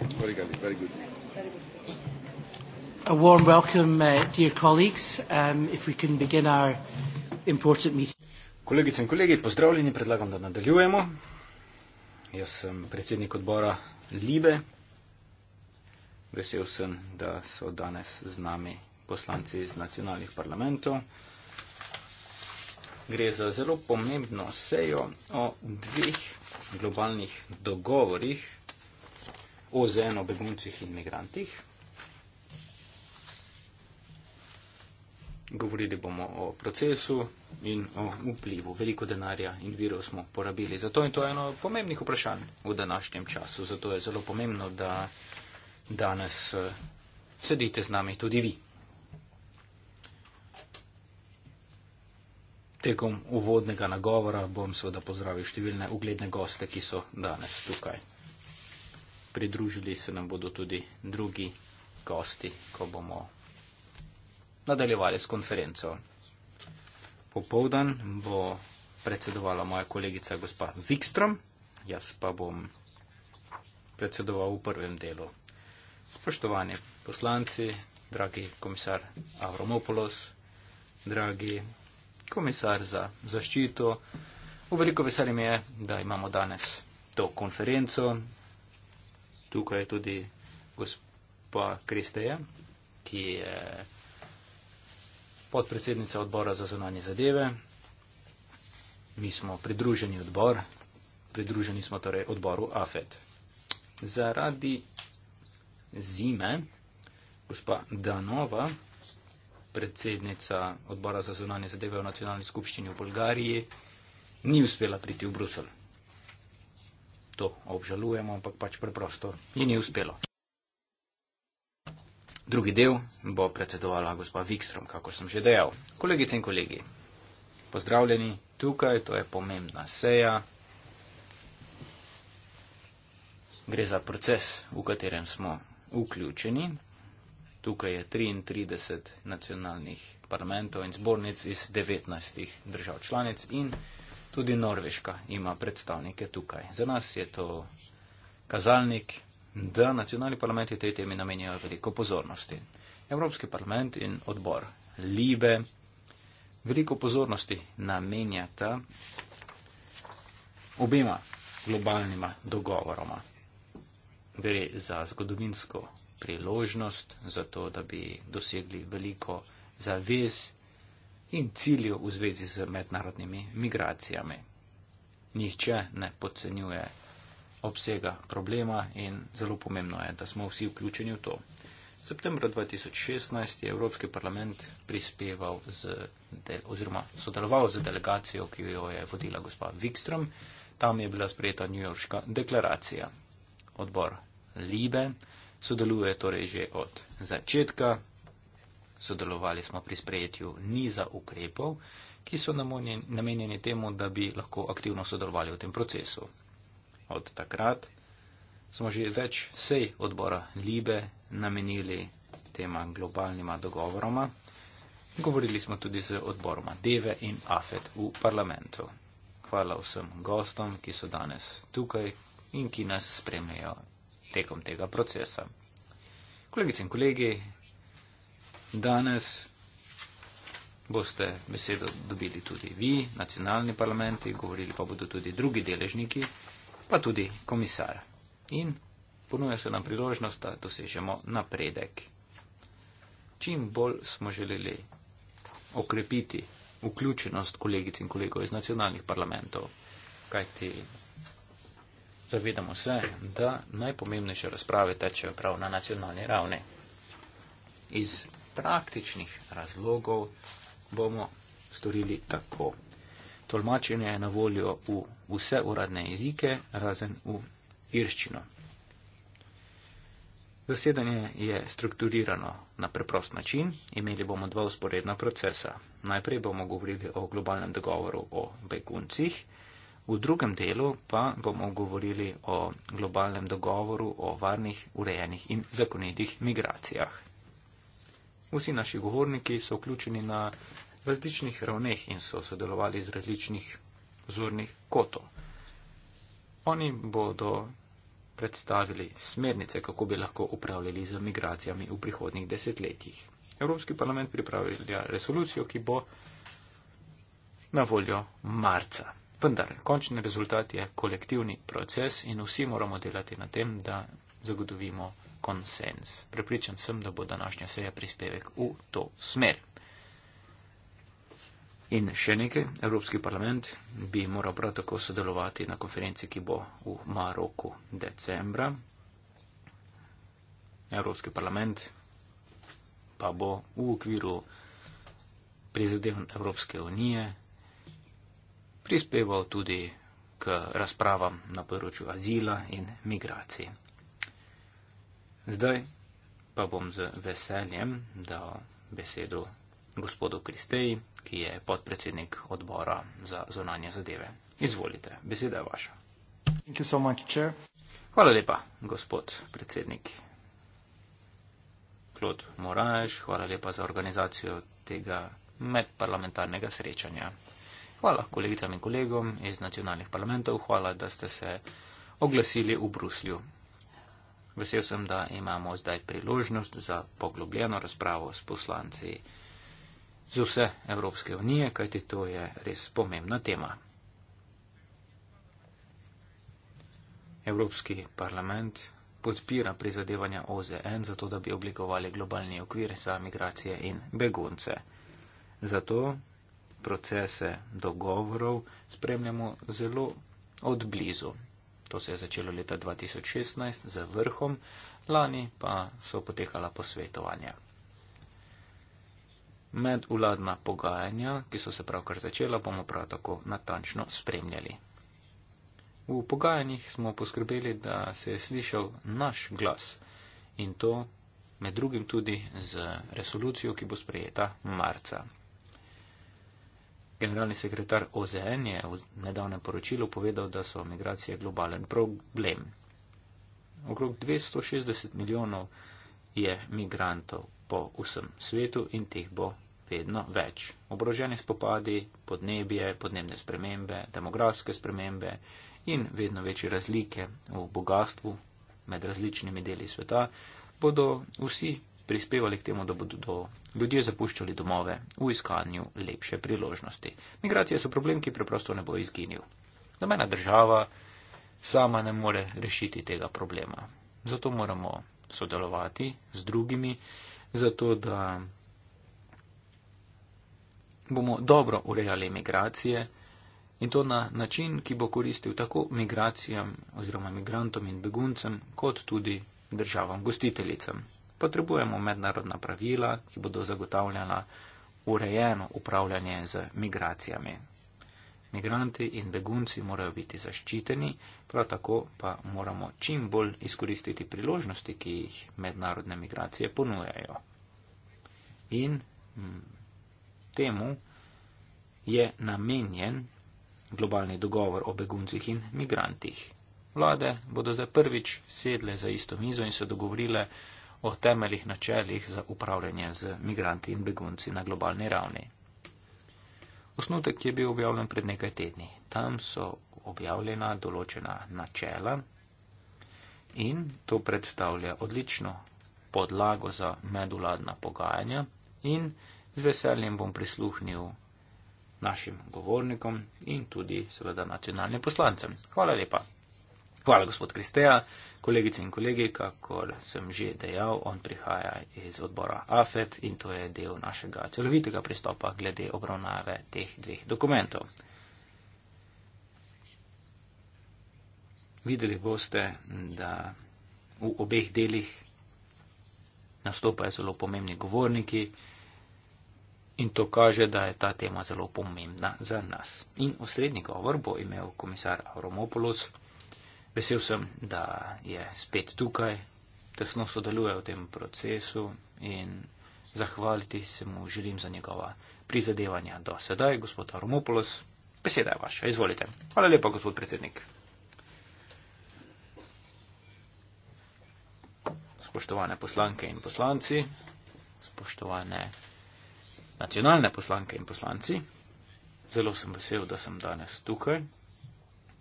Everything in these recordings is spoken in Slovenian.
Very good. Very good. A warm welcome, uh, dear colleagues. Um, if we can begin our important meeting. Kolegice in kolegi, pozdravljeni, predlagam, da nadaljujemo. Jaz sem predsednik odbora Libe. Vesel sem, da so danes z nami poslanci iz nacionalnih parlamentov. Gre za zelo pomembno sejo o dveh globalnih dogovorih, OZN o beguncih in imigrantih. Govorili bomo o procesu in o vplivu. Veliko denarja in virov smo porabili za to in to je eno pomembnih vprašanj v današnjem času. Zato je zelo pomembno, da danes eh, sedite z nami tudi vi. Tekom uvodnega nagovora bom seveda pozdravil številne ugledne goste, ki so danes tukaj pridružili se nam bodo tudi drugi gosti, ko bomo nadaljevali s konferenco. Popovdan bo predsedovala moja kolegica gospa Vikstrom, jaz pa bom predsedoval v prvem delu. Spoštovani poslanci, dragi komisar Avromopolos, dragi komisar za zaščito, v veliko veselje mi je, da imamo danes to konferenco, tukaj je tudi gospa Kristeja, ki je podpredsednica odbora za zunanje zadeve. Mi smo pridruženi odbor, pridruženi smo torej odboru AFED. Zaradi zime gospa Danova, predsednica odbora za zunanje zadeve v nacionalni skupščini v Bolgariji, ni uspela priti v Bruselj to obžalujemo, ampak pač preprosto ji ni uspelo. Drugi del bo predsedovala gospa Vikstrom, kako sem že dejal. Kolegice in kolegi, pozdravljeni tukaj, to je pomembna seja. Gre za proces, v katerem smo vključeni. Tukaj je 33 nacionalnih parlamentov in zbornic iz 19 držav članic in Tudi Norveška ima predstavnike tukaj. Za nas je to kazalnik, da nacionalni parlamenti tej temi namenjajo veliko pozornosti. Evropski parlament in odbor Libe veliko pozornosti namenjata obima globalnima dogovoroma. Gre za zgodovinsko priložnost, zato da bi dosegli veliko zavez in cilju v zvezi z mednarodnimi migracijami. Nihče ne podcenjuje obsega problema in zelo pomembno je, da smo vsi vključeni v to. Septembra 2016 je Evropski parlament prispeval z, del, oziroma sodeloval z delegacijo, ki jo je vodila gospa Wikström. Tam je bila sprejeta New Yorkska deklaracija. Odbor Libe sodeluje torej že od začetka Sodelovali smo pri sprejetju niza ukrepov, ki so namenjeni temu, da bi lahko aktivno sodelovali v tem procesu. Od takrat smo že več sej odbora Libe namenili tema globalnima dogovoroma. Govorili smo tudi z odboroma Deve in Afet v parlamentu. Hvala vsem gostom, ki so danes tukaj in ki nas spremljajo tekom tega procesa. Kolegice in kolegi, Danes boste besedo dobili tudi vi, nacionalni parlamenti, govorili pa bodo tudi drugi deležniki, pa tudi komisar. In ponuja se nam priložnost, da dosežemo napredek. Čim bolj smo želeli okrepiti vključenost kolegic in kolegov iz nacionalnih parlamentov, kajti zavedamo se, da najpomembnejše razprave tečejo prav na nacionalni ravni. Iz praktičnih razlogov bomo storili tako. Tolmačenje je na voljo v vse uradne jezike, razen v irščino. Zasedanje je strukturirano na preprost način. Imeli bomo dva usporedna procesa. Najprej bomo govorili o globalnem dogovoru o beguncih, v drugem delu pa bomo govorili o globalnem dogovoru o varnih, urejenih in zakonitih migracijah. Vsi naši govorniki so vključeni na različnih ravneh in so sodelovali iz različnih zornih kotov. Oni bodo predstavili smernice, kako bi lahko upravljali z migracijami v prihodnjih desetletjih. Evropski parlament pripravlja resolucijo, ki bo na voljo marca. Vendar, končni rezultat je kolektivni proces in vsi moramo delati na tem, da zagotovimo konsens. Pripričan sem, da bo današnja seja prispevek v to smer. In še nekaj, Evropski parlament bi moral prav tako sodelovati na konferenci, ki bo v Maroku decembra. Evropski parlament pa bo v okviru prizadevanj Evropske unije prispeval tudi k razpravam na področju azila in migracije. Zdaj pa bom z veseljem dal besedo gospodu Kristeji, ki je podpredsednik odbora za zonanje zadeve. Izvolite, beseda je vaša. So much, hvala lepa, gospod predsednik Klod Moraš, hvala lepa za organizacijo tega medparlamentarnega srečanja. Hvala kolegicam in kolegom iz nacionalnih parlamentov, hvala, da ste se oglasili v Bruslju. Vesel sem, da imamo zdaj priložnost za poglobljeno razpravo s poslanci z vse Evropske unije, kajti to je res pomembna tema. Evropski parlament podpira prizadevanja OZN za to, da bi oblikovali globalni okvir za migracije in begunce. Zato procese dogovorov spremljamo zelo odblizu. To se je začelo leta 2016 z vrhom, lani pa so potekala posvetovanja. Medvladna pogajanja, ki so se pravkar začela, bomo prav tako natančno spremljali. V pogajanjih smo poskrbeli, da se je slišal naš glas in to med drugim tudi z resolucijo, ki bo sprejeta marca. Generalni sekretar OZN je v nedavnem poročilu povedal, da so migracije globalen problem. Okrog 260 milijonov je migrantov po vsem svetu in teh bo vedno več. Obroženi spopadi, podnebje, podnebne spremembe, demografske spremembe in vedno večje razlike v bogatstvu med različnimi deli sveta bodo vsi prispevali k temu, da bodo do ljudje zapuščali domove v iskanju lepše priložnosti. Migracije so problem, ki preprosto ne bo izginil. Nobena država sama ne more rešiti tega problema. Zato moramo sodelovati z drugimi, zato da bomo dobro urejali migracije in to na način, ki bo koristil tako migracijam oziroma migrantom in beguncem, kot tudi državam gostiteljicam potrebujemo mednarodna pravila, ki bodo zagotavljala urejeno upravljanje z migracijami. Migranti in begunci morajo biti zaščiteni, prav tako pa moramo čim bolj izkoristiti priložnosti, ki jih mednarodne migracije ponujajo. In mm, temu je namenjen globalni dogovor o beguncih in migrantih. Vlade bodo za prvič sedle za isto mizo in se dogovorile, o temeljih načelih za upravljanje z migranti in begunci na globalni ravni. Osnutek je bil objavljen pred nekaj tedni. Tam so objavljena določena načela in to predstavlja odlično podlago za medvladna pogajanja in z veseljem bom prisluhnil našim govornikom in tudi seveda nacionalnim poslancem. Hvala lepa. Hvala, gospod Kristeja kolegice in kolegi, kakor sem že dejal, on prihaja iz odbora AFET in to je del našega celovitega pristopa glede obravnave teh dveh dokumentov. Videli boste, da v obeh delih nastopajo zelo pomembni govorniki in to kaže, da je ta tema zelo pomembna za nas. In osrednji govor bo imel komisar Avromopolus. Vesel sem, da je spet tukaj, tesno sodeluje v tem procesu in zahvaliti se mu želim za njegova prizadevanja do sedaj, gospod Aromopolos. Beseda je vaša, izvolite. Hvala lepa, gospod predsednik. Spoštovane poslanke in poslanci, spoštovane nacionalne poslanke in poslanci, zelo sem vesel, da sem danes tukaj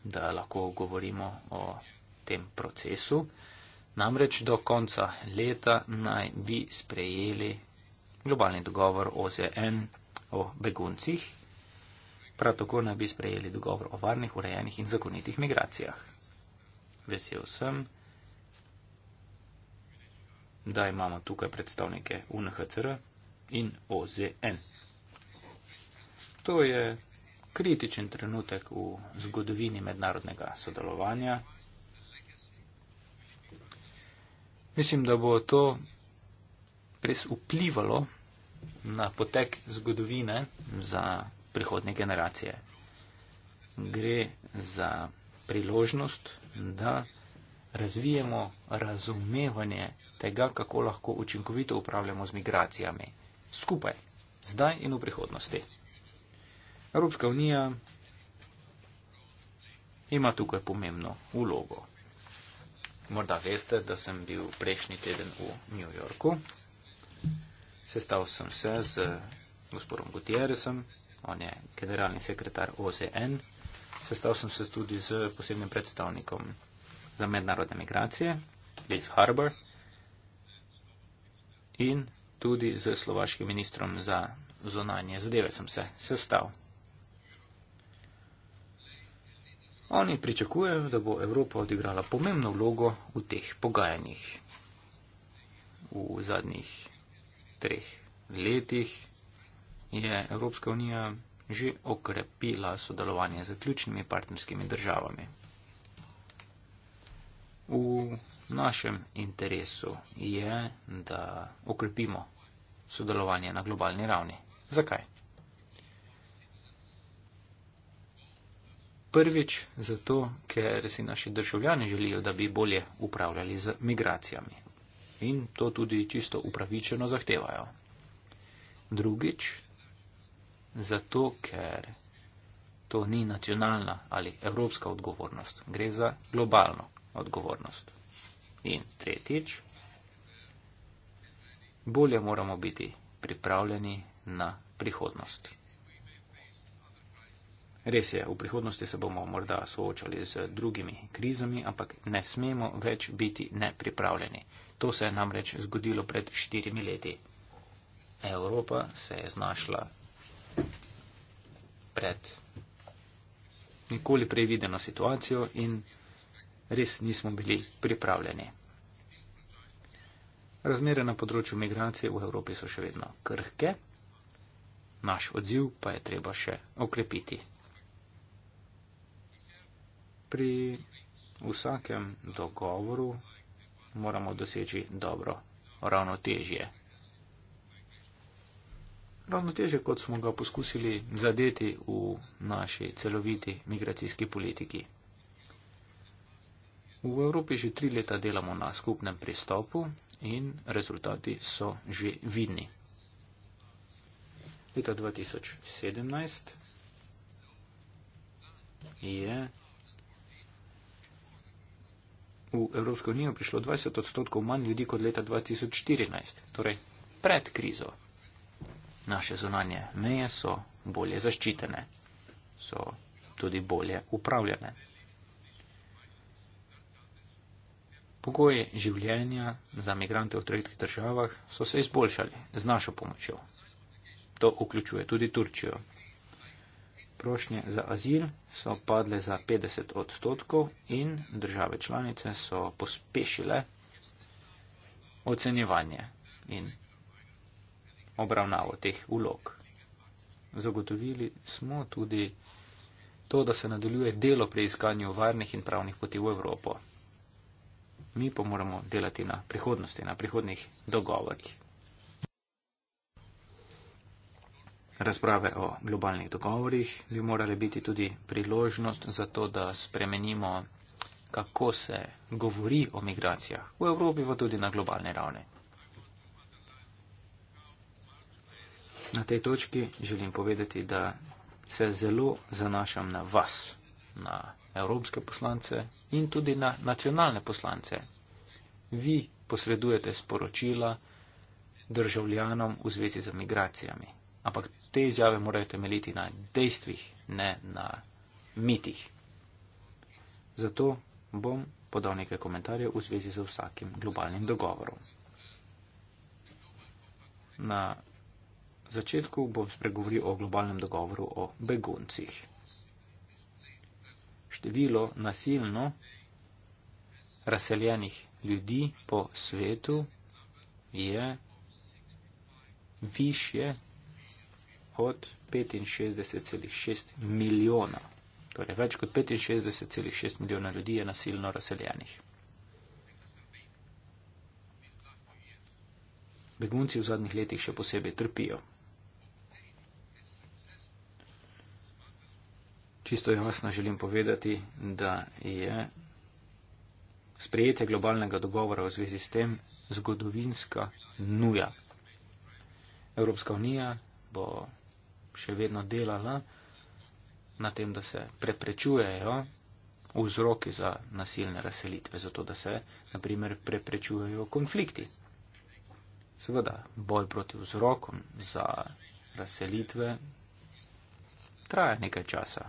da lahko govorimo o tem procesu. Namreč do konca leta naj bi sprejeli globalni dogovor OZN o beguncih, prav tako naj bi sprejeli dogovor o varnih, urejenih in zakonitih migracijah. Vesel sem, da imamo tukaj predstavnike UNHCR in OZN. To je kritičen trenutek v zgodovini mednarodnega sodelovanja. Mislim, da bo to res vplivalo na potek zgodovine za prihodne generacije. Gre za priložnost, da razvijemo razumevanje tega, kako lahko učinkovito upravljamo z migracijami skupaj, zdaj in v prihodnosti. Evropska unija ima tukaj pomembno ulogo. Morda veste, da sem bil prejšnji teden v New Yorku. Sestal sem se z gospodom Gutierrezom, on je generalni sekretar OZN. Sestal sem se tudi z posebnim predstavnikom za mednarodne migracije, Liz Harbour, in tudi z slovaškim ministrom za zonanje zadeve sem se sestal. Oni pričakujejo, da bo Evropa odigrala pomembno vlogo v teh pogajanjih. V zadnjih treh letih je Evropska unija že okrepila sodelovanje z ključnimi partnerskimi državami. V našem interesu je, da okrepimo sodelovanje na globalni ravni. Zakaj? Prvič zato, ker si naši državljani želijo, da bi bolje upravljali z migracijami. In to tudi čisto upravičeno zahtevajo. Drugič, zato, ker to ni nacionalna ali evropska odgovornost, gre za globalno odgovornost. In tretjič, bolje moramo biti pripravljeni na prihodnost. Res je, v prihodnosti se bomo morda soočali z drugimi krizami, ampak ne smemo več biti nepripravljeni. To se je namreč zgodilo pred štirimi leti. Evropa se je znašla pred nikoli prevideno situacijo in res nismo bili pripravljeni. Razmere na področju migracije v Evropi so še vedno krhke, naš odziv pa je treba še okrepiti pri vsakem dogovoru moramo doseči dobro ravnotežje. Ravnotežje, kot smo ga poskusili zadeti v naši celoviti migracijski politiki. V Evropi že tri leta delamo na skupnem pristopu in rezultati so že vidni. Leta 2017 je v Evropsko unijo prišlo 20 odstotkov manj ljudi kot leta 2014, torej pred krizo. Naše zunanje meje so bolje zaščitene, so tudi bolje upravljene. Pogoje življenja za migrante v tretjih državah so se izboljšali z našo pomočjo. To vključuje tudi Turčijo prošnje za azil so padle za 50 odstotkov in države članice so pospešile ocenjevanje in obravnavo teh ulog. Zagotovili smo tudi to, da se nadaljuje delo pri iskanju varnih in pravnih poti v Evropo. Mi pa moramo delati na prihodnosti, na prihodnih dogovorih. Razprave o globalnih dogovorih bi morale biti tudi priložnost za to, da spremenimo, kako se govori o migracijah v Evropi, pa tudi na globalne ravne. Na tej točki želim povedati, da se zelo zanašam na vas, na evropske poslance in tudi na nacionalne poslance. Vi posredujete sporočila državljanom v zvezi z migracijami ampak te izjave morajo temeljiti na dejstvih, ne na mitih. Zato bom podal nekaj komentarjev v zvezi z vsakim globalnim dogovorom. Na začetku bom spregovoril o globalnem dogovoru o beguncih. Število nasilno razseljenih ljudi po svetu je višje od 65,6 milijona. Torej, več kot 65,6 milijona ljudi je nasilno razseljenih. Begunci v zadnjih letih še posebej trpijo. Čisto jasno želim povedati, da je sprejetje globalnega dogovora v zvezi s tem zgodovinska nuja. Evropska unija bo še vedno delala na tem, da se preprečujejo vzroki za nasilne razselitve, zato da se, naprimer, preprečujejo konflikti. Seveda, boj proti vzrokom za razselitve traja nekaj časa.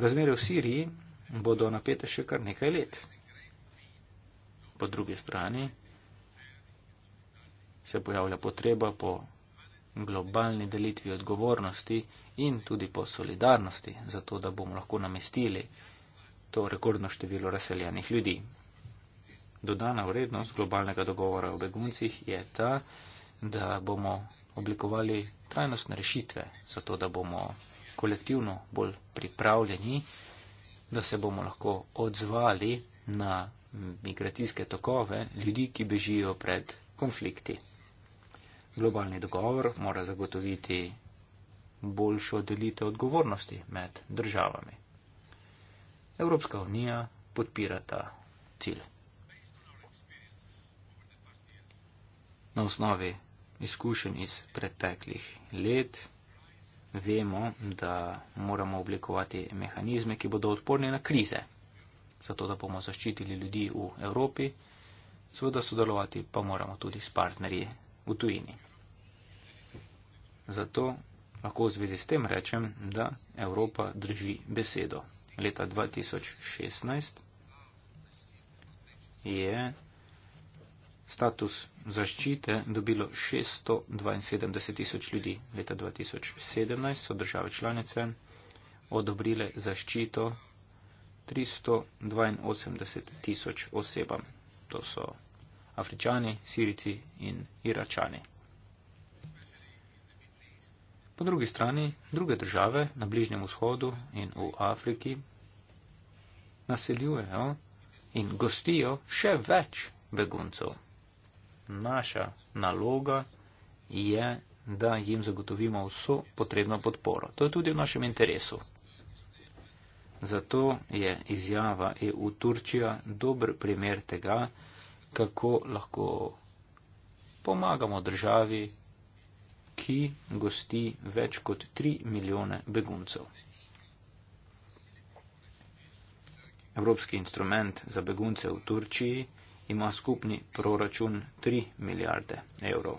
Razmere v Siriji bodo napete še kar nekaj let. Po drugi strani se pojavlja potreba po globalni delitvi odgovornosti in tudi po solidarnosti, zato da bomo lahko namestili to rekordno število razseljenih ljudi. Dodana vrednost globalnega dogovora o beguncih je ta, da bomo oblikovali trajnostne rešitve, zato da bomo kolektivno bolj pripravljeni, da se bomo lahko odzvali na migracijske tokove ljudi, ki bežijo pred konflikti globalni dogovor mora zagotoviti boljšo delitev odgovornosti med državami. Evropska unija podpira ta cilj. Na osnovi izkušenj iz preteklih let vemo, da moramo oblikovati mehanizme, ki bodo odporni na krize, zato da bomo zaščitili ljudi v Evropi, seveda sodelovati pa moramo tudi s partnerji v tujini. Zato lahko v zvezi s tem rečem, da Evropa drži besedo. Leta 2016 je status zaščite dobilo 672 tisoč ljudi. Leta 2017 so države članice odobrile zaščito 382 tisoč osebam. To so Afričani, Sirici in Iračani. Po drugi strani druge države na Bližnjem vzhodu in v Afriki naseljujejo in gostijo še več beguncev. Naša naloga je, da jim zagotovimo vso potrebno podporo. To je tudi v našem interesu. Zato je izjava EU Turčija dober primer tega, kako lahko pomagamo državi ki gosti več kot 3 milijone beguncev. Evropski instrument za begunce v Turčiji ima skupni proračun 3 milijarde evrov.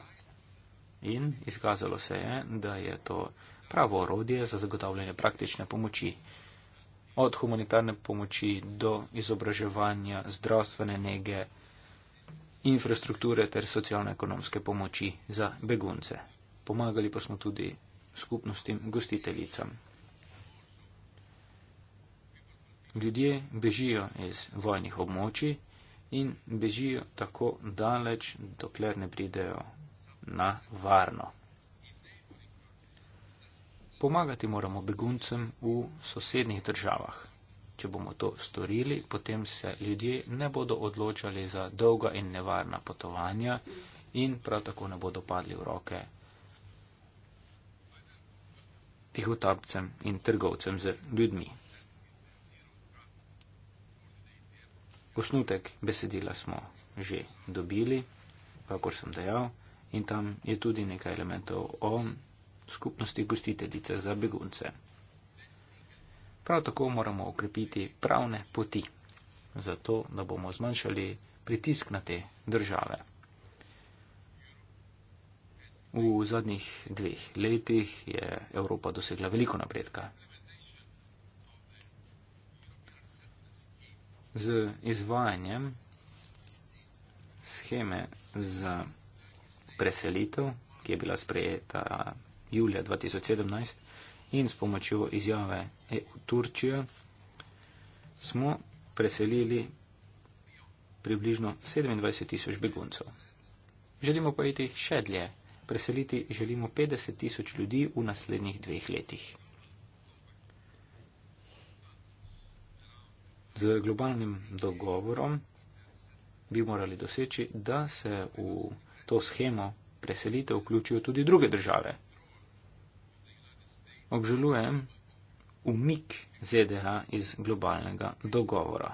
In izkazalo se je, da je to pravo orodje za zagotavljanje praktične pomoči. Od humanitarne pomoči do izobraževanja, zdravstvene nege, infrastrukture ter socialno-ekonomske pomoči za begunce pomagali pa smo tudi skupnostim gostiteljicam. Ljudje bežijo iz vojnih območij in bežijo tako daleč, dokler ne pridejo na varno. Pomagati moramo beguncem v sosednjih državah. Če bomo to storili, potem se ljudje ne bodo odločali za dolga in nevarna potovanja in prav tako ne bodo padli v roke tihotapcem in trgovcem z ljudmi. Osnutek besedila smo že dobili, kakor sem dejal, in tam je tudi nekaj elementov o skupnosti gostiteljice za begunce. Prav tako moramo okrepiti pravne poti, zato da bomo zmanjšali pritisk na te države. V zadnjih dveh letih je Evropa dosegla veliko napredka. Z izvajanjem scheme za preselitev, ki je bila sprejeta julija 2017 in s pomočjo izjave EU Turčija, smo preselili približno 27 tisoč beguncev. Želimo pa iti še dlje preseliti želimo 50 tisoč ljudi v naslednjih dveh letih. Z globalnim dogovorom bi morali doseči, da se v to schemo preselitev vključijo tudi druge države. Obžalujem umik ZDA iz globalnega dogovora.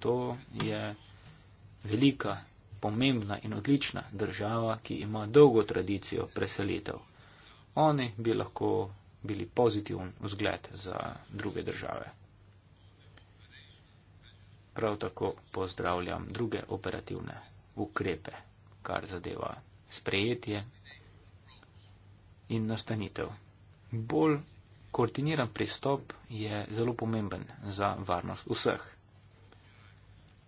To je velika pomembna in odlična država, ki ima dolgo tradicijo preselitev. Oni bi lahko bili pozitiven vzgled za druge države. Prav tako pozdravljam druge operativne ukrepe, kar zadeva sprejetje in nastanitev. Bolj koordiniran pristop je zelo pomemben za varnost vseh.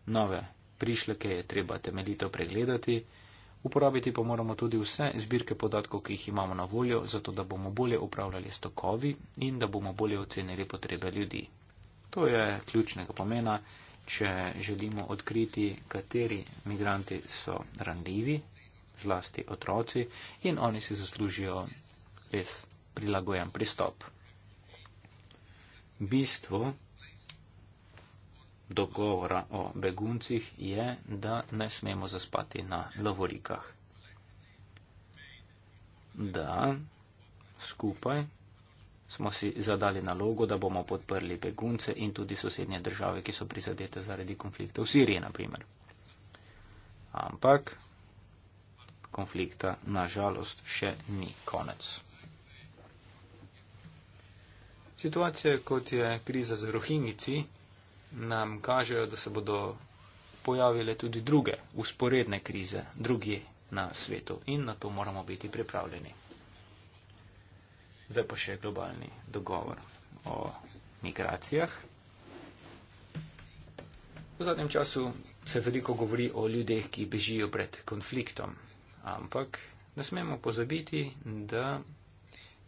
Nove prišleke je treba temeljito pregledati, uporabiti pa moramo tudi vse zbirke podatkov, ki jih imamo na voljo, zato da bomo bolje upravljali stokovi in da bomo bolje ocenili potrebe ljudi. To je ključnega pomena, če želimo odkriti, kateri migranti so randljivi, zlasti otroci, in oni si zaslužijo res prilagojen pristop. Bistvo dogovora o beguncih je, da ne smemo zaspati na lavorikah. Da, skupaj smo si zadali nalogo, da bomo podprli begunce in tudi sosednje države, ki so prizadete zaradi konflikta v Siriji, na primer. Ampak konflikta, nažalost, še ni konec. Situacija, kot je kriza z rohinjici, nam kažejo, da se bodo pojavile tudi druge usporedne krize, drugi na svetu in na to moramo biti pripravljeni. Zdaj pa še globalni dogovor o migracijah. V zadnjem času se veliko govori o ljudeh, ki bežijo pred konfliktom, ampak ne smemo pozabiti, da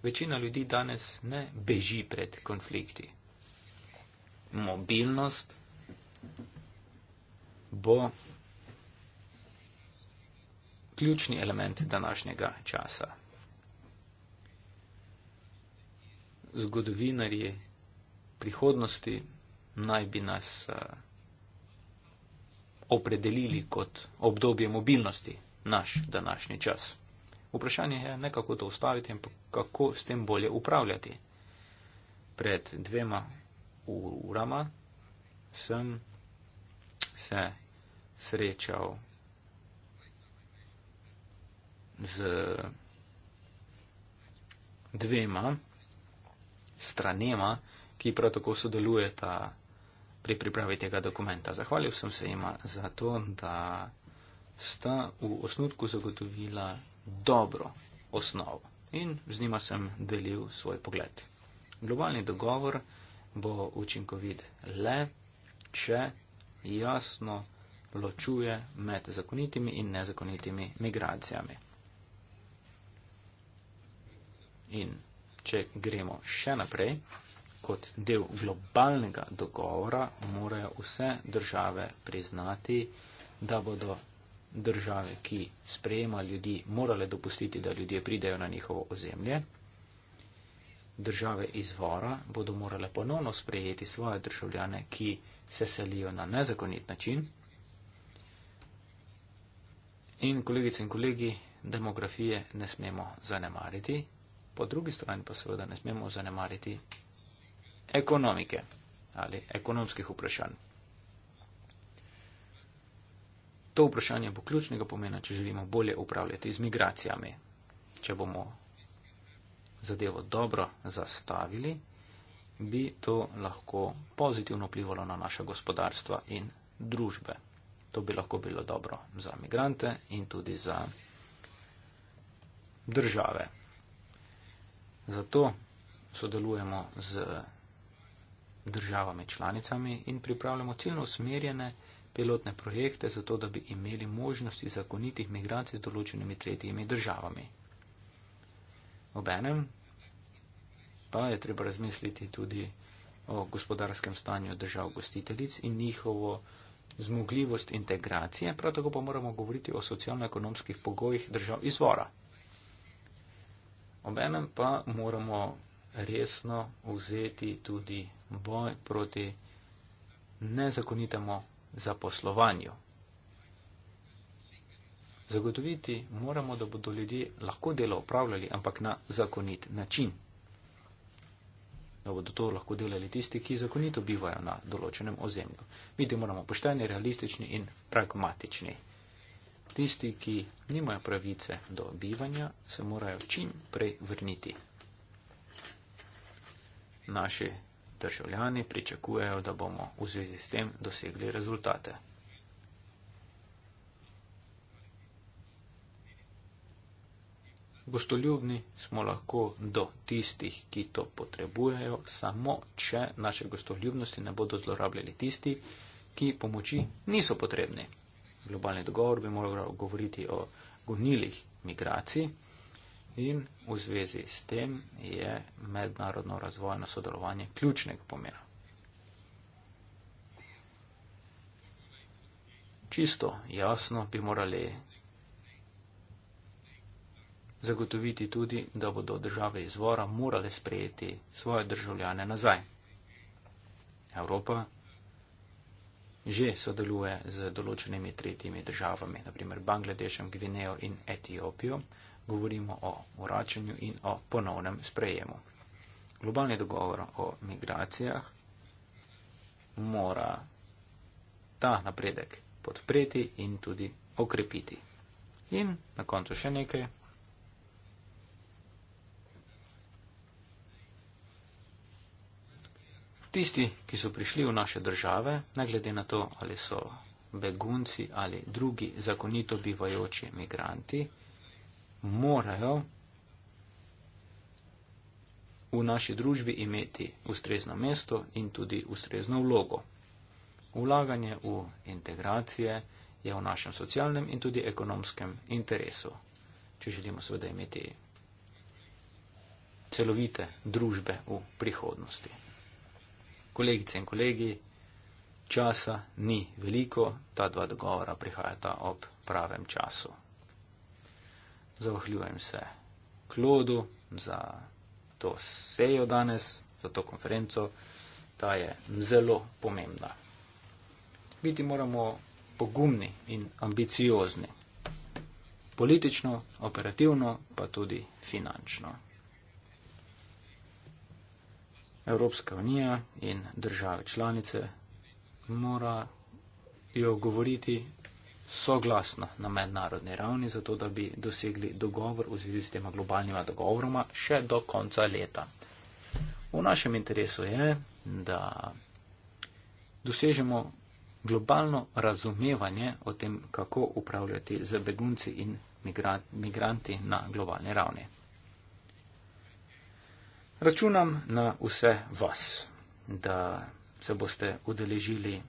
večina ljudi danes ne beži pred konflikti mobilnost bo ključni element današnjega časa. Zgodovinarji prihodnosti naj bi nas eh, opredelili kot obdobje mobilnosti, naš današnji čas. Vprašanje je ne kako to ustaviti, ampak kako s tem bolje upravljati. Pred dvema urama sem se srečal z dvema stranema, ki prav tako sodelujeta pri pripravi tega dokumenta. Zahvalil sem se jima za to, da sta v osnutku zagotovila dobro osnovo in z njima sem delil svoj pogled. Globalni dogovor bo učinkovit le, če jasno ločuje med zakonitimi in nezakonitimi migracijami. In če gremo še naprej, kot del globalnega dogovora morajo vse države priznati, da bodo države, ki sprejema ljudi, morale dopustiti, da ljudje pridejo na njihovo ozemlje države izvora bodo morale ponovno sprejeti svoje državljane, ki se selijo na nezakonit način. In kolegice in kolegi, demografije ne smemo zanemariti, po drugi strani pa seveda ne smemo zanemariti ekonomike ali ekonomskih vprašanj. To vprašanje bo ključnega pomena, če želimo bolje upravljati z migracijami, če bomo zadevo dobro zastavili, bi to lahko pozitivno vplivalo na naše gospodarstva in družbe. To bi lahko bilo dobro za migrante in tudi za države. Zato sodelujemo z državami članicami in pripravljamo ciljno usmerjene pilotne projekte, zato da bi imeli možnosti zakonitih migracij z določenimi tretjimi državami. Obenem pa je treba razmisliti tudi o gospodarskem stanju držav gostiteljic in njihovo zmogljivost integracije, prav tako pa moramo govoriti o socialno-ekonomskih pogojih držav izvora. Obenem pa moramo resno vzeti tudi boj proti nezakonitemu zaposlovanju. Zagotoviti moramo, da bodo ljudje lahko delo upravljali, ampak na zakonit način. Da bodo to lahko delali tisti, ki zakonito bivajo na določenem ozemlju. Biti moramo pošteni, realistični in pragmatični. Tisti, ki nimajo pravice do bivanja, se morajo čim prej vrniti. Naši državljani pričakujejo, da bomo v zvezi s tem dosegli rezultate. Gostoljubni smo lahko do tistih, ki to potrebujejo, samo če naše gostoljubnosti ne bodo zlorabljali tisti, ki pomoči niso potrebni. Globalni dogovor bi moral govoriti o gonilih migracij in v zvezi s tem je mednarodno razvojno sodelovanje ključnega pomena. Čisto jasno bi morali zagotoviti tudi, da bodo države izvora morale sprejeti svoje državljane nazaj. Evropa že sodeluje z določenimi tretjimi državami, naprimer Bangladešem, Gvinejo in Etiopijo. Govorimo o vračanju in o ponovnem sprejemu. Globalni dogovor o migracijah mora ta napredek podpreti in tudi okrepiti. In na koncu še nekaj, Tisti, ki so prišli v naše države, ne glede na to, ali so begunci ali drugi zakonito bivajoči imigranti, morajo v naši družbi imeti ustrezno mesto in tudi ustrezno vlogo. Ulaganje v integracije je v našem socialnem in tudi ekonomskem interesu, če želimo seveda imeti celovite družbe v prihodnosti kolegice in kolegi, časa ni veliko, ta dva dogovora prihajata ob pravem času. Zavahljujem se Klodu za to sejo danes, za to konferenco, ta je zelo pomembna. Biti moramo pogumni in ambiciozni. Politično, operativno, pa tudi finančno. Evropska unija in države članice morajo govoriti soglasno na mednarodni ravni, zato da bi dosegli dogovor v zvezi s tema globalnima dogovoroma še do konca leta. V našem interesu je, da dosežemo globalno razumevanje o tem, kako upravljati z begunci in migranti na globalni ravni. Računam na vse vas, da se boste udeležili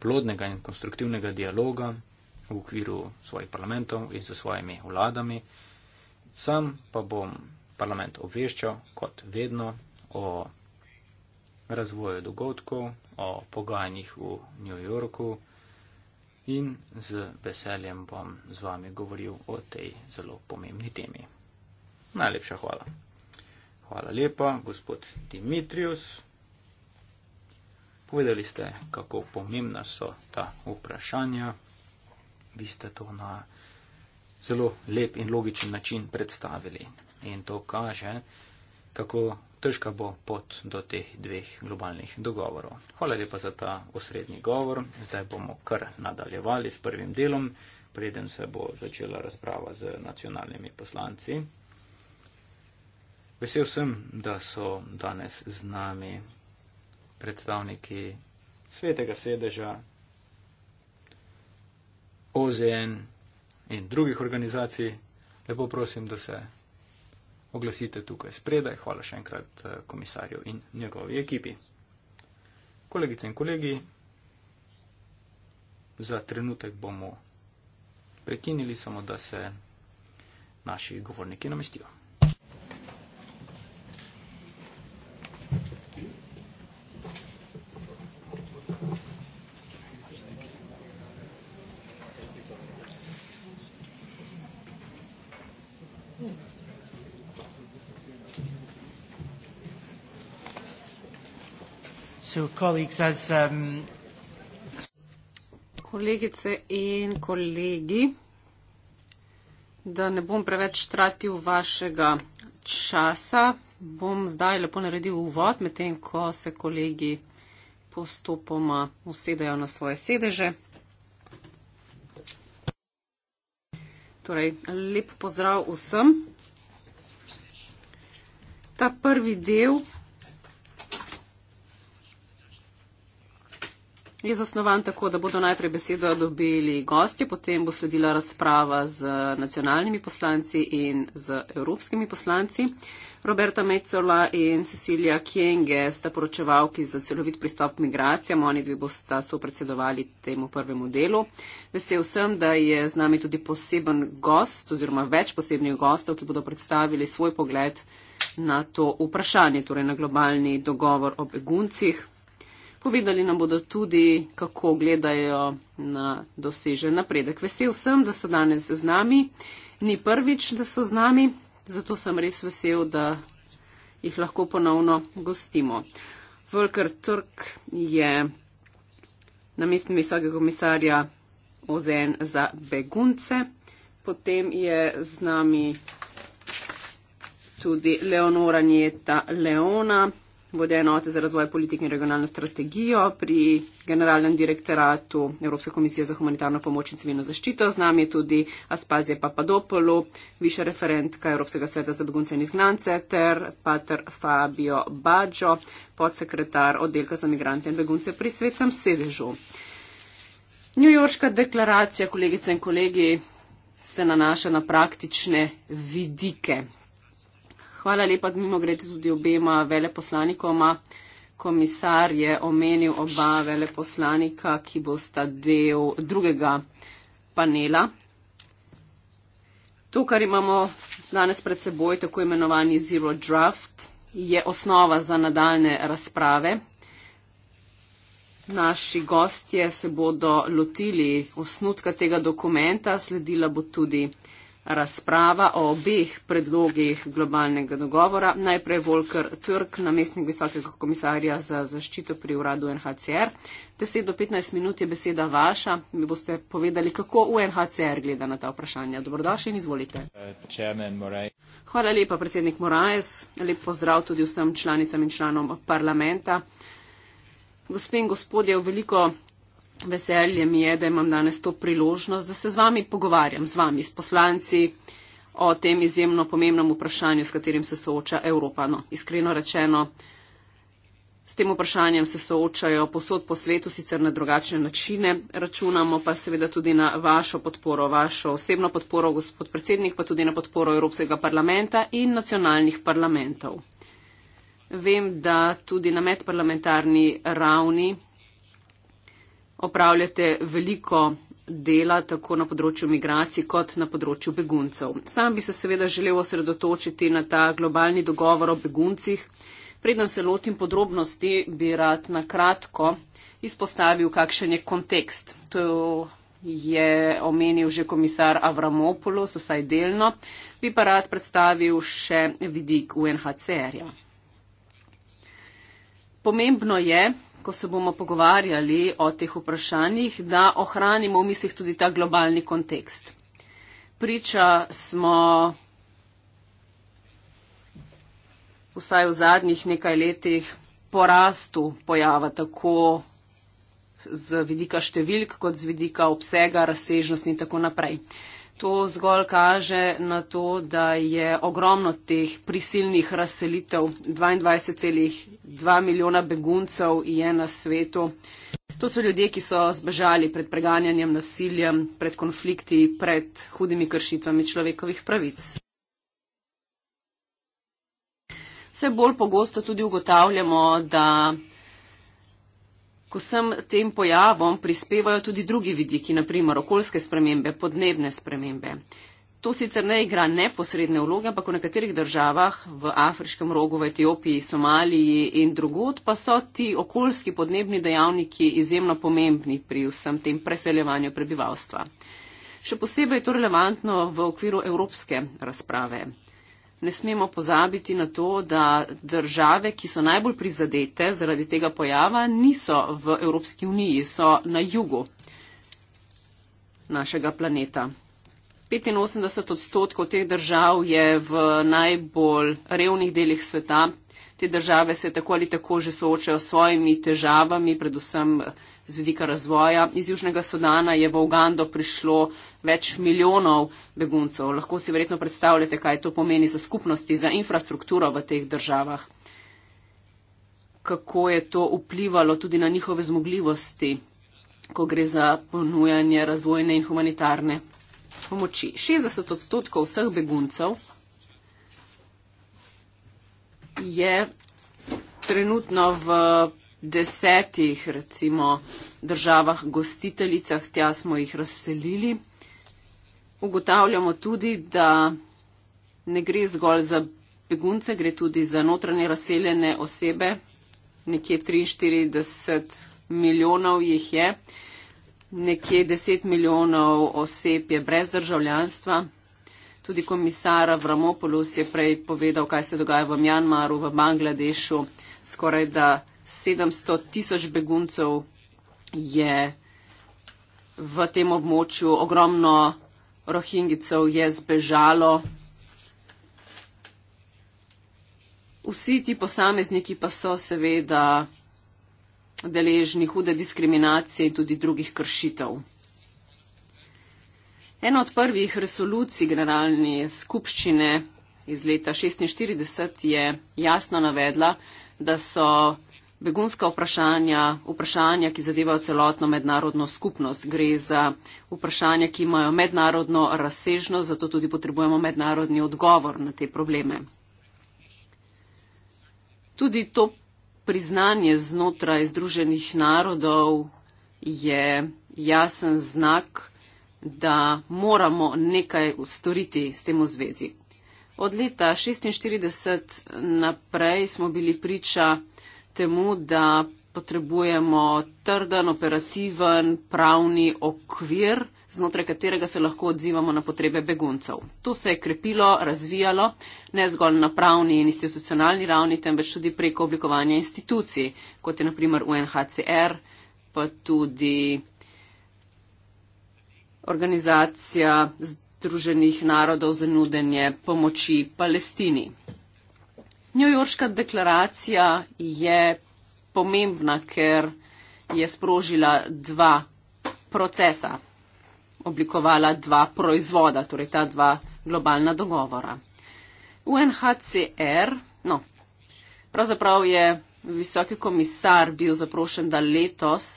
plodnega in konstruktivnega dialoga v okviru svojih parlamentov in z svojimi vladami. Sam pa bom parlament obveščal, kot vedno, o razvoju dogodkov, o pogajanjih v New Yorku in z veseljem bom z vami govoril o tej zelo pomembni temi. Najlepša hvala. Hvala lepa, gospod Dimitrius. Povedali ste, kako pomembna so ta vprašanja. Vi ste to na zelo lep in logičen način predstavili. In to kaže, kako težka bo pot do teh dveh globalnih dogovorov. Hvala lepa za ta osrednji govor. Zdaj bomo kar nadaljevali s prvim delom, preden se bo začela razprava z nacionalnimi poslanci. Vesel sem, da so danes z nami predstavniki svetega sedeža OZN in drugih organizacij. Lepo prosim, da se oglasite tukaj spredaj. Hvala še enkrat eh, komisarju in njegovi ekipi. Kolegice in kolegi, za trenutek bomo prekinili, samo da se naši govorniki namestijo. Um, Kolegice in kolegi, da ne bom preveč tratil vašega časa, bom zdaj lepo naredil uvod, medtem ko se kolegi postopoma usedejo na svoje sedeže. Torej, lep pozdrav vsem. Ta prvi del je zasnovan tako, da bodo najprej besedo dobili gosti, potem bo sledila razprava z nacionalnimi poslanci in z evropskimi poslanci. Roberta Metzola in Cecilia Kienge sta poročevalki za celovit pristop k migracijam, oni dve bosta sopredsedovali temu prvemu delu. Vesel sem, da je z nami tudi poseben gost oziroma več posebnih gostov, ki bodo predstavili svoj pogled na to vprašanje, torej na globalni dogovor o beguncih. Povedali nam bodo tudi, kako gledajo na dosežen napredek. Vesel sem, da so danes z nami. Ni prvič, da so z nami, zato sem res vesel, da jih lahko ponovno gostimo. Volker Turk je na mestni visokega komisarja OZN za begunce. Potem je z nami tudi Leonora Njeta Leona vodja enote za razvoj politike in regionalno strategijo pri generalnem direktoratu Evropske komisije za humanitarno pomoč in civilno zaščito. Z nami je tudi Aspazija Papadopolo, višja referentka Evropskega sveta za begunce in izgnance ter pater Fabio Baggio, podsekretar oddelka za migrante in begunce pri svetem sedežu. Njujorška deklaracija, kolegice in kolegi, se nanaša na praktične vidike Hvala lepa, mimo grede tudi obema veleposlanikoma. Komisar je omenil oba veleposlanika, ki bosta del drugega panela. To, kar imamo danes pred seboj, tako imenovani zero draft, je osnova za nadaljne razprave. Naši gostje se bodo lotili osnutka tega dokumenta, sledila bo tudi razprava o obeh predlogih globalnega dogovora. Najprej Volker Turk, namestnik visokega komisarja za zaščito pri uradu NHCR. 10 do 15 minut je beseda vaša. Mi boste povedali, kako UNHCR gleda na ta vprašanja. Dobrodošli in izvolite. Uh, Hvala lepa, predsednik Moraes. Lep pozdrav tudi vsem članicam in članom parlamenta. Gospe in gospodje, v veliko veselje mi je, da imam danes to priložnost, da se z vami pogovarjam, z vami, s poslanci o tem izjemno pomembnem vprašanju, s katerim se sooča Evropa. No, iskreno rečeno, s tem vprašanjem se soočajo posod po svetu, sicer na drugačne načine, računamo pa seveda tudi na vašo podporo, vašo osebno podporo, gospod predsednik, pa tudi na podporo Evropskega parlamenta in nacionalnih parlamentov. Vem, da tudi na medparlamentarni ravni opravljate veliko dela tako na področju migracij kot na področju beguncev. Sam bi se seveda želel osredotočiti na ta globalni dogovor o beguncih. Preden se lotim podrobnosti, bi rad na kratko izpostavil, kakšen je kontekst. To je omenil že komisar Avramopoulos, vsaj delno, bi pa rad predstavil še vidik UNHCR-ja. Pomembno je, ko se bomo pogovarjali o teh vprašanjih, da ohranimo v mislih tudi ta globalni kontekst. Priča smo vsaj v zadnjih nekaj letih porastu pojava tako z vidika številk, kot z vidika obsega, razsežnosti in tako naprej. Uh, To zgolj kaže na to, da je ogromno teh prisilnih razselitev. 22,2 milijona beguncev je na svetu. To so ljudje, ki so zbežali pred preganjanjem nasilja, pred konflikti, pred hudimi kršitvami človekovih pravic. Vse bolj pogosto tudi ugotavljamo, da ko sem tem pojavom prispevajo tudi drugi vidiki, naprimer okoljske spremembe, podnebne spremembe. To sicer ne igra neposredne vloge, ampak v nekaterih državah, v afriškem rogu, v Etiopiji, Somaliji in drugod, pa so ti okoljski podnebni dejavniki izjemno pomembni pri vsem tem preseljevanju prebivalstva. Še posebej je to relevantno v okviru evropske razprave ne smemo pozabiti na to, da države, ki so najbolj prizadete zaradi tega pojava, niso v Evropski uniji, so na jugu našega planeta. 85 odstotkov teh držav je v najbolj revnih delih sveta, te države se tako ali tako že soočajo s svojimi težavami, predvsem z vidika razvoja. Iz Južnega Sudana je v Ugando prišlo več milijonov beguncov. Lahko si verjetno predstavljate, kaj to pomeni za skupnosti, za infrastrukturo v teh državah. Kako je to vplivalo tudi na njihove zmogljivosti, ko gre za ponujanje razvojne in humanitarne pomoči. 60 odstotkov vseh beguncev je trenutno v desetih, recimo, državah gostiteljicah, tja smo jih razselili. Ugotavljamo tudi, da ne gre zgolj za begunce, gre tudi za notranje razseljene osebe, nekje 43 milijonov jih je, nekje 10 milijonov oseb je brez državljanstva. Tudi komisar Avramopoulos je prej povedal, kaj se dogaja v Mjanmaru, v Bangladešu. Skoraj da 700 tisoč beguncev je v tem območju, ogromno rohingicev je zbežalo. Vsi ti posamezniki pa so seveda deležni hude diskriminacije in tudi drugih kršitev. Ena od prvih resolucij generalne skupščine iz leta 1946 je jasno navedla, da so begunska vprašanja vprašanja, ki zadevajo celotno mednarodno skupnost. Gre za vprašanja, ki imajo mednarodno razsežnost, zato tudi potrebujemo mednarodni odgovor na te probleme. Tudi to priznanje znotraj Združenih narodov je jasen znak, da moramo nekaj ustoriti s tem v zvezi. Od leta 1946 naprej smo bili priča temu, da potrebujemo trden, operativen, pravni okvir, znotraj katerega se lahko odzivamo na potrebe beguncev. To se je krepilo, razvijalo, ne zgolj na pravni in institucionalni ravni, temveč tudi preko oblikovanja institucij, kot je naprimer UNHCR, pa tudi organizacija Združenih narodov za nudenje pomoči Palestini. Njujorška deklaracija je pomembna, ker je sprožila dva procesa, oblikovala dva proizvoda, torej ta dva globalna dogovora. UNHCR, no, pravzaprav je visoki komisar bil zaprošen, da letos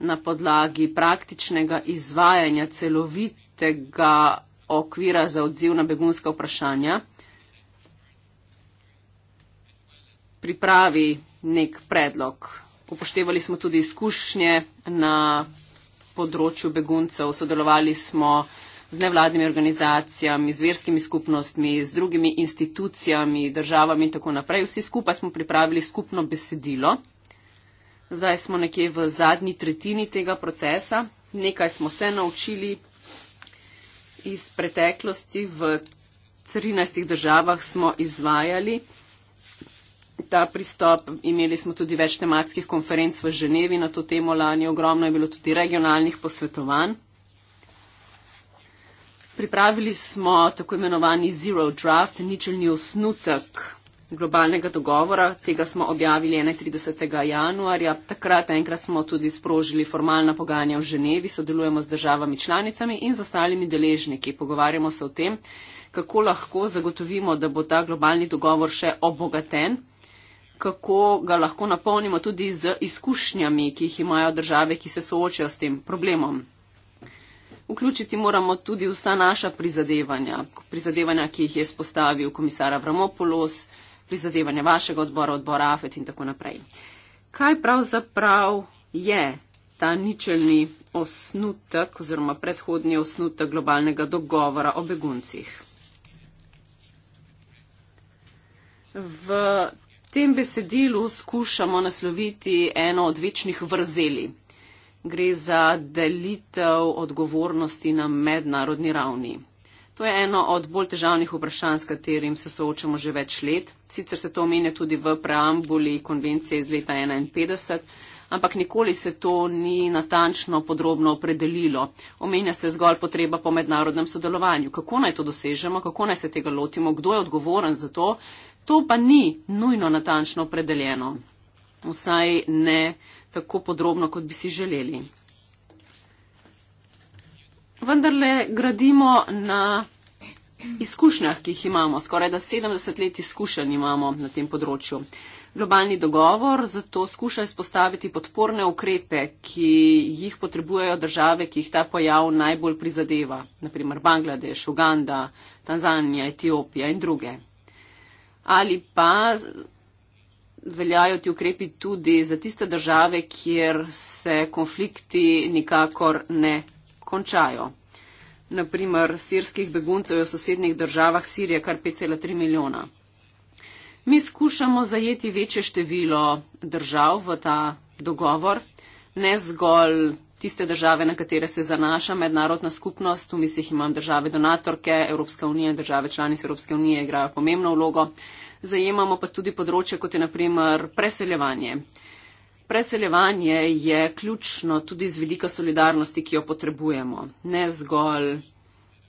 na podlagi praktičnega izvajanja celovitega okvira za odziv na begunska vprašanja pripravi nek predlog. Upoštevali smo tudi izkušnje na področju beguncev, sodelovali smo z nevladnimi organizacijami, z verskimi skupnostmi, z drugimi institucijami, državami in tako naprej. Vsi skupaj smo pripravili skupno besedilo. Zdaj smo nekje v zadnji tretjini tega procesa. Nekaj smo se naučili iz preteklosti. V 13 državah smo izvajali ta pristop. Imeli smo tudi več tematskih konferenc v Ženevi na to temo lani. Ogromno je bilo tudi regionalnih posvetovanj. Pripravili smo tako imenovani zero draft, ničelni osnutek globalnega dogovora, tega smo objavili 31. januarja. Takrat enkrat smo tudi sprožili formalna pogajanja v Ženevi, sodelujemo z državami članicami in z ostalimi deležniki. Pogovarjamo se o tem, kako lahko zagotovimo, da bo ta globalni dogovor še obogaten, kako ga lahko napolnimo tudi z izkušnjami, ki jih imajo države, ki se soočajo s tem problemom. Vključiti moramo tudi vsa naša prizadevanja, prizadevanja, ki jih je spostavil komisar Avramopoulos, prizadevanja vašega odbora, odbora AFET in tako naprej. Kaj pravzaprav je ta ničelni osnutek oziroma predhodni osnutek globalnega dogovora o beguncih? V tem besedilu skušamo nasloviti eno od večnih vrzeli. Gre za delitev odgovornosti na mednarodni ravni. To je eno od bolj težavnih vprašanj, s katerim se soočamo že več let. Sicer se to omenja tudi v preambuli konvencije iz leta 1951, ampak nikoli se to ni natančno podrobno opredelilo. Omenja se zgolj potreba po mednarodnem sodelovanju. Kako naj to dosežemo, kako naj se tega lotimo, kdo je odgovoren za to, to pa ni nujno natančno opredeljeno. Vsaj ne tako podrobno, kot bi si želeli vendarle gradimo na izkušnjah, ki jih imamo. Skoraj da 70 let izkušenj imamo na tem področju. Globalni dogovor zato skuša izpostaviti podporne ukrepe, ki jih potrebujejo države, ki jih ta pojav najbolj prizadeva, naprimer Bangladeš, Uganda, Tanzanija, Etiopija in druge. Ali pa veljajo ti ukrepi tudi za tiste države, kjer se konflikti nikakor ne končajo. Naprimer, sirskih beguncev je v sosednjih državah Sirije kar 5,3 milijona. Mi skušamo zajeti večje število držav v ta dogovor, ne zgolj tiste države, na katere se zanaša mednarodna skupnost, v mislih imam države donatorke, Evropska unija in države članice Evropske unije igrajo pomembno vlogo, zajemamo pa tudi področje, kot je naprimer preseljevanje. Preseljevanje je ključno tudi z vidika solidarnosti, ki jo potrebujemo. Ne zgolj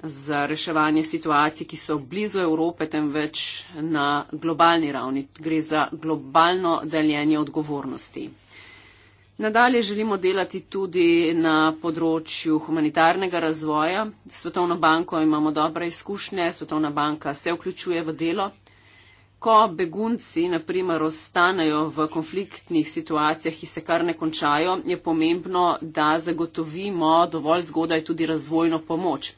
za reševanje situacij, ki so blizu Evrope, temveč na globalni ravni. Gre za globalno deljenje odgovornosti. Nadalje želimo delati tudi na področju humanitarnega razvoja. Svetovno banko imamo dobre izkušnje, Svetovna banka se vključuje v delo ko begunci, naprimer, ostanejo v konfliktnih situacijah, ki se kar ne končajo, je pomembno, da zagotovimo dovolj zgodaj tudi razvojno pomoč.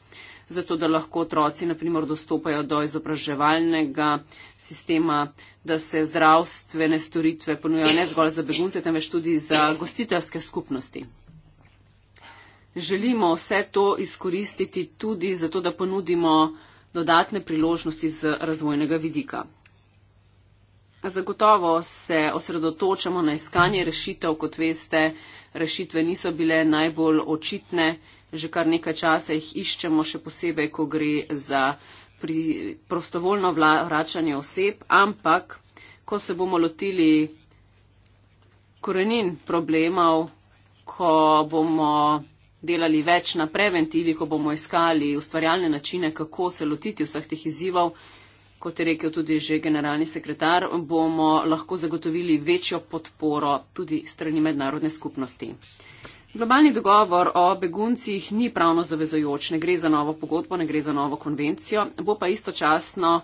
Zato, da lahko otroci, naprimer, dostopajo do izobraževalnega sistema, da se zdravstvene storitve ponujajo ne zgolj za begunce, temveč tudi za gostiteljske skupnosti. Želimo vse to izkoristiti tudi zato, da ponudimo dodatne priložnosti z razvojnega vidika. Zagotovo se osredotočamo na iskanje rešitev, kot veste, rešitve niso bile najbolj očitne, že kar nekaj časa jih iščemo, še posebej, ko gre za prostovoljno vračanje oseb, ampak ko se bomo lotili korenin problemov, ko bomo delali več na preventivi, ko bomo iskali ustvarjalne načine, kako se lotiti vseh teh izzivov, kot je rekel tudi že generalni sekretar, bomo lahko zagotovili večjo podporo tudi strani mednarodne skupnosti. Globalni dogovor o beguncih ni pravno zavezojoč, ne gre za novo pogodbo, ne gre za novo konvencijo, bo pa istočasno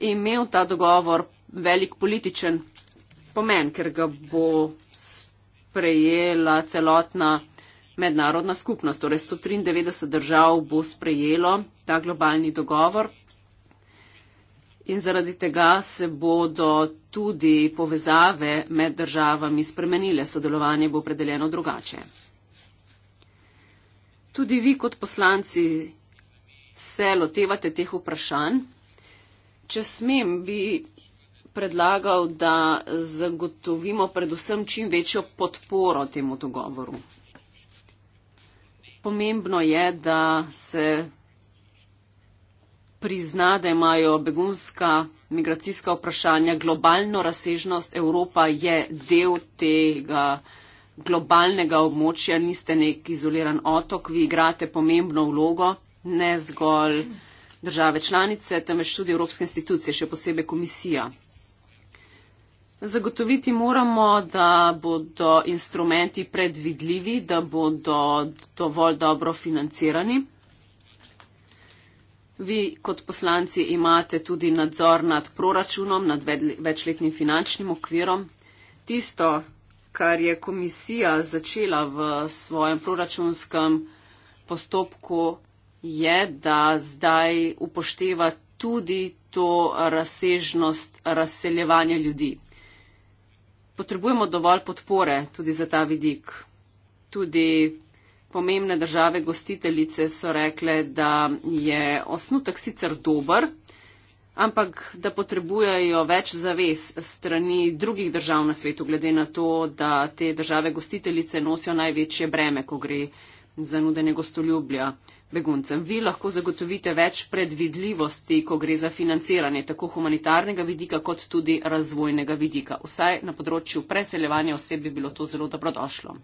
imel ta dogovor velik političen pomen, ker ga bo sprejela celotna mednarodna skupnost. Torej 193 držav bo sprejelo ta globalni dogovor, In zaradi tega se bodo tudi povezave med državami spremenile, sodelovanje bo opredeljeno drugače. Tudi vi kot poslanci se lotevate teh vprašanj. Če smem, bi predlagal, da zagotovimo predvsem čim večjo podporo temu dogovoru. Pomembno je, da se prizna, da imajo begunska migracijska vprašanja globalno razsežnost. Evropa je del tega globalnega območja, niste nek izoliran otok, vi igrate pomembno vlogo, ne zgolj države članice, temveč tudi evropske institucije, še posebej komisija. Zagotoviti moramo, da bodo instrumenti predvidljivi, da bodo dovolj dobro financirani. Vi kot poslanci imate tudi nadzor nad proračunom, nad večletnim finančnim okvirom. Tisto, kar je komisija začela v svojem proračunskem postopku, je, da zdaj upošteva tudi to razsežnost razseljevanja ljudi. Potrebujemo dovolj podpore tudi za ta vidik. Tudi pomembne države gostiteljice so rekle, da je osnutek sicer dober, ampak da potrebujejo več zavez strani drugih držav na svetu, glede na to, da te države gostiteljice nosijo največje breme, ko gre za nudenje gostoljublja beguncem. Vi lahko zagotovite več predvidljivosti, ko gre za financiranje tako humanitarnega vidika, kot tudi razvojnega vidika. Vsaj na področju preseljevanja oseb bi bilo to zelo dobrodošlo.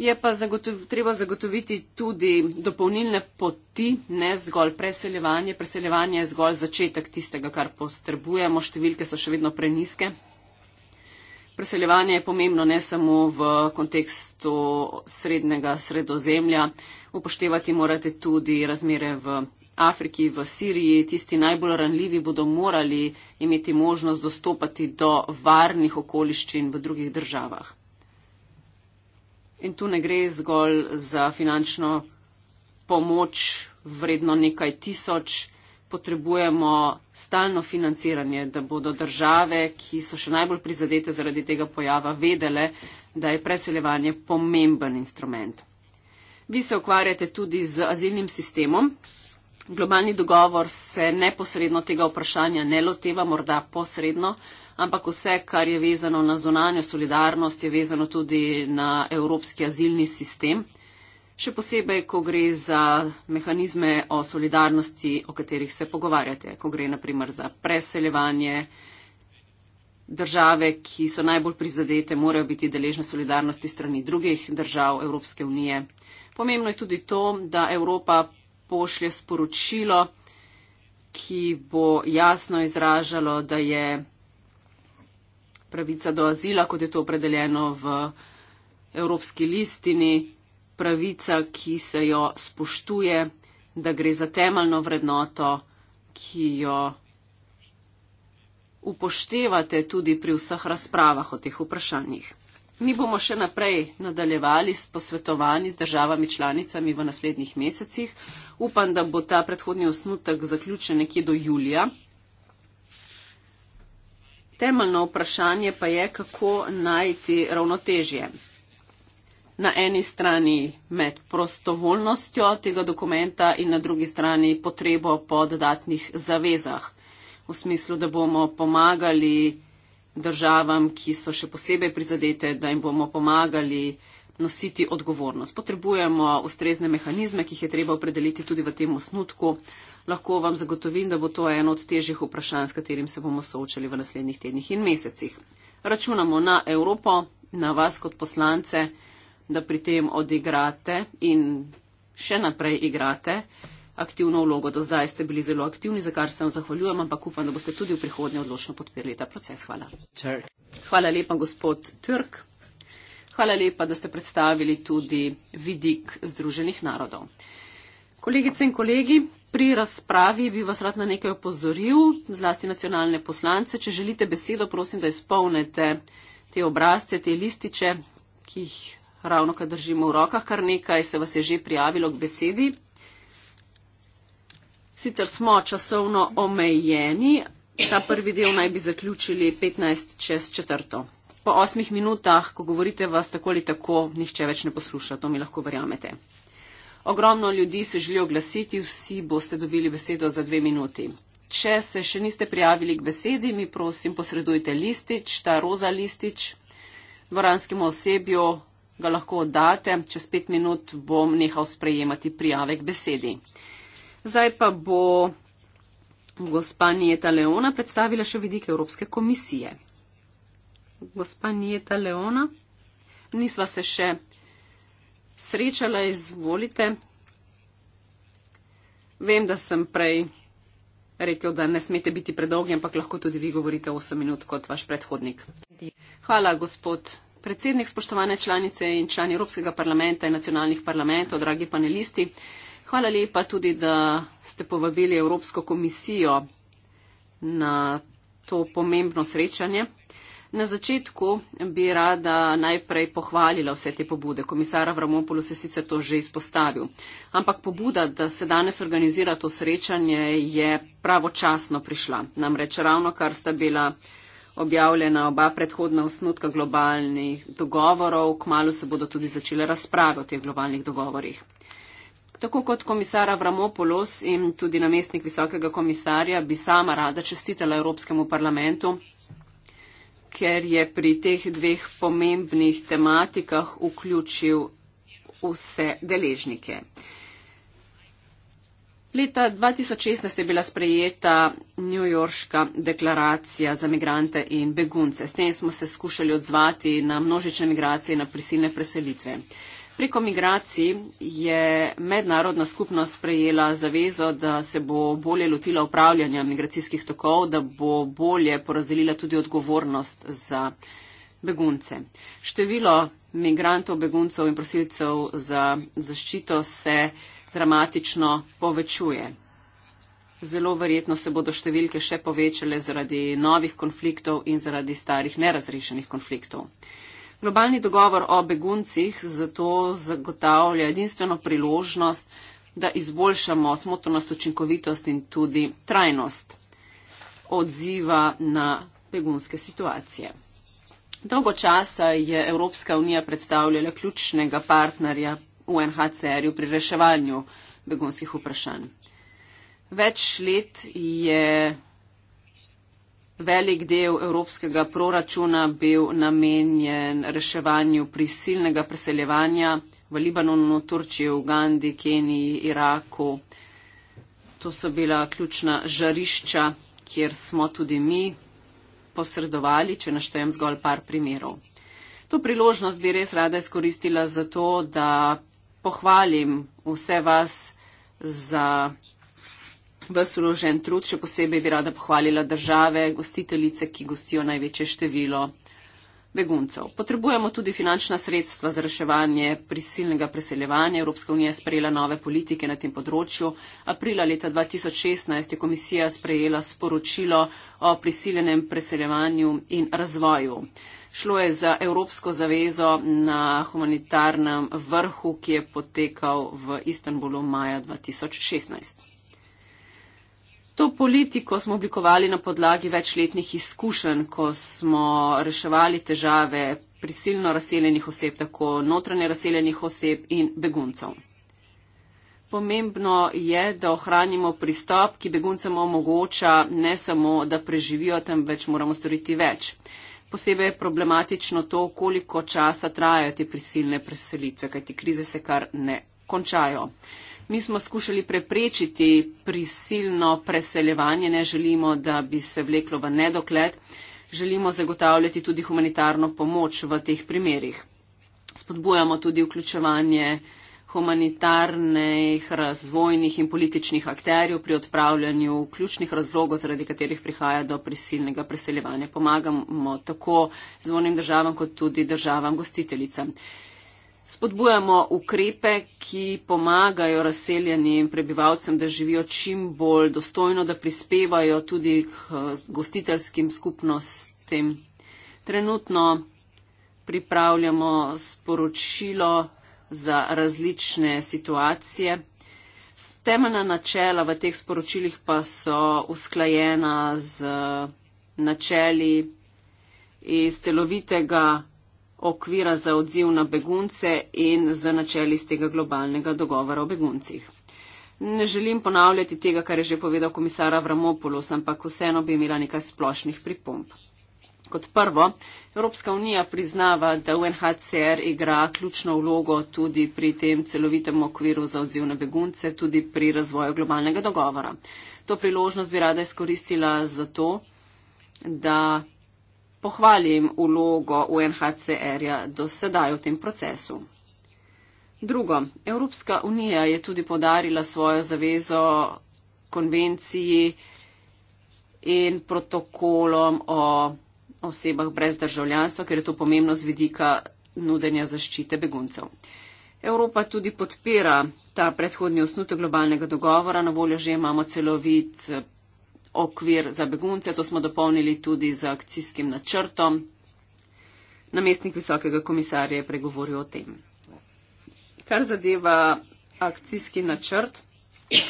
Je pa zagotov, treba zagotoviti tudi dopolnilne poti, ne zgolj preseljevanje. Preseljevanje je zgolj začetek tistega, kar potrebujemo. Številke so še vedno preniske. Preseljevanje je pomembno ne samo v kontekstu srednjega sredozemlja. Upoštevati morate tudi razmere v Afriki, v Siriji. Tisti najbolj ranljivi bodo morali imeti možnost dostopati do varnih okoliščin v drugih državah. In tu ne gre zgolj za finančno pomoč vredno nekaj tisoč, potrebujemo stalno financiranje, da bodo države, ki so še najbolj prizadete zaradi tega pojava, vedele, da je preseljevanje pomemben instrument. Vi se ukvarjate tudi z azilnim sistemom. Globalni dogovor se neposredno tega vprašanja ne loteva, morda posredno. Uh, ampak vse, kar je vezano na zonanjo solidarnost, je vezano tudi na evropski azilni sistem. Še posebej, ko gre za mehanizme o solidarnosti, o katerih se pogovarjate, ko gre naprimer za preseljevanje. Države, ki so najbolj prizadete, morajo biti deležne solidarnosti strani drugih držav Evropske unije. Pomembno je tudi to, da Evropa pošlje sporočilo, ki bo jasno izražalo, da je pravica do azila, kot je to opredeljeno v Evropski listini, pravica, ki se jo spoštuje, da gre za temeljno vrednoto, ki jo upoštevate tudi pri vseh razpravah o teh vprašanjih. Mi bomo še naprej nadaljevali s posvetovanji z državami članicami v naslednjih mesecih. Upam, da bo ta predhodni osnutek zaključen nekje do julija. Temeljno vprašanje pa je, kako najti ravnotežje. Na eni strani med prostovoljnostjo tega dokumenta in na drugi strani potrebo po dodatnih zavezah, v smislu, da bomo pomagali državam, ki so še posebej prizadete, da jim bomo pomagali nositi odgovornost. Potrebujemo ustrezne mehanizme, ki jih je treba opredeliti tudi v tem osnutku lahko vam zagotovim, da bo to eno od težjih vprašanj, s katerim se bomo soočali v naslednjih tednih in mesecih. Računamo na Evropo, na vas kot poslance, da pri tem odigrate in še naprej igrate aktivno vlogo. Do zdaj ste bili zelo aktivni, za kar se vam zahvaljujem, ampak upam, da boste tudi v prihodnje odločno podpirli ta proces. Hvala. Turk. Hvala lepa, gospod Turk. Hvala lepa, da ste predstavili tudi vidik Združenih narodov. Kolegice in kolegi, Pri razpravi bi vas rad na nekaj opozoril, zlasti nacionalne poslance. Če želite besedo, prosim, da izpolnete te obrazce, te lističe, ki jih ravno kar držimo v rokah, kar nekaj se vas je že prijavilo k besedi. Sicer smo časovno omejeni, ta prvi del naj bi zaključili 15 čez četrto. Po osmih minutah, ko govorite, vas tako ali tako nihče več ne posluša, to mi lahko verjamete. Ogromno ljudi se želi oglasiti, vsi boste dobili besedo za dve minuti. Če se še niste prijavili k besedi, mi prosim posredujte listič, ta roza listič. Dvoranskemu osebju ga lahko oddate, čez pet minut bom nehal sprejemati prijave k besedi. Zdaj pa bo gospa Nieta Leona predstavila še vidike Evropske komisije. Gospa Nieta Leona, nisva se še srečala, izvolite. Vem, da sem prej rekel, da ne smete biti predolgi, ampak lahko tudi vi govorite 8 minut kot vaš predhodnik. Hvala, gospod predsednik, spoštovane članice in člani Evropskega parlamenta in nacionalnih parlamentov, dragi panelisti. Hvala lepa tudi, da ste povabili Evropsko komisijo na to pomembno srečanje. Na začetku bi rada najprej pohvalila vse te pobude. Komisar Avramopoulos je sicer to že izpostavil. Ampak pobuda, da se danes organizira to srečanje, je pravočasno prišla. Namreč ravno kar sta bila objavljena oba predhodna osnutka globalnih dogovorov, kmalo se bodo tudi začele razprave o teh globalnih dogovorih. Tako kot komisar Avramopoulos in tudi namestnik visokega komisarja bi sama rada čestitela Evropskemu parlamentu ker je pri teh dveh pomembnih tematikah vključil vse deležnike. Leta 2016 je bila sprejeta New Yorkska deklaracija za migrante in begunce. S tem smo se skušali odzvati na množične migracije in na prisilne preselitve. Preko migracij je mednarodna skupnost sprejela zavezo, da se bo bolje lotila upravljanja migracijskih tokov, da bo bolje porazdelila tudi odgovornost za begunce. Število migrantov, beguncev in prosilcev za zaščito se dramatično povečuje. Zelo verjetno se bodo številke še povečale zaradi novih konfliktov in zaradi starih nerazrešenih konfliktov. Globalni dogovor o beguncih zato zagotavlja edinstveno priložnost, da izboljšamo smotrnost, učinkovitost in tudi trajnost odziva na begunske situacije. Dolgo časa je Evropska unija predstavljala ključnega partnerja UNHCR-ju pri reševanju begunskih vprašanj. Več let je Velik del evropskega proračuna bil namenjen reševanju prisilnega preseljevanja v Libanonu, Turčiji, Ugandi, Keniji, Iraku. To so bila ključna žarišča, kjer smo tudi mi posredovali, če naštejem zgolj par primerov. To priložnost bi res rada izkoristila za to, da pohvalim vse vas za vse vložen trud, še posebej bi rada pohvalila države, gostiteljice, ki gostijo največje število beguncev. Potrebujemo tudi finančna sredstva za reševanje prisilnega preseljevanja. Evropska unija je sprejela nove politike na tem področju. Aprila leta 2016 je komisija sprejela sporočilo o prisiljenem preseljevanju in razvoju. Šlo je za Evropsko zavezo na humanitarnem vrhu, ki je potekal v Istanbulu maja 2016 to politiko smo oblikovali na podlagi večletnih izkušenj, ko smo reševali težave prisilno razseljenih oseb, tako notranje razseljenih oseb in beguncev. Pomembno je, da ohranimo pristop, ki beguncem omogoča ne samo, da preživijo, temveč moramo storiti več. Posebej je problematično to, koliko časa trajajo te prisilne preselitve, kajti krize se kar ne končajo. Mi smo skušali preprečiti prisilno preseljevanje, ne želimo, da bi se vleklo v nedokled. Želimo zagotavljati tudi humanitarno pomoč v teh primerih. Spodbujamo tudi vključevanje humanitarnih, razvojnih in političnih akterjev pri odpravljanju ključnih razlogov, zaradi katerih prihaja do prisilnega preseljevanja. Pomagamo tako zvonim državam, kot tudi državam gostiteljicam spodbujamo ukrepe, ki pomagajo razseljenim prebivalcem, da živijo čim bolj dostojno, da prispevajo tudi k eh, gostiteljskim skupnostim. Trenutno pripravljamo sporočilo za različne situacije. Temeljna načela v teh sporočilih pa so usklajena z eh, načeli iz celovitega okvira za odziv na begunce in za načeli z tega globalnega dogovora o beguncih. Ne želim ponavljati tega, kar je že povedal komisar Avramopoulos, ampak vseeno bi imela nekaj splošnih pripomb. Kot prvo, Evropska unija priznava, da UNHCR igra ključno vlogo tudi pri tem celovitem okviru za odziv na begunce, tudi pri razvoju globalnega dogovora. To priložnost bi rada izkoristila za to, da pohvalim vlogo UNHCR-ja do sedaj v tem procesu. Drugo, Evropska unija je tudi podarila svojo zavezo konvenciji in protokolom o osebah brez državljanstva, ker je to pomembno z vidika nudenja zaščite beguncev. Evropa tudi podpira ta predhodni osnutek globalnega dogovora, na voljo že imamo celovit okvir za begunce. To smo dopolnili tudi z akcijskim načrtom. Namestnik visokega komisarja je pregovoril o tem. Kar zadeva akcijski načrt,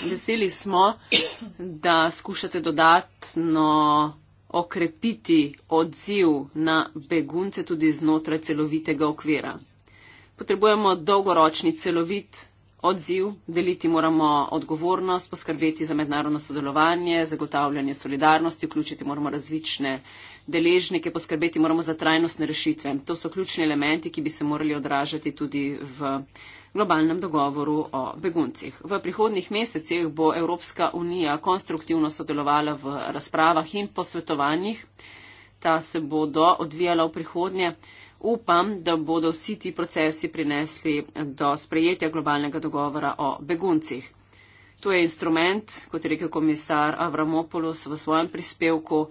veseli smo, da skušate dodatno okrepiti odziv na begunce tudi znotraj celovitega okvira. Potrebujemo dolgoročni celovit odziv, deliti moramo odgovornost, poskrbeti za mednarodno sodelovanje, zagotavljanje solidarnosti, vključiti moramo različne deležnike, poskrbeti moramo za trajnostne rešitve. To so ključni elementi, ki bi se morali odražati tudi v globalnem dogovoru o beguncih. V prihodnih mesecih bo Evropska unija konstruktivno sodelovala v razpravah in posvetovanjih. Ta se bodo odvijala v prihodnje upam, da bodo vsi ti procesi prinesli do sprejetja globalnega dogovora o beguncih. To je instrument, kot je rekel komisar Avramopoulos v svojem prispevku,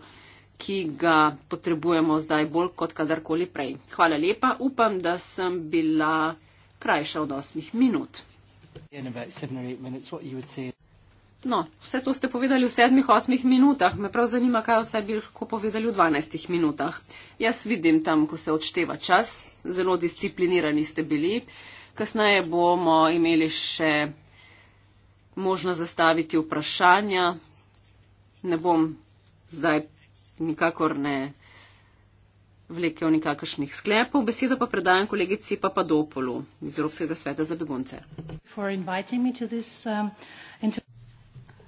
ki ga potrebujemo zdaj bolj kot kadarkoli prej. Hvala lepa, upam, da sem bila krajša od osmih minut. In about seven or eight minutes, what you would say. No, vse to ste povedali v sedmih, osmih minutah. Me prav zanima, kaj vse bi lahko povedali v dvanajstih minutah. Jaz vidim tam, ko se odšteva čas, zelo disciplinirani ste bili. Kasneje bomo imeli še možno zastaviti vprašanja. Ne bom zdaj nikakor ne vlekel nikakršnih sklepov. Besedo pa predajam kolegici Papadopolu iz Evropskega sveta za begunce.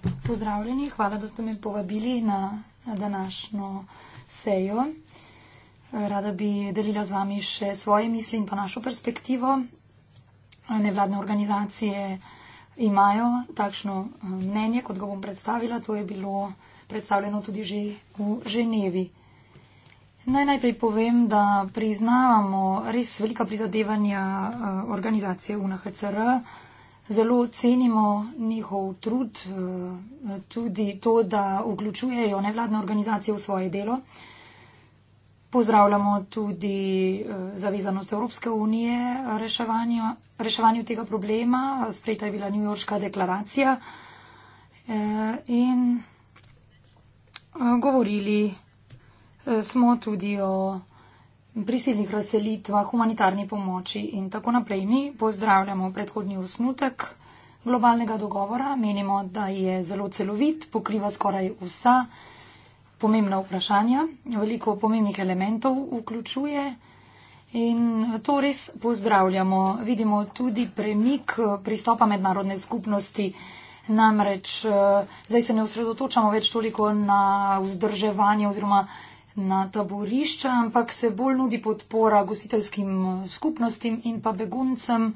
Pozdravljeni, hvala, da ste me povabili na današnjo sejo. Rada bi delila z vami še svoje misli in pa našo perspektivo. Nevladne organizacije imajo takšno eh, mnenje, kot ga bom predstavila. To je bilo predstavljeno tudi že v Ženevi. Naj najprej povem, da priznavamo res velika prizadevanja eh, organizacije UNHCR Zelo cenimo njihov trud, eh, tudi to, da vključujejo nevladne organizacije v svoje delo. Pozdravljamo tudi eh, zavezanost Evropske unije reševanju, reševanju tega problema. Sprejta je bila New Yorkska deklaracija eh, in govorili smo tudi o prisilnih razselitvah, humanitarni pomoči in tako naprej. Mi pozdravljamo predhodni usnutek globalnega dogovora. Menimo, da je zelo celovit, pokriva skoraj vsa pomembna vprašanja, veliko pomembnih elementov vključuje. In to res pozdravljamo. Vidimo tudi premik pristopa mednarodne skupnosti. Namreč eh, zdaj se ne osredotočamo več toliko na vzdrževanje oziroma na taborišča, ampak se bolj nudi podpora gostiteljskim eh, skupnostim in pa beguncem.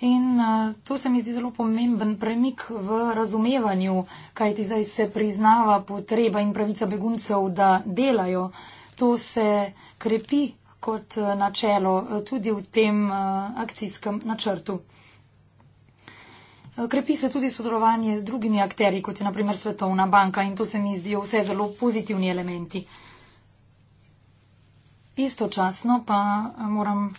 In eh, to se mi zdi zelo pomemben premik v razumevanju, kaj ti zdaj se priznava potreba in pravica beguncev, da delajo. To se krepi kot eh, načelo tudi v tem akcijskem načrtu. Krepi se tudi sodelovanje z drugimi akteri, kot je naprimer Svetovna banka in to se mi zdijo vse zelo pozitivni elementi. Istočasno pa moram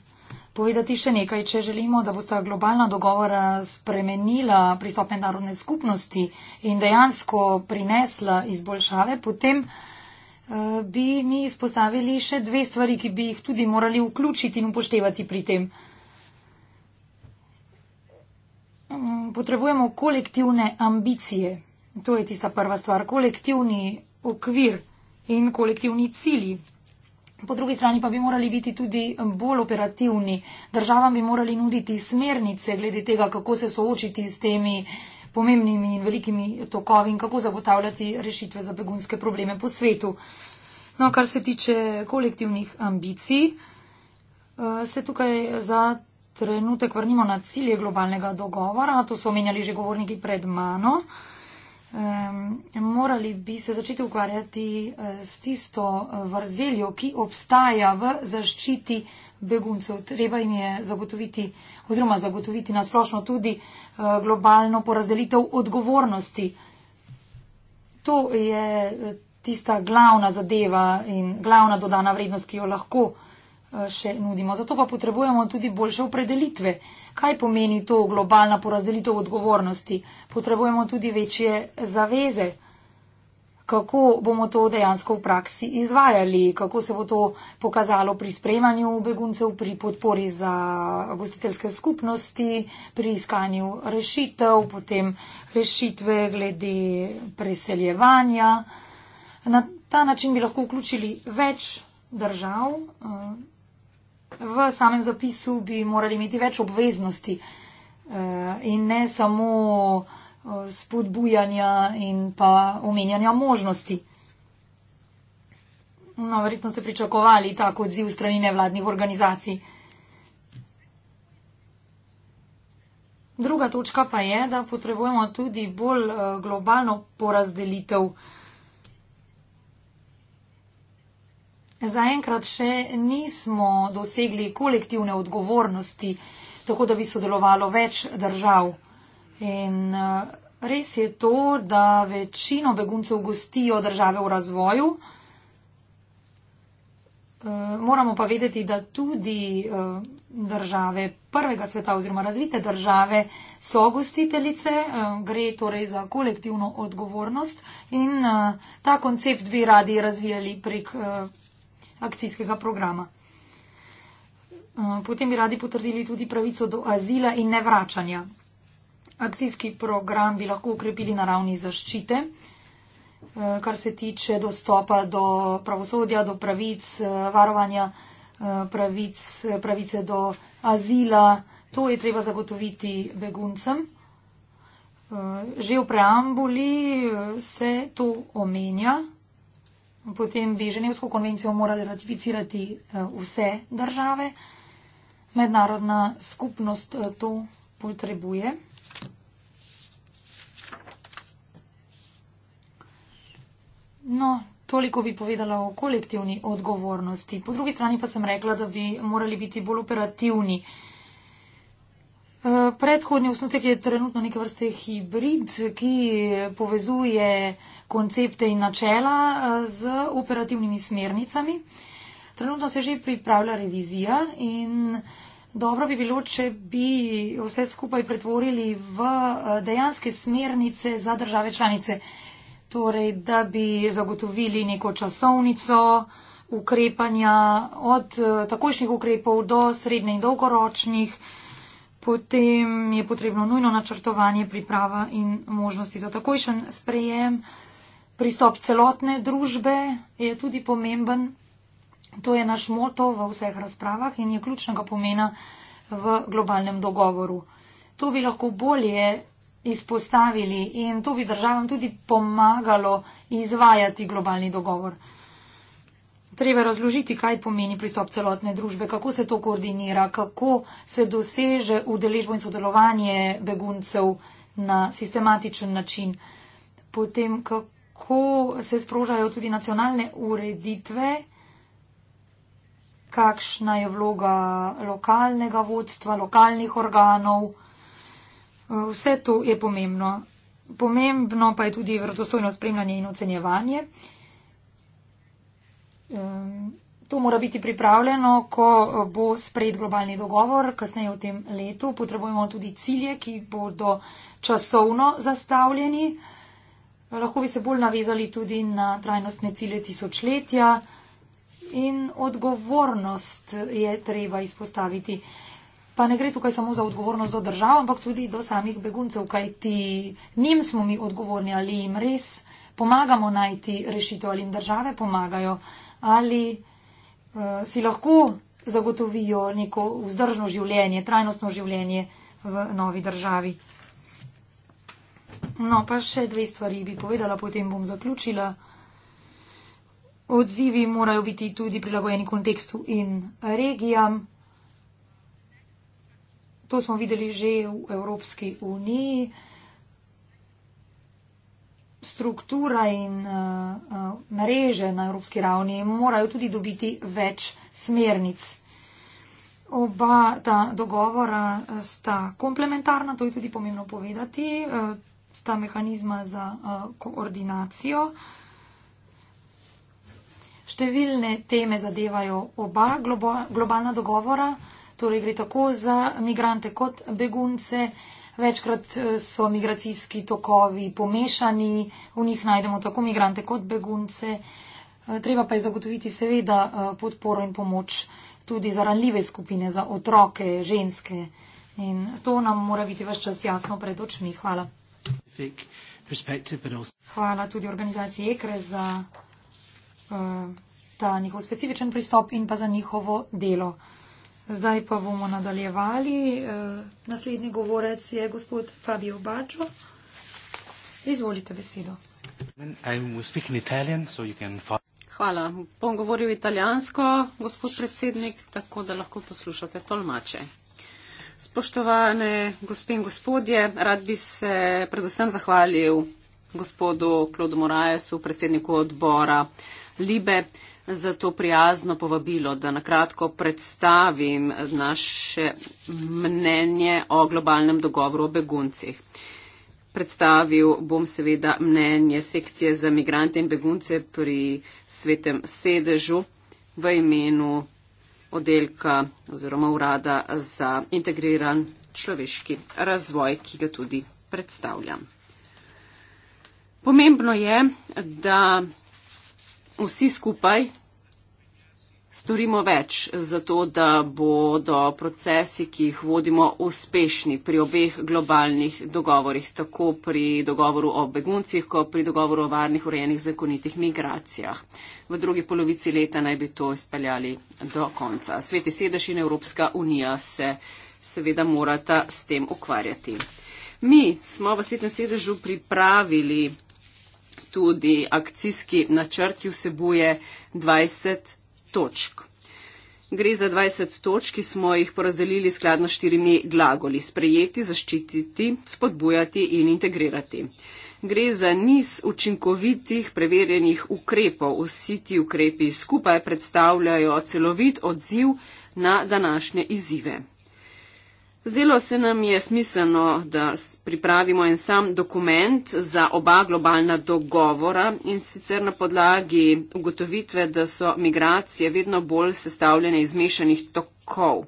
povedati še nekaj, če želimo, da bosta globalna dogovora spremenila pristop mednarodne skupnosti in dejansko prinesla izboljšave, potem eh, bi mi izpostavili še dve stvari, ki bi jih tudi morali vključiti in upoštevati pri tem. Mm, potrebujemo kolektivne ambicije. To je tista prva stvar. Kolektivni okvir in kolektivni cilji. Po drugi strani pa bi morali biti tudi um, bolj operativni. Državam bi morali nuditi smernice glede tega, kako se soočiti s temi pomembnimi in velikimi tokovi in kako zagotavljati rešitve za begunske probleme po svetu. No, kar se tiče kolektivnih ambicij, uh, se tukaj za trenutek vrnimo na cilje globalnega dogovora, to so omenjali že govorniki pred mano um, morali bi se začeti ukvarjati uh, s tisto eh, vrzeljo, ki obstaja v zaščiti beguncev. Treba jim je zagotoviti oziroma zagotoviti nasplošno tudi uh, globalno porazdelitev odgovornosti. To je tista glavna zadeva in glavna dodana vrednost, ki jo lahko. Eh, še nudimo. Zato pa potrebujemo tudi boljše opredelitve. Kaj pomeni to globalna porazdelitev odgovornosti? Potrebujemo tudi večje zaveze. Kako bomo to dejansko v praksi izvajali, kako se bo to pokazalo pri sprejemanju beguncev, pri podpori za gostiteljske skupnosti, pri iskanju rešitev, potem rešitve glede preseljevanja. Na ta način bi lahko vključili več držav, eh, v samem zapisu bi morali imeti več obveznosti eh, in ne samo eh, spodbujanja in pa omenjanja možnosti. No, verjetno ste pričakovali tako odziv strani nevladnih organizacij. Druga točka pa je, da potrebujemo tudi bolj eh, globalno porazdelitev Zaenkrat še nismo dosegli kolektivne odgovornosti, tako da bi sodelovalo več držav. In eh, res je to, da večino beguncev gostijo države v razvoju. Eh, moramo pa vedeti, da tudi eh, države prvega sveta oziroma razvite države so gostiteljice, gre torej za kolektivno odgovornost in ta koncept bi radi razvijali prek akcijskega programa. Uh, potem bi radi potrdili tudi pravico do azila in nevračanja. Akcijski program bi lahko ukrepili na ravni zaščite, uh, kar se tiče dostopa do pravosodja, do pravic, uh, varovanja pravic, pravice do azila. To je treba zagotoviti beguncem. Že v preambuli se to omenja potem bi ženevsko konvencijo morali ratificirati eh, vse države. Mednarodna skupnost eh, to potrebuje. No, toliko bi povedala o kolektivni odgovornosti. Po drugi strani pa sem rekla, da bi morali biti bolj operativni. Uh, Eh, predhodni osnutek je trenutno neke vrste hibrid, ki povezuje koncepte in načela eh, z operativnimi smernicami. Trenutno se že pripravlja revizija in dobro bi bilo, če bi vse skupaj pretvorili v eh, dejanske smernice za države članice. Torej, da bi zagotovili neko časovnico ukrepanja od takošnjih ukrepov do srednje in dolgoročnih potem je potrebno nujno načrtovanje, priprava in možnosti za takojšen sprejem. Pristop celotne družbe je tudi pomemben. To je naš moto v vseh razpravah in je ključnega pomena v globalnem dogovoru. To bi lahko bolje izpostavili in to bi državam tudi pomagalo izvajati globalni dogovor treba razložiti, kaj pomeni pristop celotne družbe, kako se to koordinira, kako se doseže udeležbo in sodelovanje beguncev na sistematičen način. Potem, kako se sprožajo tudi nacionalne ureditve, kakšna je vloga lokalnega vodstva, lokalnih organov. Vse to je pomembno. Pomembno pa je tudi vrtostojno spremljanje in ocenjevanje. Ehm, to mora biti pripravljeno, ko eh, bo spred globalni dogovor, kasneje v tem letu. Potrebujemo tudi cilje, ki bodo časovno zastavljeni. Lahko bi se bolj navezali tudi na trajnostne cilje tisočletja in odgovornost je treba izpostaviti. Pa ne gre tukaj samo za odgovornost do držav, ampak tudi do samih beguncev, kajti njim smo mi odgovorni ali jim res pomagamo najti rešitev ali jim države pomagajo ali uh, si lahko zagotovijo neko vzdržno življenje, trajnostno življenje v novi državi. No, pa še dve stvari bi povedala, potem bom zaključila. Odzivi morajo biti tudi prilagojeni kontekstu in regijam. To smo videli že v Evropski uniji. Uh, struktura in uh, uh, mreže na evropski ravni morajo tudi dobiti več smernic. Oba ta dogovora eh, sta komplementarna, to je tudi pomembno povedati, uh, sta mehanizma za uh, koordinacijo. Številne teme zadevajo oba globo, globalna dogovora, torej gre tako za migrante kot begunce. Uh, Večkrat eh, so migracijski tokovi pomešani, v njih najdemo tako migrante kot begunce. Eh, treba pa je zagotoviti seveda eh, podporo in pomoč tudi za ranljive skupine, za otroke, ženske. In to nam mora biti vse čas jasno pred očmi. Hvala. Hvala tudi organizaciji EKRE za uh, ta njihov specifičen pristop in pa za njihovo delo. Zdaj pa bomo nadaljevali. Eh, naslednji govorec je gospod Fabio Baccio. Izvolite besedo. Hvala. Bom govoril italijansko, gospod predsednik, tako da lahko poslušate tolmače. Spoštovane gospe in gospodje, rad bi se predvsem zahvalil gospodu Klodu Morajesu, predsedniku odbora Libe, za to prijazno povabilo, da nakratko predstavim naše mnenje o globalnem dogovoru o beguncih. Predstavil bom seveda mnenje sekcije za migrante in begunce pri svetem sedežu v imenu oddelka oziroma urada za integriran človeški razvoj, ki ga tudi predstavljam. Pomembno je, da vsi skupaj storimo več za to, da bodo procesi, ki jih vodimo, uspešni pri obeh globalnih dogovorih, tako pri dogovoru o beguncih, kot pri dogovoru o varnih, urejenih, zakonitih migracijah. V drugi polovici leta naj bi to izpeljali do konca. Sveti sedež in Evropska unija se seveda morata s tem ukvarjati. Mi smo v svetnem sedežu pripravili tudi akcijski načrt, ki vsebuje 20 točk. Gre za 20 točk, ki smo jih porazdelili skladno štirimi glagoli - sprejeti, zaščititi, spodbujati in integrirati. Gre za niz učinkovitih preverjenih ukrepov. Vsi ti ukrepi skupaj predstavljajo celovit odziv na današnje izzive. Zdelo se nam je smiselno, da pripravimo en sam dokument za oba globalna dogovora in sicer na podlagi ugotovitve, da so migracije vedno bolj sestavljene iz mešanih tokov.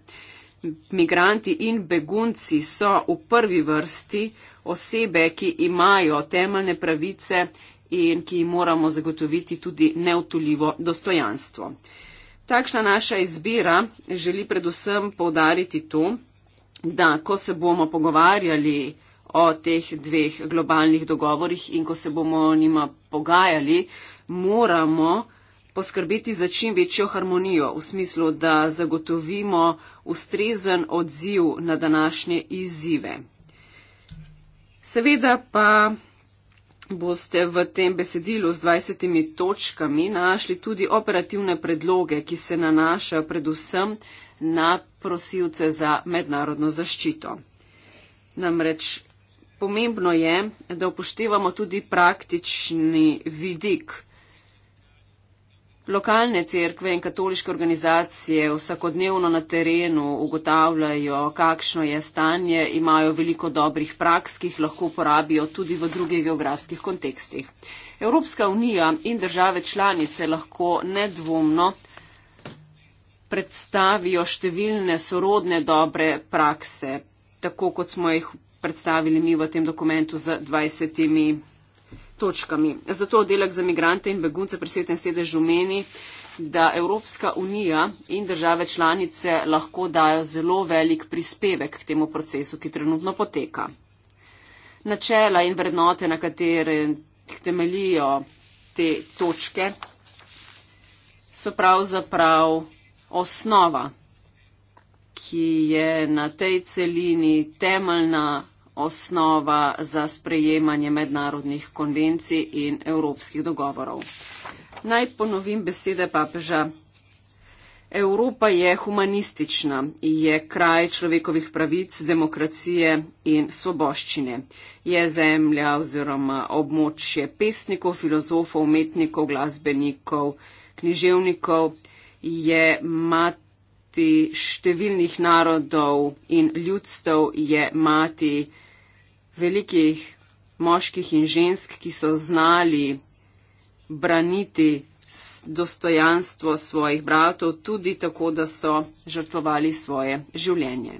Migranti in begunci so v prvi vrsti osebe, ki imajo temeljne pravice in ki jim moramo zagotoviti tudi neutoljivo dostojanstvo. Takšna naša izbira želi predvsem povdariti to, da ko se bomo pogovarjali o teh dveh globalnih dogovorih in ko se bomo o njima pogajali, moramo poskrbeti za čim večjo harmonijo v smislu, da zagotovimo ustrezen odziv na današnje izzive. Seveda pa boste v tem besedilu z 20 točkami našli tudi operativne predloge, ki se nanašajo predvsem na prosilce za mednarodno zaščito. Namreč pomembno je, da upoštevamo tudi praktični vidik Lokalne cerkve in katoliške organizacije vsakodnevno na terenu ugotavljajo, kakšno je stanje, imajo veliko dobrih praks, ki jih lahko uporabijo tudi v drugih geografskih kontekstih. Evropska unija in države članice lahko nedvomno predstavijo številne sorodne dobre prakse, tako kot smo jih predstavili mi v tem dokumentu z 20 točkami. Zato oddelek za migrante in begunce pri svetem sedežu meni, da Evropska unija in države članice lahko dajo zelo velik prispevek k temu procesu, ki trenutno poteka. Načela in vrednote, na katere temelijo te točke, so pravzaprav osnova, ki je na tej celini temeljna osnova za sprejemanje mednarodnih konvencij in evropskih dogovorov. Naj ponovim besede papeža. Evropa je humanistična, je kraj človekovih pravic, demokracije in svoboščine. Je zemlja oziroma območje pesnikov, filozofov, umetnikov, glasbenikov, književnikov, je mati številnih narodov in ljudstev, je mati velikih moških in žensk, ki so znali braniti dostojanstvo svojih bratov, tudi tako, da so žrtvovali svoje življenje.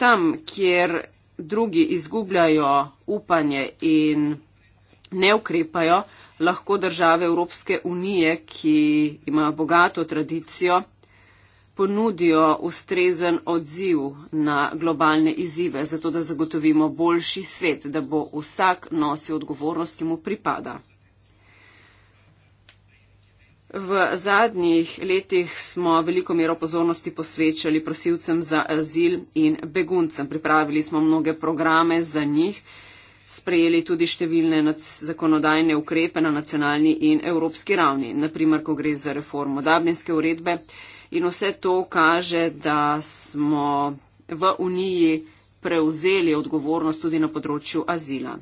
Tam, kjer drugi izgubljajo upanje in ne ukrepajo, lahko države Evropske unije, ki imajo bogato tradicijo, ponudijo ustrezen odziv na globalne izzive, zato da zagotovimo boljši svet, da bo vsak nosil odgovornost, ki mu pripada. V zadnjih letih smo veliko mero pozornosti posvečali prosilcem za azil in beguncem. Pripravili smo mnoge programe za njih, sprejeli tudi številne zakonodajne ukrepe na nacionalni in evropski ravni, naprimer, ko gre za reformo Dablinske uredbe in vse to kaže, da smo v Uniji prevzeli odgovornost tudi na področju azila.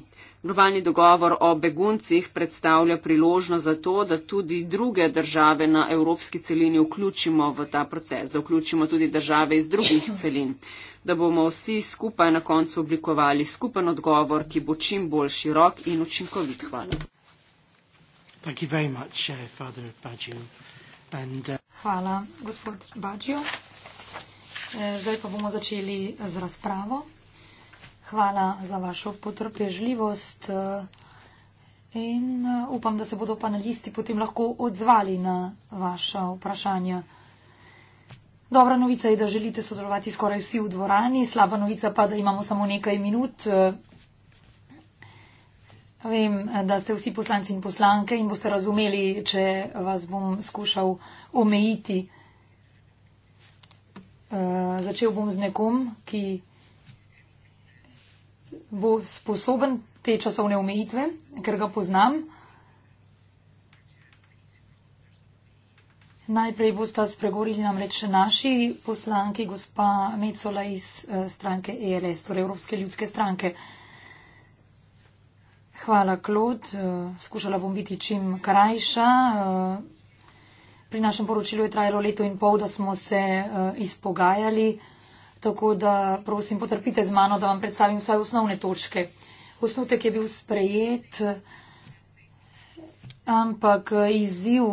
Globalni dogovor o beguncih predstavlja priložnost za to, da tudi druge države na evropski celini vključimo v ta proces, da vključimo tudi države iz drugih celin, da bomo vsi skupaj na koncu oblikovali skupen odgovor, ki bo čim bolj širok in učinkovit. Hvala. Thank you very much, uh, Uh, Hvala, gospod Bađo. E, zdaj pa bomo začeli z razpravo. Hvala za vašo potrpežljivost e, in e, upam, da se bodo panelisti potem lahko odzvali na vaša vprašanja. Dobra novica je, da želite sodelovati skoraj vsi v dvorani, slaba novica pa, da imamo samo nekaj minut, Vem, da ste vsi poslanci in poslanke in boste razumeli, če vas bom skušal omejiti. Uh, začel bom z nekom, ki bo sposoben te časovne omejitve, ker ga poznam. Najprej boste spregovorili namreč naši poslanki, gospa Mecola iz eh, stranke ELS, torej Evropske ljudske stranke. Uh, Hvala, Klod. Eh, skušala bom biti čim krajša. Eh, pri našem poročilu je trajalo leto in pol, da smo se eh, izpogajali, tako da prosim, potrpite z mano, da vam predstavim vsaj osnovne točke. Osnutek je bil sprejet, ampak izziv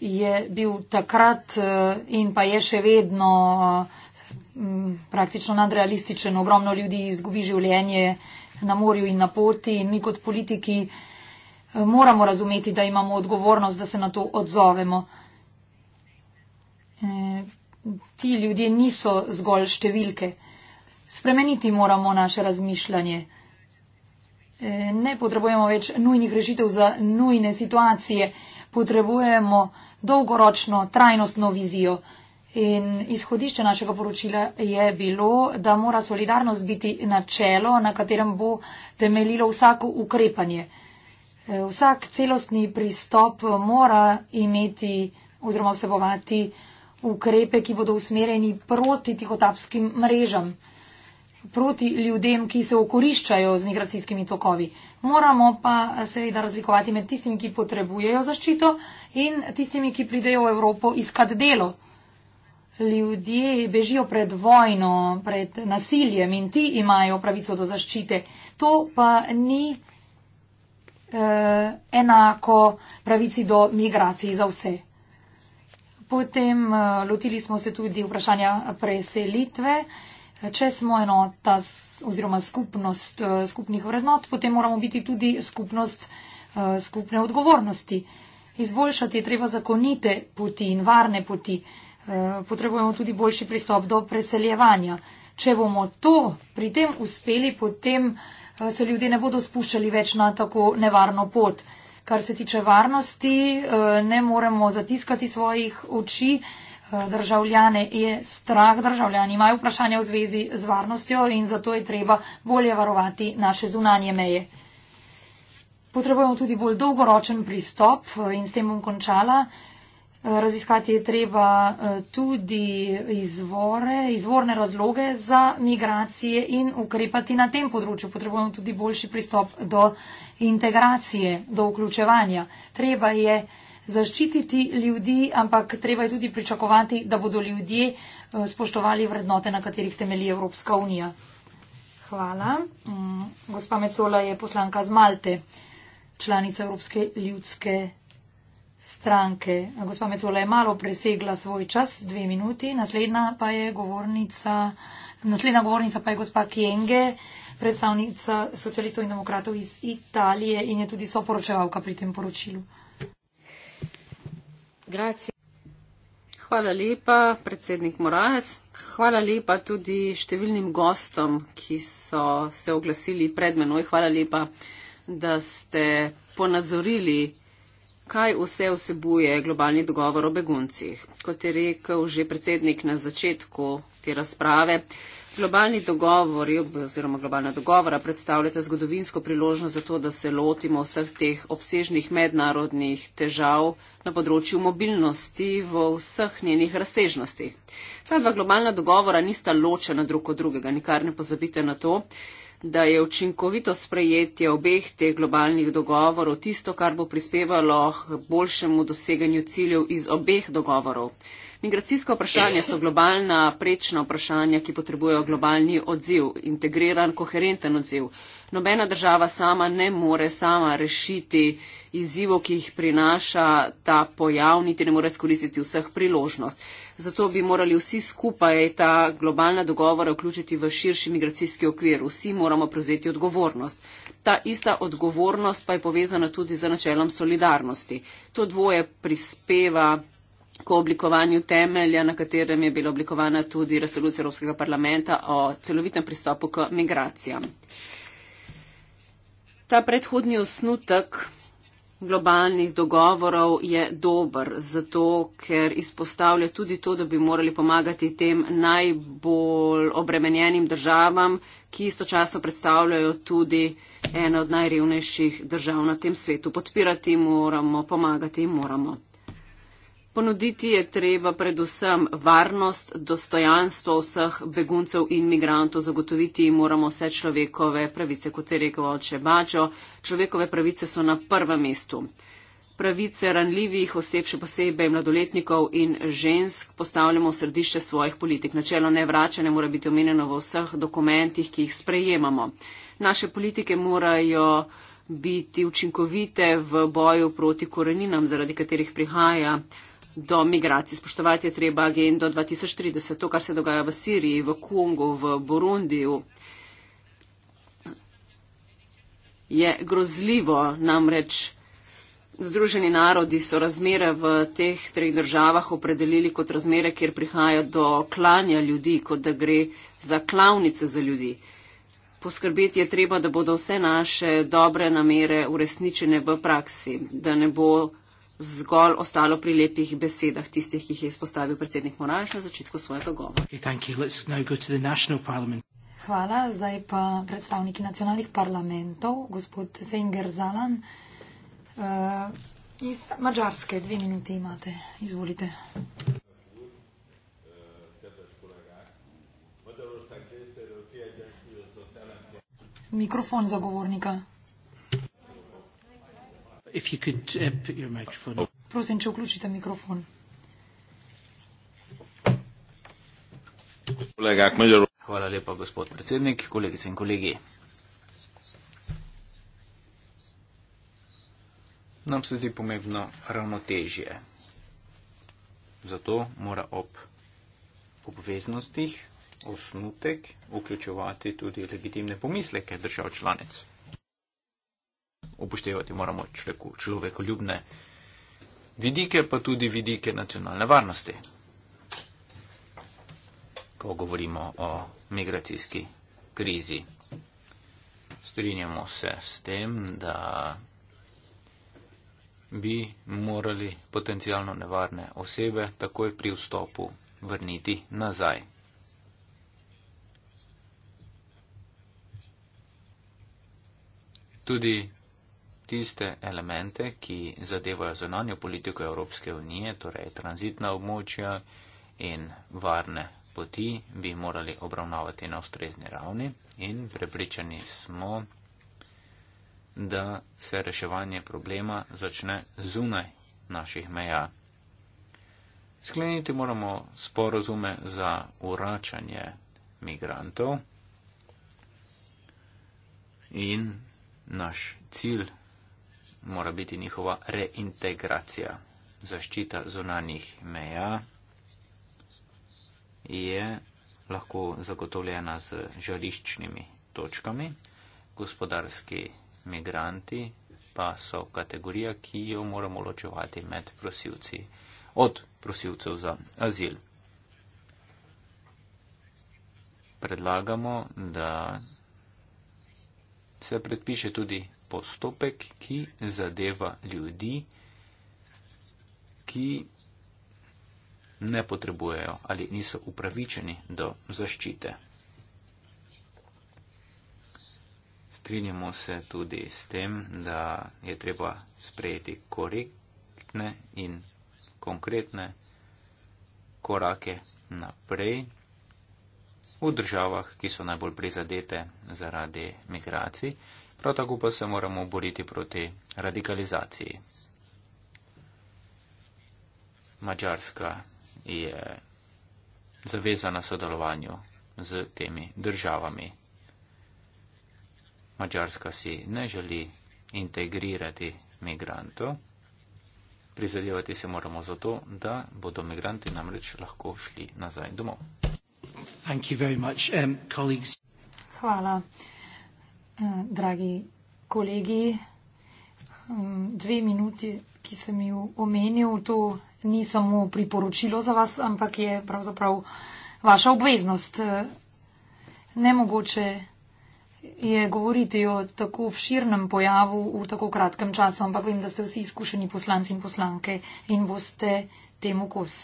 je bil takrat in pa je še vedno praktično nadrealističen. Ogromno ljudi izgubi življenje na morju in na poti in mi kot politiki eh, moramo razumeti, da imamo odgovornost, da se na to odzovemo. E, ti ljudje niso zgolj številke. Spremeniti moramo naše razmišljanje. E, ne potrebujemo več nujnih rešitev za nujne situacije. Potrebujemo dolgoročno, trajnostno vizijo. In izhodišče našega poročila je bilo, da mora solidarnost biti načelo, na katerem bo temeljilo vsako ukrepanje. E, vsak celostni pristop mora imeti oziroma vsebovati ukrepe, ki bodo usmereni proti tihotapskim mrežam, proti ljudem, ki se okoriščajo z migracijskimi tokovi. Moramo pa seveda razlikovati med tistimi, ki potrebujejo zaščito in tistimi, ki pridejo v Evropo iskat delo ljudje bežijo pred vojno, pred nasiljem in ti imajo pravico do zaščite. To pa ni eh, enako pravici do migracij za vse. Potem eh, lotili smo se tudi vprašanja preselitve. Če smo enota oziroma skupnost eh, skupnih vrednot, potem moramo biti tudi skupnost eh, skupne odgovornosti. Izboljšati je treba zakonite poti in varne poti. Eh, potrebujemo tudi boljši pristop do preseljevanja. Če bomo to pri tem uspeli, potem eh, se ljudje ne bodo spuščali več na tako nevarno pot. Kar se tiče varnosti, eh, ne moremo zatiskati svojih oči. Državljane je strah, državljani imajo vprašanja v zvezi z varnostjo in zato je treba bolje varovati naše zunanje meje. Potrebujemo tudi bolj dolgoročen pristop in s tem bom končala. Raziskati je treba eh, tudi izvore, izvorne razloge za migracije in ukrepati na tem področju. Potrebujemo tudi boljši pristop do integracije, do vključevanja. Treba je zaščititi ljudi, ampak treba je tudi pričakovati, da bodo ljudje eh, spoštovali vrednote, na katerih temelji Evropska unija. Hvala. Mm, gospa Mecola je poslanka z Malte, članica Evropske ljudske unije stranke. Gospa Metola je malo presegla svoj čas, dve minuti. Naslednja pa je govornica, naslednja govornica pa je gospa Kienge, predstavnica socialistov in demokratov iz Italije in je tudi soporočevalka pri tem poročilu. Grazie. Hvala lepa, predsednik Moraes. Hvala lepa tudi številnim gostom, ki so se oglasili pred menoj. Hvala lepa, da ste ponazorili kaj vse vsebuje globalni dogovor o beguncih. Kot je rekel že predsednik na začetku te razprave, globalni dogovori oziroma globalna dogovora predstavljata zgodovinsko priložnost za to, da se lotimo vseh teh obsežnih mednarodnih težav na področju mobilnosti v vseh njenih razsežnostih. Ta dva globalna dogovora nista ločena drug od drugega, nikar ne pozabite na to da je učinkovito sprejetje obeh teh globalnih dogovorov tisto, kar bo prispevalo k boljšemu doseganju ciljev iz obeh dogovorov. Migracijsko vprašanje so globalna prečna vprašanja, ki potrebujejo globalni odziv, integriran, koherenten odziv. Nobena država sama ne more sama rešiti izzivo, ki jih prinaša ta pojav, niti ne more skoristiti vseh priložnost. Zato bi morali vsi skupaj ta globalna dogovora vključiti v širši migracijski okvir. Vsi moramo prevzeti odgovornost. Ta ista odgovornost pa je povezana tudi z načelom solidarnosti. To dvoje prispeva k oblikovanju temelja, na katerem je bila oblikovana tudi resolucija Evropskega parlamenta o celovitem pristopu k migracijam. Ta predhodni osnutek globalnih dogovorov je dober, zato ker izpostavlja tudi to, da bi morali pomagati tem najbolj obremenjenim državam, ki istočasno predstavljajo tudi eno od najrevnejših držav na tem svetu. Podpirati moramo, pomagati moramo. Ponuditi je treba predvsem varnost, dostojanstvo vseh beguncev in migrantov, zagotoviti moramo vse človekove pravice, kot je rekel oče Bačo. Človekove pravice so na prvem mestu. Pravice ranljivih oseb, še posebej mladoletnikov in žensk, postavljamo v središče svojih politik. Načelo nevračanja mora biti omenjeno v vseh dokumentih, ki jih sprejemamo. Naše politike morajo biti učinkovite v boju proti koreninam, zaradi katerih prihaja do migracij. Spoštovati je treba agendo 2030, to, kar se dogaja v Siriji, v Kongu, v Burundiju. Je grozljivo, namreč Združeni narodi so razmere v teh treh državah opredelili kot razmere, kjer prihaja do klanja ljudi, kot da gre za klavnice za ljudi. Poskrbeti je treba, da bodo vse naše dobre namere uresničene v praksi, da ne bo zgolj ostalo pri lepih besedah tistih, ki jih je izpostavil predsednik Moraš na začetku svojega govora. Okay, Hvala. Zdaj pa predstavniki nacionalnih parlamentov, gospod Zenger Zalan uh, iz Mačarske. Dve minuti imate. Izvolite. Mikrofon zagovornika. If you could, uh, put your microphone oh. Prosim, če vključite mikrofon. Hvala lepa, gospod predsednik, kolegice in kolegi. Nam se zdi pomembno ravnotežje. Zato mora ob obveznostih osnutek vključevati tudi legitimne pomisleke držav članic upoštevati moramo človeku, človeku ljubne vidike, pa tudi vidike nacionalne varnosti, ko govorimo o migracijski krizi. Strinjamo se s tem, da bi morali potencijalno nevarne osebe takoj pri vstopu vrniti nazaj. Tudi tiste elemente, ki zadevajo zunanjo politiko Evropske unije, torej tranzitna območja in varne poti, bi morali obravnavati na ustrezni ravni in prepričani smo, da se reševanje problema začne zunaj naših meja. Skleniti moramo sporozume za uračanje migrantov in naš cilj mora biti njihova reintegracija. Zaščita zunanjih meja je lahko zagotovljena z žariščnimi točkami, gospodarski migranti pa so kategorija, ki jo moramo ločevati med prosilci od prosilcev za azil. Predlagamo, da se predpiše tudi postopek, ki zadeva ljudi, ki ne potrebujejo ali niso upravičeni do zaščite. Strinjamo se tudi s tem, da je treba sprejeti korektne in konkretne korake naprej v državah, ki so najbolj prizadete zaradi migracij. Prav tako pa se moramo boriti proti radikalizaciji. Mačarska je zavezana sodelovanju z temi državami. Mačarska si ne želi integrirati migrantov. Prizadevati se moramo za to, da bodo migranti namreč lahko šli nazaj domov. Um, Hvala. Eh, dragi kolegi. Hm, dve minuti, ki sem jih omenil, to ni samo priporočilo za vas, ampak je pravzaprav vaša obveznost. Eh, nemogoče je govoriti o tako širnem pojavu v tako kratkem času, ampak vem, da ste vsi izkušeni poslanci in poslanke in boste temu kos.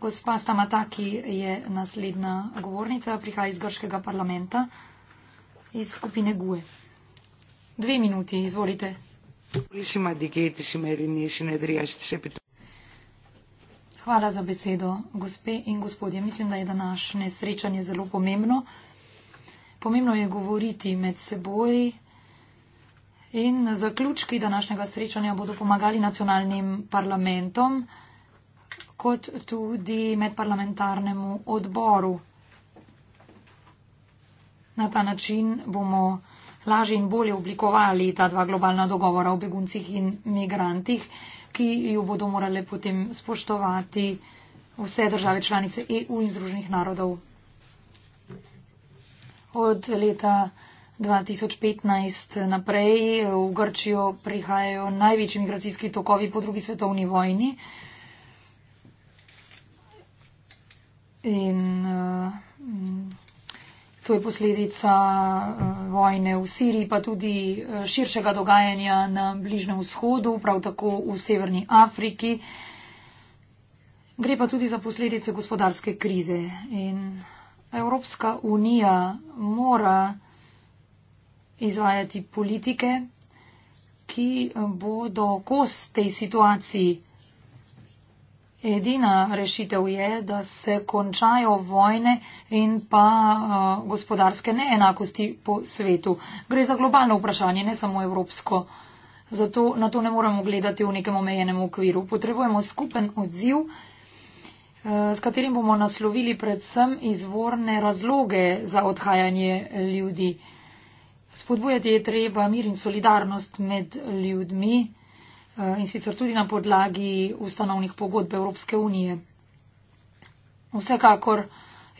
Gospa Stamataki je naslednja govornica, prihaja iz grškega parlamenta iz skupine GUE. Dve minuti, izvolite. Hvala za besedo, gospe in gospodje. Mislim, da je današnje srečanje zelo pomembno. Pomembno je govoriti med seboj in zaključki današnjega srečanja bodo pomagali nacionalnim parlamentom kot tudi medparlamentarnemu odboru. Na ta način bomo lažje in bolje oblikovali ta dva globalna dogovora o beguncih in migrantih, ki jo bodo morale potem spoštovati vse države članice EU in Združenih narodov. Od leta 2015 naprej v Grčijo prihajajo največji migracijski tokovi po drugi svetovni vojni. In, uh, to je posledica eh, vojne v Siriji, pa tudi eh, širšega dogajanja na Bližnem vzhodu, prav tako v Severni Afriki. Gre pa tudi za posledice gospodarske krize. In Evropska unija mora izvajati politike, ki bodo kos tej situaciji Edina rešitev je, da se končajo vojne in pa uh, gospodarske neenakosti po svetu. Gre za globalno vprašanje, ne samo evropsko. Zato na to ne moremo gledati v nekem omejenem okviru. Potrebujemo skupen odziv, uh, s katerim bomo naslovili predvsem izvorne razloge za odhajanje ljudi. Spodbujati je treba mir in solidarnost med ljudmi. Eh, in sicer tudi na podlagi ustanovnih pogodb Evropske unije. Vsekakor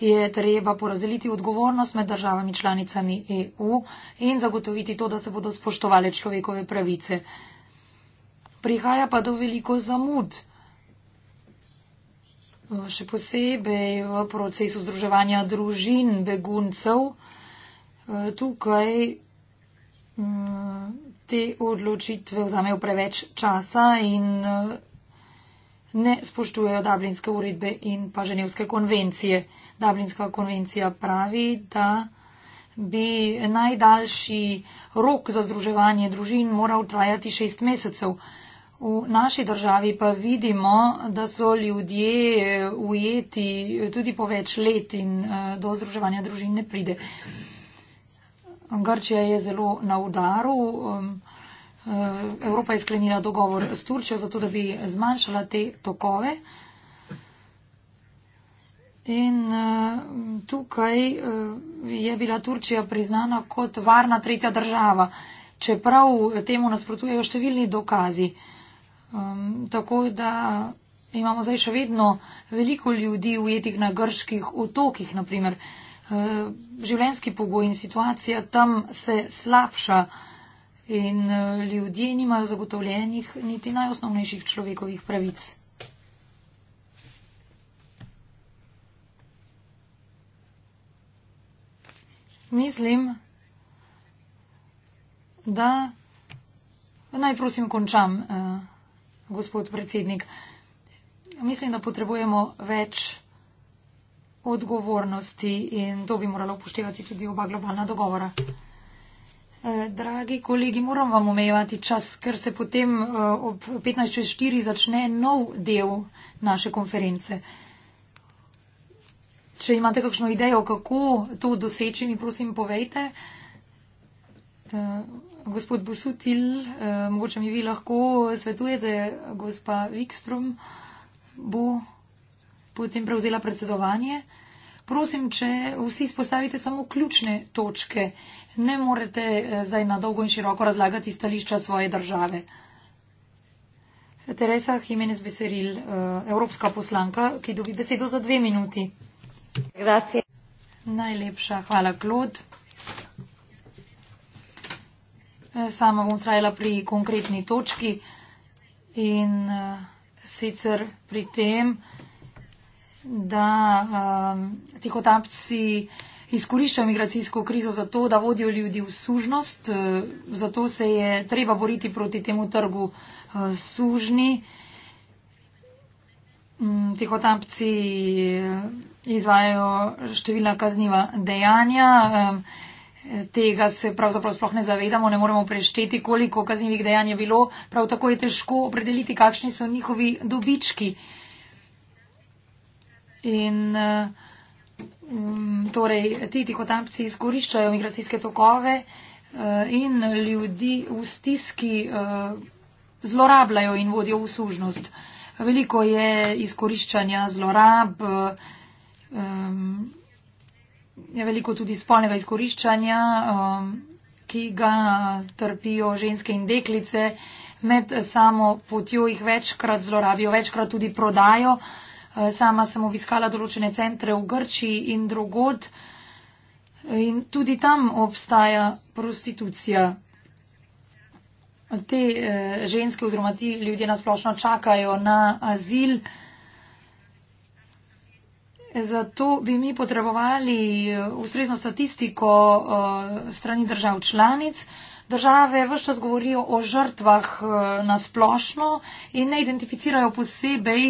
je treba porazdeliti odgovornost med državami članicami EU in zagotoviti to, da se bodo spoštovale človekove pravice. Prihaja pa do veliko zamud, eh, še posebej v procesu združevanja družin beguncev. Eh, tukaj mm, te odločitve vzamejo preveč časa in eh, ne spoštujejo Dablinske uredbe in pa Ženevske konvencije. Dablinska konvencija pravi, da bi najdaljši rok za združevanje družin moral trajati šest mesecev. V naši državi pa vidimo, da so ljudje eh, ujeti tudi po več let in eh, do združevanja družin ne pride. Grčija je zelo na udaru. Um, eh, Evropa je sklenila dogovor s Turčjo, zato da bi zmanjšala te tokove. In eh, tukaj eh, je bila Turčija priznana kot varna tretja država, čeprav temu nasprotujejo številni dokazi. Um, tako da imamo zdaj še vedno veliko ljudi ujetih na grških otokih, naprimer. Eh, življenski pogoj in situacija tam se slabša in eh, ljudje nimajo zagotovljenih niti najosnovnejših človekovih pravic. Mislim, da naj prosim končam, eh, gospod predsednik. Mislim, da potrebujemo več odgovornosti in to bi morala upoštevati tudi oba globalna dogovora. Eh, dragi kolegi, moram vam omejevati čas, ker se potem eh, ob 15.04 začne nov del naše konference. Če imate kakšno idejo, kako to doseči, mi prosim povejte. Eh, gospod Busutil, mogoče mi vi lahko svetujete, gospa Wikstrom bo potem prevzela predsedovanje. Prosim, če vsi izpostavite samo ključne točke, ne morete eh, zdaj na dolgo in široko razlagati stališča svoje države. Teresa Jimenez Beseril, eh, evropska poslanka, ki dobi besedo za dve minuti. Gracias. Najlepša hvala, Klod. Eh, sama bom strajala pri konkretni točki in sicer pri tem, da um, tihotapci izkoriščajo migracijsko krizo za to, da vodijo ljudi v sužnost. Uh, zato se je treba boriti proti temu trgu uh, sužni. Mm, tihotapci uh, izvajajo številna kazniva dejanja. Um, tega se pravzaprav sploh ne zavedamo, ne moremo prešteti, koliko kaznjivih dejanj je bilo. Prav tako je težko opredeliti, kakšni so njihovi dobički. Uh, In um, torej ti tihotapci izkoriščajo migracijske tokove uh, in ljudi v stiski uh, zlorabljajo in vodijo v služnost. Veliko je izkoriščanja, zlorab, um, mm, je veliko tudi spolnega izkoriščanja, um, ki ga trpijo ženske in deklice. Med samo potjo jih večkrat zlorabijo, večkrat tudi prodajo. Uh, Eh, sama sem obiskala določene centre v Grčiji in drugod in tudi tam obstaja prostitucija. Te eh, ženske oziroma ti ljudje nasplošno čakajo na azil. Zato bi mi potrebovali eh, ustrezno statistiko strani držav članic. Države vse čas govorijo o žrtvah nasplošno in ne identificirajo posebej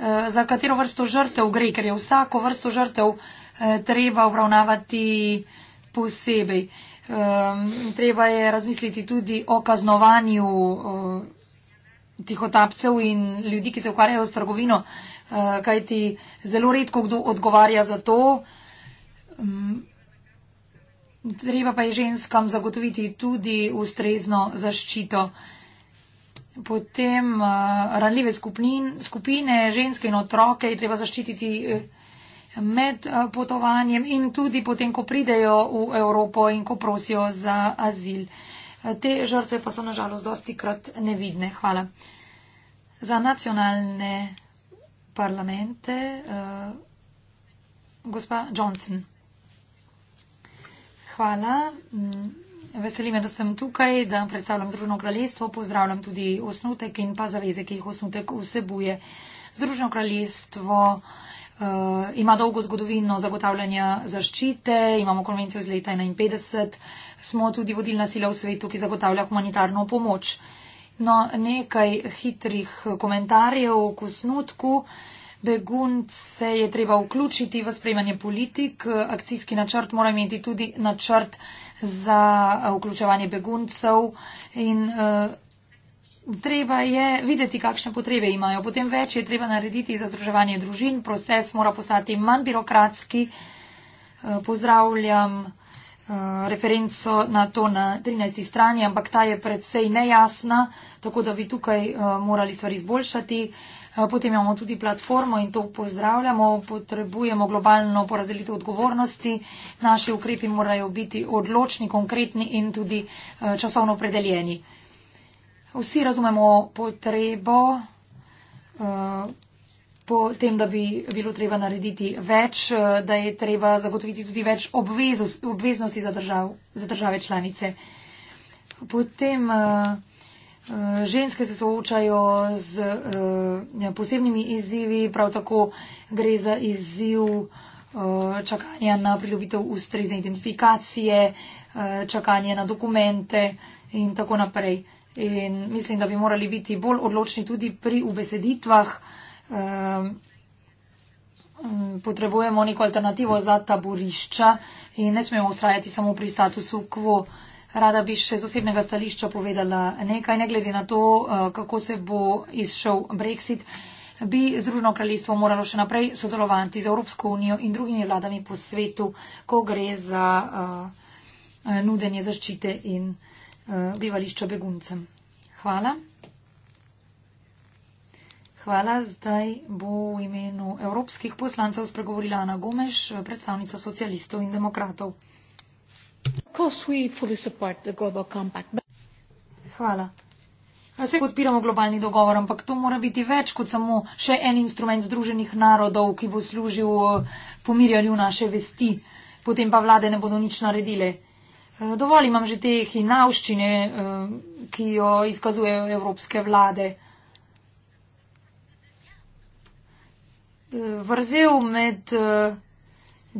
Eh, za katero vrsto žrtev gre, ker je vsako vrsto žrtev eh, treba obravnavati posebej. Treba je razmisliti tudi o kaznovanju eh, tihotapcev in ljudi, ki se ukvarjajo s trgovino, kajti zelo redko kdo odgovarja za to. Treba pa je ženskam zagotoviti tudi ustrezno zaščito potem uh, ranljive skupnin, skupine, ženske in otroke je treba zaščititi eh, med uh, potovanjem in tudi potem, ko pridejo v Evropo in ko prosijo za azil. Te žrtve pa so nažalost dosti krat nevidne. Hvala. Za nacionalne parlamente, uh, gospa Johnson. Hvala. Mm. Veseli me, da sem tukaj, da predstavljam Združeno kraljestvo, pozdravljam tudi osnutek in pa zaveze, ki jih osnutek vsebuje. Združeno kraljestvo uh, ima dolgo zgodovino zagotavljanja zaščite, imamo konvencijo iz leta 51, smo tudi vodilna sila v svetu, ki zagotavlja humanitarno pomoč. No, nekaj hitrih komentarjev k osnutku. Begunce je treba vključiti v sprejmanje politik, akcijski načrt mora imeti tudi načrt za eh, vključevanje beguncev in eh, treba je videti, kakšne potrebe imajo. Potem več je treba narediti za združevanje družin, proces mora postati manj birokratski. Eh, pozdravljam referenco na to na 13. strani, ampak ta je predvsej nejasna, tako da bi tukaj morali stvari izboljšati. Eh, potem imamo tudi platformo in to pozdravljamo. Potrebujemo globalno porazdelitev odgovornosti. Naši ukrepi morajo biti odločni, konkretni in tudi eh, časovno opredeljeni. Vsi razumemo potrebo eh, po tem, da bi bilo treba narediti več, da je treba zagotoviti tudi več obveznosti za, držav, za države članice. Potem uh, Eh, ženske se soočajo z uh, posebnimi izzivi, prav tako gre za izziv uh, čakanja na pridobitev ustrezne identifikacije, uh, čakanje na dokumente in tako naprej. In mislim, da bi morali biti bolj odločni tudi pri ubeseditvah. Uh, potrebujemo neko alternativo za taborišča in ne smemo ustrajati samo pri statusu quo. Uh, Rada bi še z osebnega stališča povedala nekaj, ne glede na to, eh, kako se bo izšel Brexit, bi Združeno kraljestvo moralo še naprej sodelovati z Evropsko unijo in drugimi vladami po svetu, ko gre za uh, nudenje zaščite in uh, bivališča beguncem. Hvala. Hvala. Zdaj bo v imenu evropskih poslancev spregovorila Ana Gomeš, predstavnica socialistov in demokratov. Hvala. Vse ja, podpiramo globalni dogovor, ampak to mora biti več kot samo še en instrument Združenih narodov, ki bo služil eh, pomirjanju naše vesti. Potem pa vlade ne bodo nič naredile. Eh, dovolj imam že te hinavščine, eh, ki jo izkazujejo evropske vlade. Vrzel med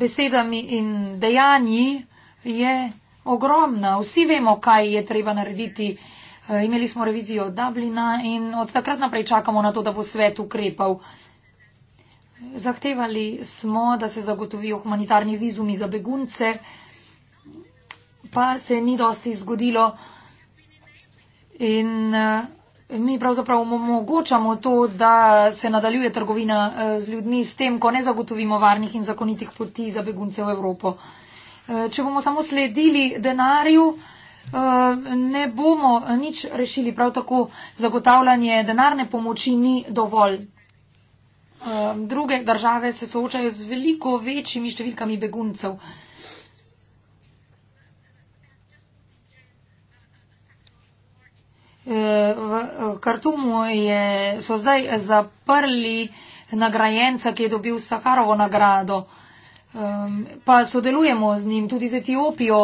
besedami in dejanji je ogromna. Vsi vemo, kaj je treba narediti. Eh, imeli smo revizijo Dublina in od takrat naprej čakamo na to, da bo svet ukrepal. Zahtevali smo, da se zagotovijo humanitarni vizumi za begunce, pa se ni dosti zgodilo. In eh, mi pravzaprav omogočamo to, da se nadaljuje trgovina eh, z ljudmi s tem, ko ne zagotovimo varnih in zakonitih poti za begunce v Evropo. Eh, če bomo samo sledili denarju, eh, ne bomo nič rešili. Prav tako zagotavljanje denarne pomoči ni dovolj. Eh, druge države se soočajo z veliko večjimi številkami beguncev. V Kartumu je, so zdaj zaprli nagrajenca, ki je dobil Sakarovo nagrado. Um, pa sodelujemo z njim, tudi z Etiopijo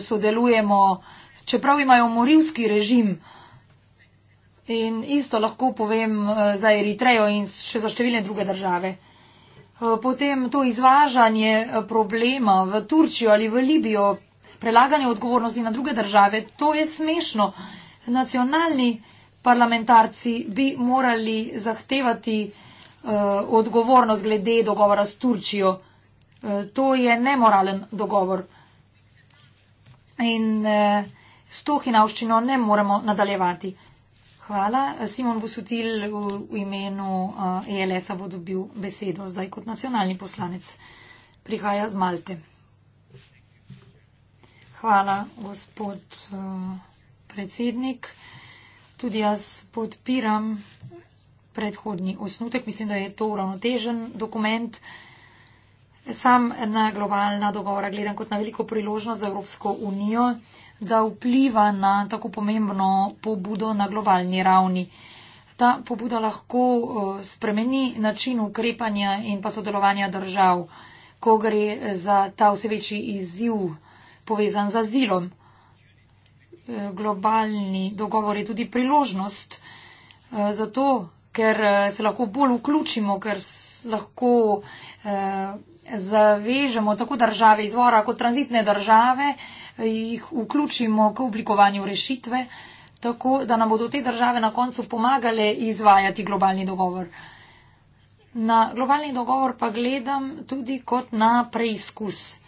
sodelujemo, čeprav imajo morilski režim. In isto lahko povem uh, za Eritrejo in še za številne druge države. Uh, potem to izvažanje uh, problema v Turčijo ali v Libijo, prelaganje odgovornosti na druge države, to je smešno. Nacionalni parlamentarci bi morali zahtevati uh, odgovornost glede dogovora s Turčijo. Eh, to je nemoralen dogovor. In eh, s to hinavščino ne moremo nadaljevati. Hvala. Simon Busutil v imenu ELS-a eh, e bo dobil besedo zdaj kot nacionalni poslanec. Prihaja z Malte. Hvala, gospod predsednik. Tudi jaz podpiram predhodni osnutek. Mislim, da je to uravnotežen dokument. Sam na globalna dogovora gledam kot na veliko priložnost za Evropsko unijo, da vpliva na tako pomembno pobudo na globalni ravni. Ta pobuda lahko eh, spremeni način ukrepanja in pa sodelovanja držav, ko gre za ta vse večji izziv povezan z azilom. Eh, globalni dogovor je tudi priložnost eh, zato, ker se lahko bolj vključimo, ker lahko zavežemo tako države izvora kot tranzitne države, jih vključimo k oblikovanju rešitve, tako da nam bodo te države na koncu pomagale izvajati globalni dogovor. Na globalni dogovor pa gledam tudi kot na preizkus.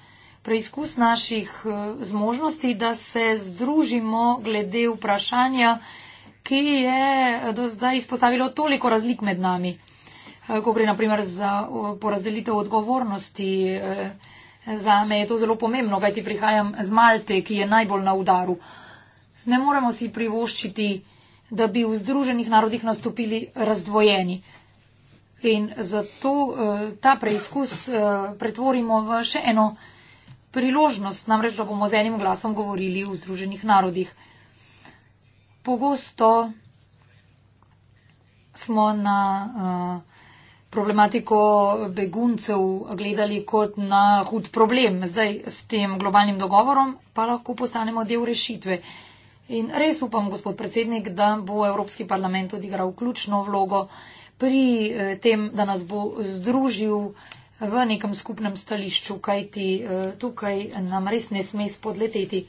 Preizkus naših eh, zmožnosti, da se združimo glede vprašanja, ki je eh, do zdaj izpostavilo toliko razlik med nami. Eh, ko gre naprimer za porazdelitev odgovornosti. Eh, za me je to zelo pomembno, kajti prihajam z Malte, ki je najbolj na udaru. Ne moremo si privoščiti, da bi v Združenih narodih nastopili razdvojeni. In zato eh, ta preizkus pretvorimo v še eno priložnost, namreč, da bomo z enim glasom govorili v Združenih narodih. Pogosto smo na uh, problematiko beguncev gledali kot na hud problem. Zdaj s tem globalnim dogovorom pa lahko postanemo del rešitve. In res upam, gospod predsednik, da bo Evropski parlament odigral ključno vlogo pri eh, tem, da nas bo združil v nekem skupnem stališču, kajti eh, tukaj nam res ne sme spodleteti.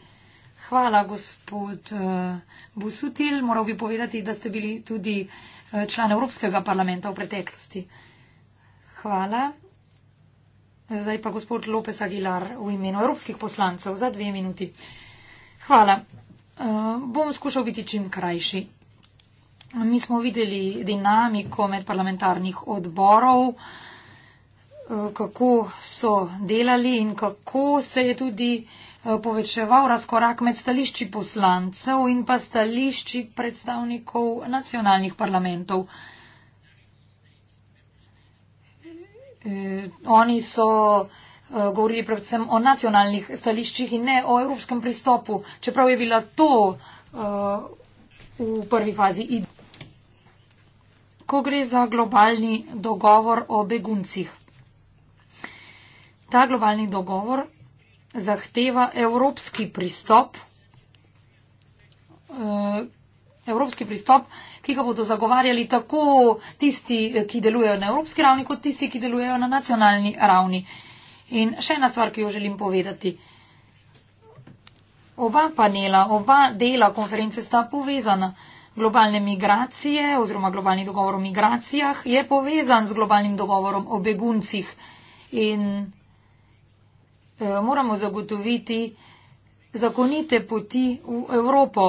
Hvala, gospod eh, Busutil. Moral bi povedati, da ste bili tudi član Evropskega parlamenta v preteklosti. Hvala. Zdaj pa gospod Lopes Aguilar v imenu evropskih poslancev za dve minuti. Hvala. Uh, bom skušal biti čim krajši. Mi smo videli dinamiko med parlamentarnih odborov, eh, kako so delali in kako se je tudi eh, povečeval razkorak med stališči poslancev in pa stališči predstavnikov nacionalnih parlamentov. Uh, Eh, oni so eh, govorili predvsem o nacionalnih stališčih in ne o evropskem pristopu, čeprav je bila to eh, v prvi fazi ideja. Ko gre za globalni dogovor o beguncih. Ta globalni dogovor zahteva evropski pristop, evropski pristop, ki ga bodo zagovarjali tako tisti, eh, ki delujejo na evropski ravni, kot tisti, ki delujejo na nacionalni ravni. In še ena stvar, ki jo želim povedati. Oba panela, oba dela konference sta povezana. Globalne migracije oziroma globalni dogovor o migracijah je povezan z globalnim dogovorom o beguncih in e, moramo zagotoviti zakonite poti v Evropo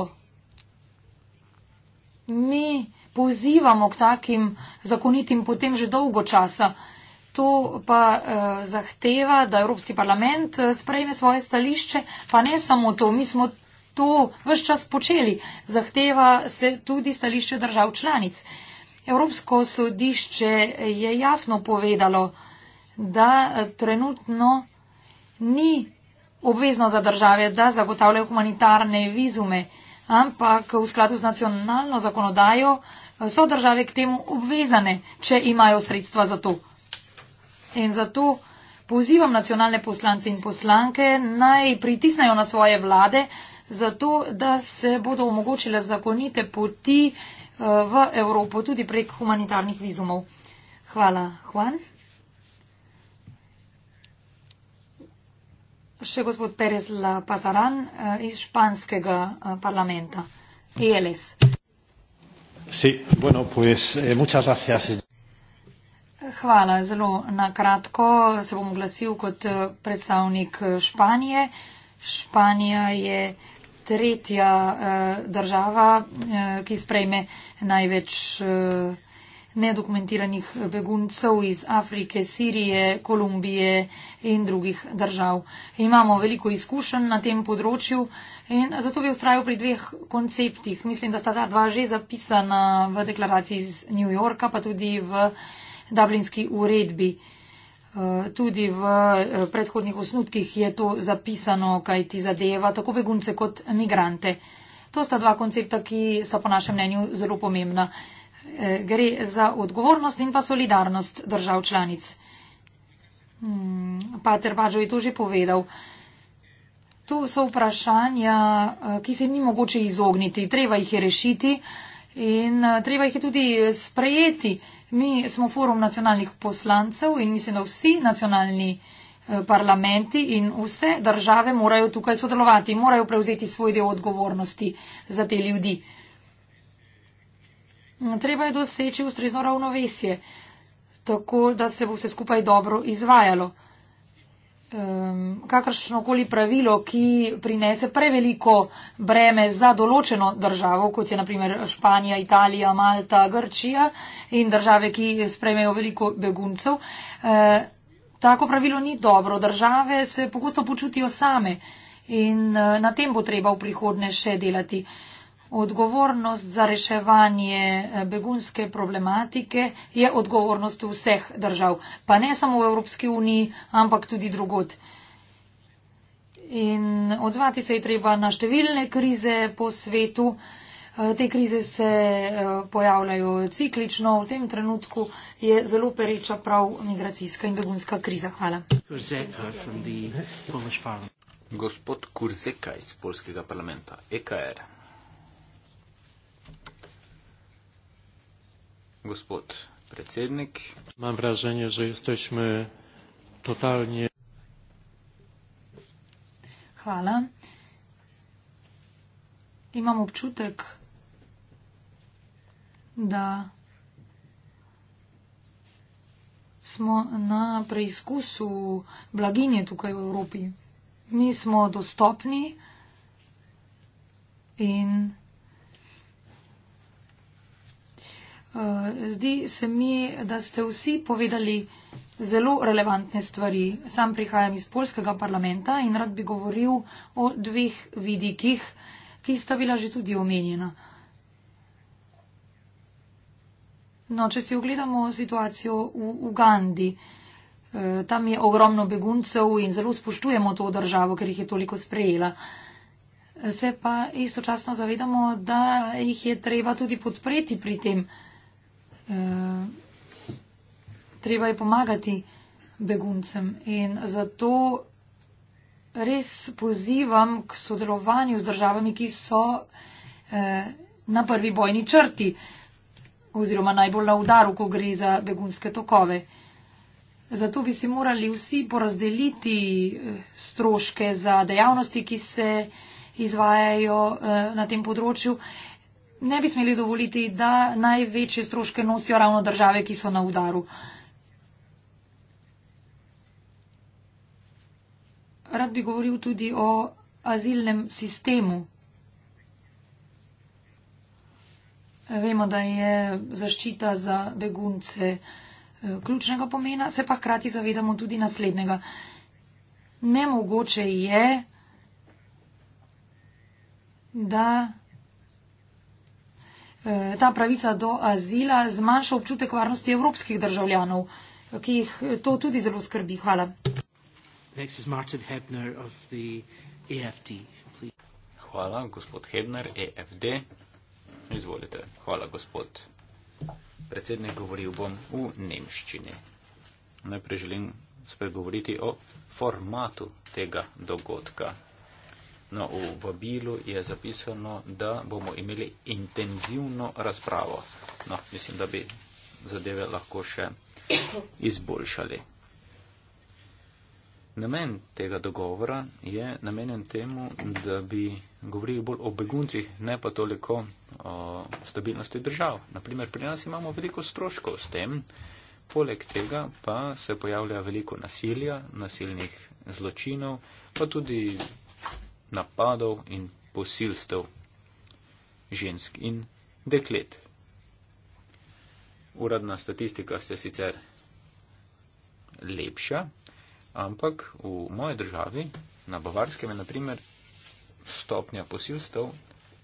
mi pozivamo k takim zakonitim potem že dolgo časa. To pa eh, zahteva, da Evropski parlament eh, sprejme svoje stališče, pa ne samo to, mi smo to vse čas počeli. Zahteva se tudi stališče držav članic. Evropsko sodišče je jasno povedalo, da eh, trenutno ni obvezno za države, da zagotavljajo humanitarne vizume. Eh, ampak v skladu z nacionalno zakonodajo so države k temu obvezane, če imajo sredstva za to. In zato pozivam nacionalne poslance in poslanke naj pritisnajo na svoje vlade, zato da se bodo omogočile zakonite poti eh, v Evropo tudi prek humanitarnih vizumov. Hvala, Juan. še gospod Perez La Pazaran eh, iz španskega eh, parlamenta. ILS. E sí, bueno, pues, eh, muchas gracias. Hvala, zelo nakratko se bom oglasil kot predstavnik Španije. Španija je tretja uh, država, uh, ki sprejme največ uh, nedokumentiranih beguncev iz Afrike, Sirije, Kolumbije in drugih držav. Imamo veliko izkušenj na tem področju in zato bi ustrajal pri dveh konceptih. Mislim, da sta ta dva že zapisana v deklaraciji iz New Yorka, pa tudi v Dublinski uredbi. Eh, tudi v eh, predhodnih osnutkih je to zapisano, kaj ti zadeva tako begunce kot migrante. To sta dva koncepta, ki sta po našem mnenju zelo pomembna. Eh, gre za odgovornost in pa solidarnost držav članic. Hmm, Pater Bažo je to že povedal. Tu so vprašanja, eh, ki se jim ni mogoče izogniti. Treba jih je rešiti in eh, treba jih je tudi sprejeti. Mi smo forum nacionalnih poslancev in mislim, da vsi nacionalni parlamenti in vse države morajo tukaj sodelovati, morajo prevzeti svoj del odgovornosti za te ljudi. Mm, treba je doseči ustrezno ravnovesje, tako da se bo vse skupaj dobro izvajalo. Um, kakršnokoli pravilo, ki prinese preveliko breme za določeno državo, kot je naprimer Španija, Italija, Malta, Grčija in države, ki sprejmejo veliko beguncev, eh, tako pravilo ni dobro. Države se pogosto počutijo same in eh, na tem bo treba v prihodne še delati. Eh, Odgovornost za reševanje eh, begunske problematike je odgovornost vseh držav, pa ne samo v Evropski uniji, ampak tudi drugod. In odzvati se je treba na številne krize po svetu. Eh, te krize se eh, pojavljajo ciklično. V tem trenutku je zelo pereča prav migracijska in begunska kriza. Hvala. Gospod Kurzeka iz Polskega parlamenta, EKR. gospod predsednik. Imam vraženje, že jesteśmy totalnie. Hvala. Imam občutek, da smo na preizkusu blaginje tukaj v Evropi. Mi smo dostopni in Eh, zdi se mi, da ste vsi povedali zelo relevantne stvari. Sam prihajam iz polskega parlamenta in rad bi govoril o dveh vidikih, ki sta bila že tudi omenjena. No, če si ogledamo situacijo v Ugandi, eh, tam je ogromno beguncev in zelo spoštujemo to državo, ker jih je toliko sprejela. Se pa istočasno zavedamo, da jih je treba tudi podpreti pri tem, Eh, treba je pomagati beguncem in zato res pozivam k sodelovanju z državami, ki so eh, na prvi bojni črti oziroma najbolj na udaru, ko gre za begunske tokove. Zato bi si morali vsi porazdeliti eh, stroške za dejavnosti, ki se izvajajo eh, na tem področju ne bi smeli dovoliti, da največje stroške nosijo ravno države, ki so na udaru. Rad bi govoril tudi o azilnem sistemu. Vemo, da je zaščita za begunce eh, ključnega pomena, se pa hkrati zavedamo tudi naslednjega. Nemogoče je, da Eh, ta pravica do azila zmanjša občutek varnosti evropskih državljanov, ki jih eh, to tudi zelo skrbi. Hvala. Hvala, gospod Hebner, EFD. Izvolite. Hvala, gospod predsednik, govoril bom v nemščini. Najprej želim spregovoriti o formatu tega dogodka. No, v vabilu je zapisano, da bomo imeli intenzivno razpravo. No, mislim, da bi zadeve lahko še izboljšali. Namen tega dogovora je namenjen temu, da bi govorili bolj o beguncih, ne pa toliko o stabilnosti držav. Naprimer, pri nas imamo veliko stroškov s tem, poleg tega pa se pojavlja veliko nasilja, nasilnih zločinov, pa tudi napadov in posilstev žensk in deklet. Uradna statistika se sicer lepša, ampak v moji državi, na Bavarskem, je naprimer stopnja posilstev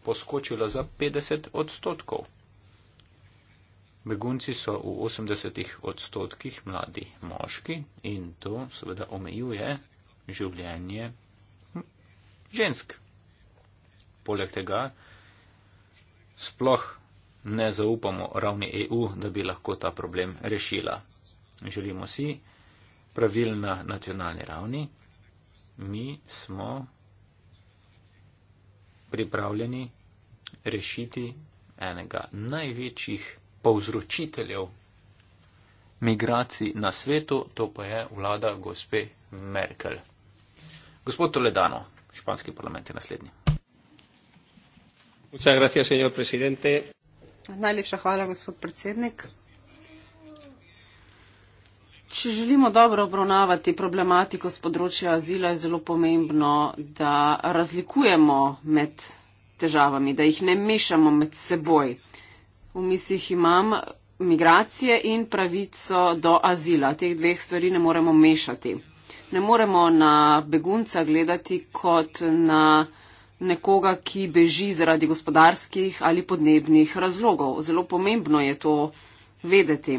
poskočila za 50 odstotkov. Begunci so v 80 odstotkih mladi moški in to seveda omejuje življenje žensk. Poleg tega sploh ne zaupamo ravni EU, da bi lahko ta problem rešila. Želimo si pravil na nacionalni ravni. Mi smo pripravljeni rešiti enega največjih povzročiteljev migracij na svetu, to pa je vlada gospe Merkel. Gospod Toledano, Španski parlament je naslednji. Gracias, Najlepša hvala, gospod predsednik. Če želimo dobro obravnavati problematiko z področja azila, je zelo pomembno, da razlikujemo med težavami, da jih ne mešamo med seboj. V mislih imam migracije in pravico do azila. Teh dveh stvari ne moremo mešati ne moremo na begunca gledati kot na nekoga, ki beži zaradi gospodarskih ali podnebnih razlogov. Zelo pomembno je to vedeti.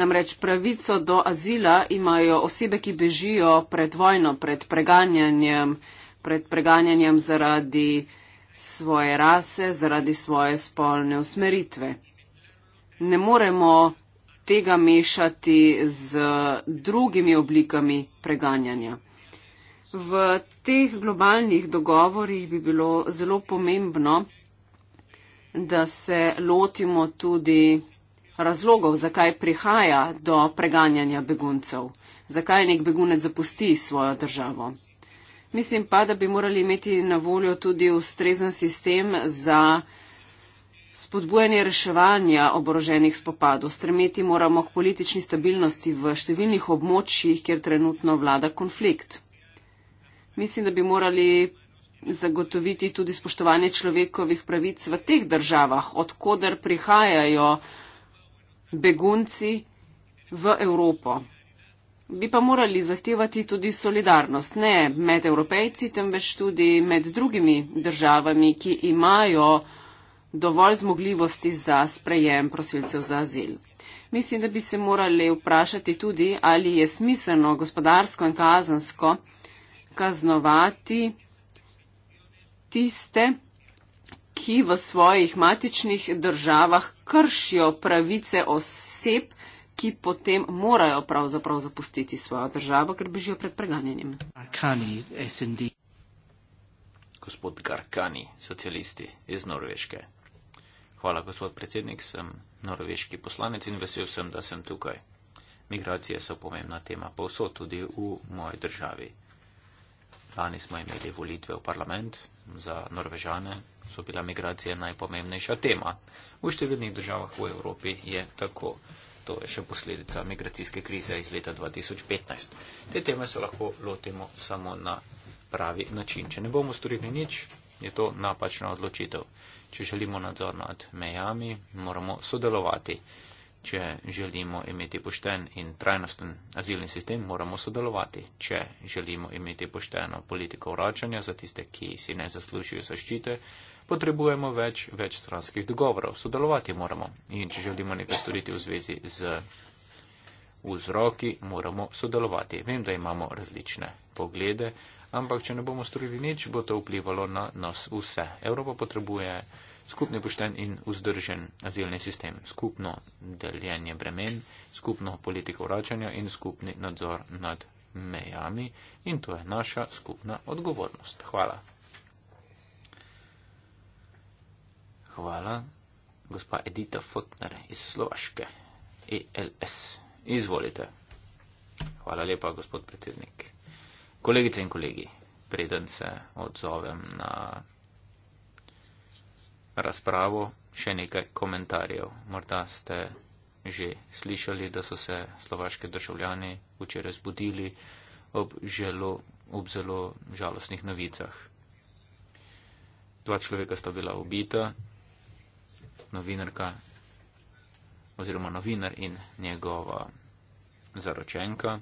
Namreč pravico do azila imajo osebe, ki bežijo pred vojno, pred preganjanjem, pred preganjanjem zaradi svoje rase, zaradi svoje spolne usmeritve. Ne moremo tega mešati z drugimi oblikami preganjanja. V teh globalnih dogovorih bi bilo zelo pomembno, da se lotimo tudi razlogov, zakaj prihaja do preganjanja beguncev, zakaj nek begunec zapusti svojo državo. Mislim pa, da bi morali imeti na voljo tudi ustrezen sistem za spodbujanje reševanja oboroženih spopadov. Stremeti moramo k politični stabilnosti v številnih območjih, kjer trenutno vlada konflikt. Mislim, da bi morali zagotoviti tudi spoštovanje človekovih pravic v teh državah, odkuder prihajajo begunci v Evropo. Bi pa morali zahtevati tudi solidarnost, ne med evropejci, temveč tudi med drugimi državami, ki imajo dovolj zmogljivosti za sprejem prosilcev za azil. Mislim, da bi se morali vprašati tudi, ali je smiselno gospodarsko in kazansko kaznovati tiste, ki v svojih matičnih državah kršijo pravice oseb, ki potem morajo pravzaprav zapustiti svojo državo, ker bežijo pred preganjanjem. Gospod Garkani, socialisti iz Norveške. Hvala, gospod predsednik, sem norveški poslanec in vesel sem, da sem tukaj. Migracije so pomembna tema, pa vso tudi v moji državi. Lani smo imeli volitve v parlament, za norvežane so bila migracije najpomembnejša tema. V številnih državah v Evropi je tako. To je še posledica migracijske krize iz leta 2015. Te teme se lahko lotimo samo na pravi način. Če ne bomo storili nič, je to napačna odločitev. Če želimo nadzor nad mejami, moramo sodelovati. Če želimo imeti pošten in trajnosten azilni sistem, moramo sodelovati. Če želimo imeti pošteno politiko vračanja za tiste, ki si ne zaslužijo zaščite, potrebujemo več, več stranskih dogovorov. Sodelovati moramo. In če želimo nekaj storiti v zvezi z vzroki, moramo sodelovati. Vem, da imamo različne poglede ampak če ne bomo storili nič, bo to vplivalo na nas vse. Evropa potrebuje skupni pošten in vzdržen azilni sistem, skupno deljenje bremen, skupno politiko vračanja in skupni nadzor nad mejami in to je naša skupna odgovornost. Hvala. Hvala, gospa Edita Fotner iz Slovaške, ELS. Izvolite. Hvala lepa, gospod predsednik. Kolegice in kolegi, preden se odzovem na razpravo, še nekaj komentarjev. Morda ste že slišali, da so se slovaški državljani včeraj zbudili ob, želo, ob zelo žalostnih novicah. Dva človeka sta bila ubita, novinarka oziroma novinar in njegova zaročenka.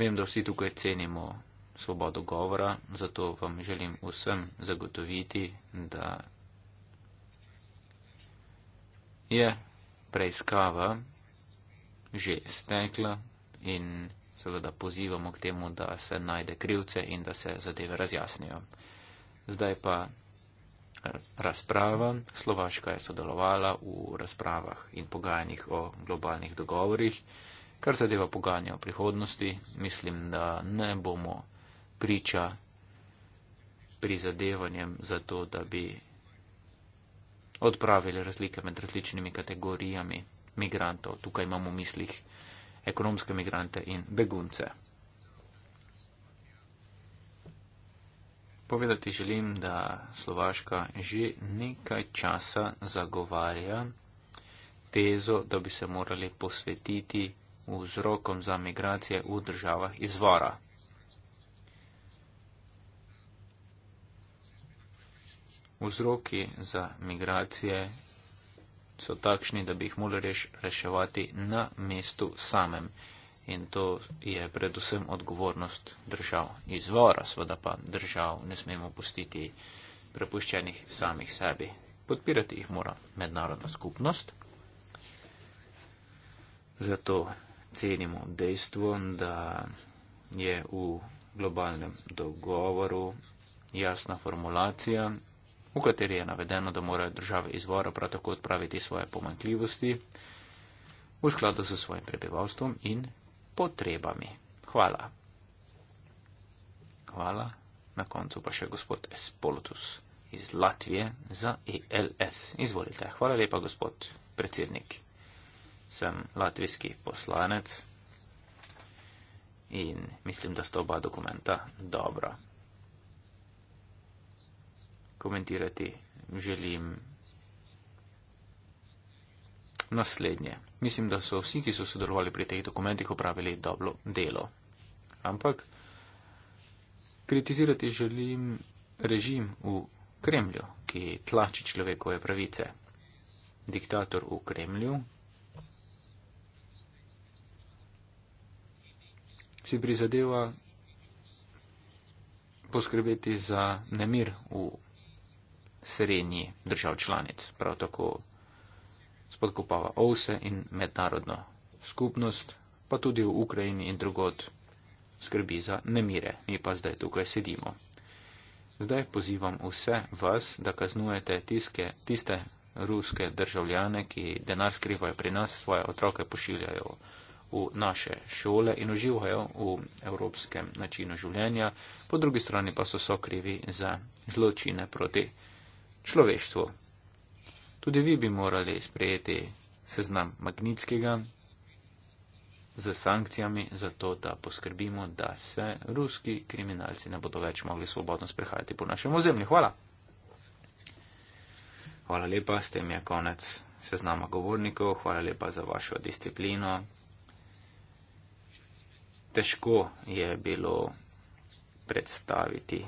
Vem, da vsi tukaj cenimo svobodo govora, zato vam želim vsem zagotoviti, da je preiskava že stekla in seveda pozivamo k temu, da se najde krivce in da se zadeve razjasnijo. Zdaj pa razprava. Slovaška je sodelovala v razpravah in pogajanjih o globalnih dogovorih. Kar zadeva pogajanja o prihodnosti, mislim, da ne bomo priča prizadevanjem za to, da bi odpravili razlike med različnimi kategorijami migrantov. Tukaj imamo v mislih ekonomske migrante in begunce. Povedati želim, da Slovaška že nekaj časa zagovarja tezo, da bi se morali posvetiti vzrokom za migracije v državah izvora. Vzroki za migracije so takšni, da bi jih morali reš, reševati na mestu samem. In to je predvsem odgovornost držav izvora, seveda pa držav ne smemo pustiti prepuščenih samih sebi. Podpirati jih mora mednarodna skupnost. Zato cenimo dejstvo, da je v globalnem dogovoru jasna formulacija, v kateri je navedeno, da morajo države izvora prav tako odpraviti svoje pomankljivosti v skladu s svojim prebivalstvom in potrebami. Hvala. Hvala. Na koncu pa še gospod Espolotus iz Latvije za ELS. Izvolite. Hvala lepa, gospod predsednik sem latvijski poslanec in mislim, da sta oba dokumenta dobra. Komentirati želim naslednje. Mislim, da so vsi, ki so sodelovali pri teh dokumentih, opravili dobro delo. Ampak kritizirati želim režim v Kremlju, ki tlači človekove pravice. Diktator v Kremlju, si prizadeva poskrbeti za nemir v srednji držav članic. Prav tako spodkopava ovse in mednarodno skupnost, pa tudi v Ukrajini in drugod skrbi za nemire. Mi pa zdaj tukaj sedimo. Zdaj pozivam vse vas, da kaznujete tiske, tiste ruske državljane, ki denar skrivajo pri nas, svoje otroke pošiljajo v v naše šole in uživajo v evropskem načinu življenja, po drugi strani pa so sokrivi za zločine proti človeštvu. Tudi vi bi morali sprejeti seznam Magnitskega z sankcijami za to, da poskrbimo, da se ruski kriminalci ne bodo več mogli svobodno sprehajati po našem ozemlju. Hvala. Hvala lepa, s tem je konec seznama govornikov. Hvala lepa za vašo disciplino težko je bilo predstaviti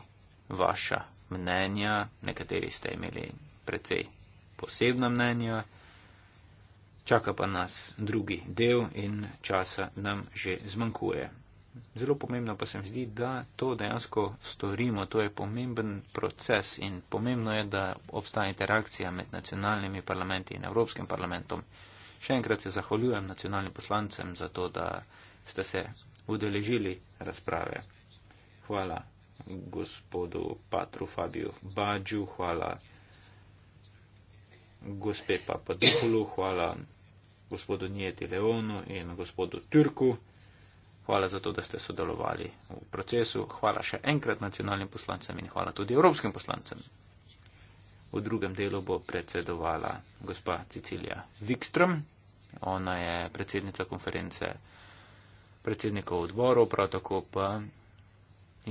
vaša mnenja. Nekateri ste imeli precej posebna mnenja. Čaka pa nas drugi del in časa nam že zmanjkuje. Zelo pomembno pa se mi zdi, da to dejansko storimo. To je pomemben proces in pomembno je, da obstaja interakcija med nacionalnimi parlamenti in Evropskim parlamentom. Še enkrat se zahvaljujem nacionalnim poslancem za to, da ste se udeležili razprave. Hvala gospodu Patru Fabiju Bađu, hvala gospe Papadopulu, hvala gospodu Nijeti Leonu in gospodu Turku. Hvala za to, da ste sodelovali v procesu. Hvala še enkrat nacionalnim poslancem in hvala tudi evropskim poslancem. V drugem delu bo predsedovala gospa Cecilija Wikström. Ona je predsednica konference predsednikov odborov, prav tako pa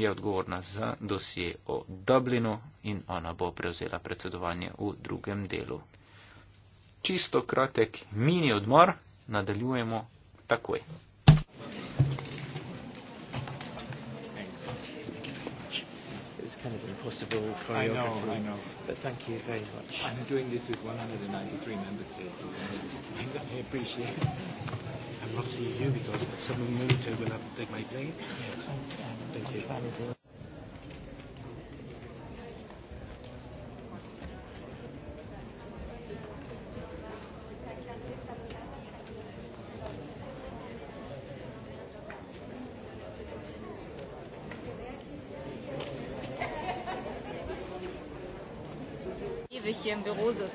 je odgovorna za dosje o Dublinu in ona bo prevzela predsedovanje v drugem delu. Čisto kratek mini odmor, nadaljujemo takoj. is kind of impossible choreography. I know, I know. But thank you very much. I'm doing this with 193 member states. I appreciate it. I will not see you because at some moment I will have to take my plane. Yes. Thank you. Thank you.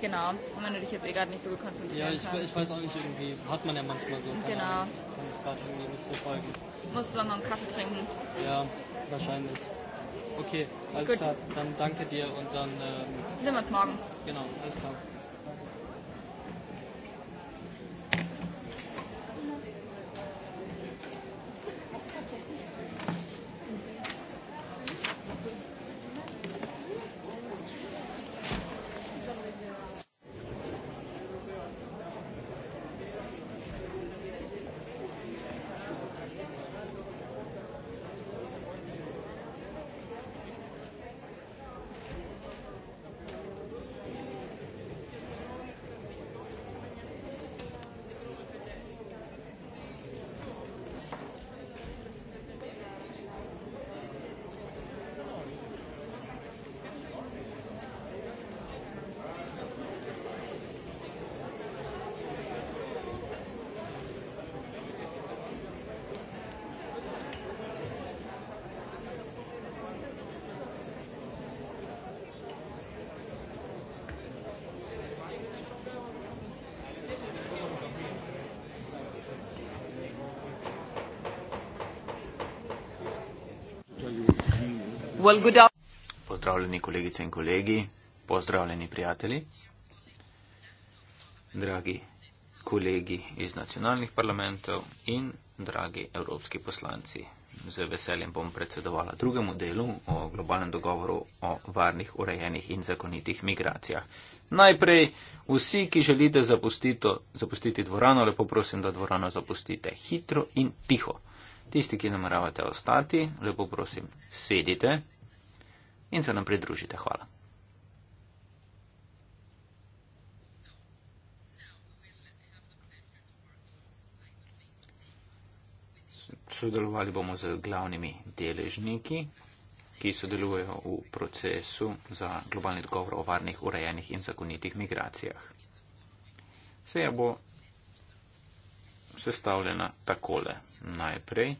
Genau, und wenn du dich jetzt eh gerade nicht so gut konzentrieren kannst. Ja, ich, kannst. ich weiß auch nicht, irgendwie hat man ja manchmal so. Keine genau. Ahnung, kann ich gerade irgendwie nicht so folgen. Musst du dann noch einen Kaffee trinken? Ja, wahrscheinlich. Okay, alles gut. klar, dann danke dir und dann. Ähm, Sehen wir uns morgen. Genau, alles klar. Pozdravljeni kolegice in kolegi, pozdravljeni prijatelji, dragi kolegi iz nacionalnih parlamentov in dragi evropski poslanci. Z veseljem bom predsedovala drugemu delu o globalnem dogovoru o varnih, urejenih in zakonitih migracijah. Najprej, vsi, ki želite zapustiti dvorano, lepo prosim, da dvorano zapustite hitro in tiho. Tisti, ki nameravate ostati, lepo prosim, sedite in se nam pridružite. Hvala. Sodelovali bomo z glavnimi deležniki, ki sodelujejo v procesu za globalni dogovor o varnih, urejenih in zakonitih migracijah. Seja bo sestavljena takole najprej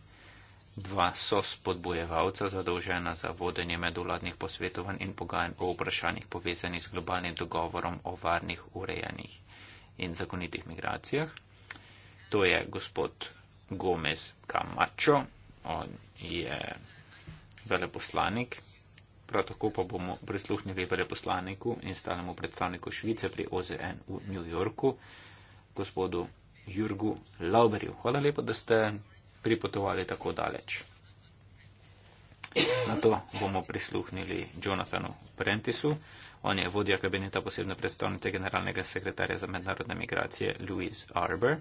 dva so spodbojevalca zadolžena za vodenje medvladnih posvetovanj in pogajanj o vprašanjih povezanih z globalnim dogovorom o varnih, urejenih in zakonitih migracijah. To je gospod Gomez Camacho, on je veleposlanik. Prav tako pa bomo prisluhnili veleposlaniku in stalnemu predstavniku Švice pri OZN v New Yorku, gospodu Jurgu Lauberju. Hvala lepa, da ste pripotovali tako daleč. Na to bomo prisluhnili Jonathanu Prentisu. On je vodja kabineta posebne predstavnice generalnega sekretarja za mednarodne migracije Louis Arbor.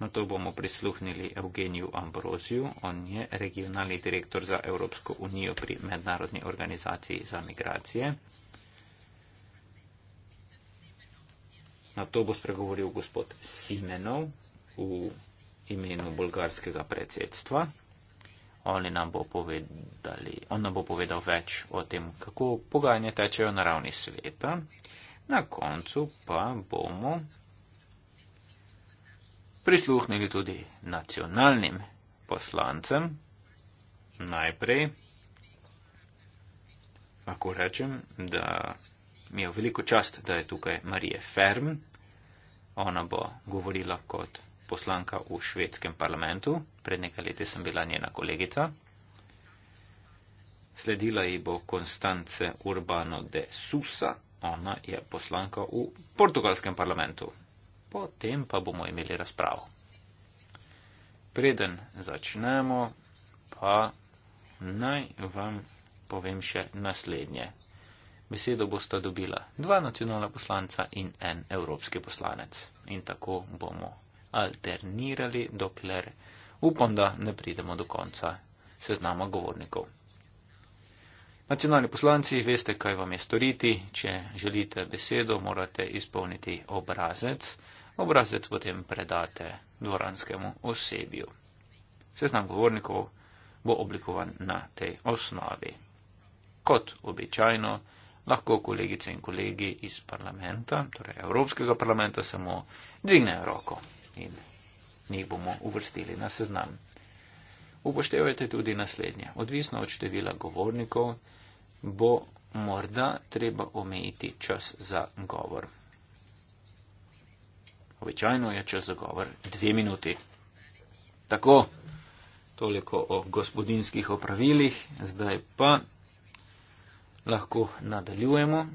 Na to bomo prisluhnili Eugeniju Ambroziju. On je regionalni direktor za Evropsko unijo pri mednarodni organizaciji za migracije. Na to bo spregovoril gospod Simenov v imenu bolgarskega predsedstva. On nam, povedali, on nam bo povedal več o tem, kako pogajanja tečejo na ravni sveta. Na koncu pa bomo prisluhnili tudi nacionalnim poslancem. Najprej lahko rečem, da mi je veliko čast, da je tukaj Marije Ferm. Ona bo govorila kot poslanka v švedskem parlamentu, pred nekaj leti sem bila njena kolegica. Sledila ji bo Konstance Urbano de Susa, ona je poslanka v portugalskem parlamentu. Potem pa bomo imeli razpravo. Preden začnemo, pa naj vam povem še naslednje. Besedo bosta dobila dva nacionalna poslanca in en evropski poslanec. In tako bomo alternirali, dokler upam, da ne pridemo do konca seznama govornikov. Nacionalni poslanci, veste, kaj vam je storiti. Če želite besedo, morate izpolniti obrazec. Obrazec potem predate dvoranskemu osebju. Seznam govornikov bo oblikovan na tej osnovi. Kot običajno, lahko kolegice in kolegi iz parlamenta, torej Evropskega parlamenta, samo dvignejo roko in njih bomo uvrstili na seznam. Upoštevajte tudi naslednje. Odvisno od števila govornikov bo morda treba omejiti čas za govor. Običajno je čas za govor dve minuti. Tako, toliko o gospodinskih opravilih, zdaj pa lahko nadaljujemo.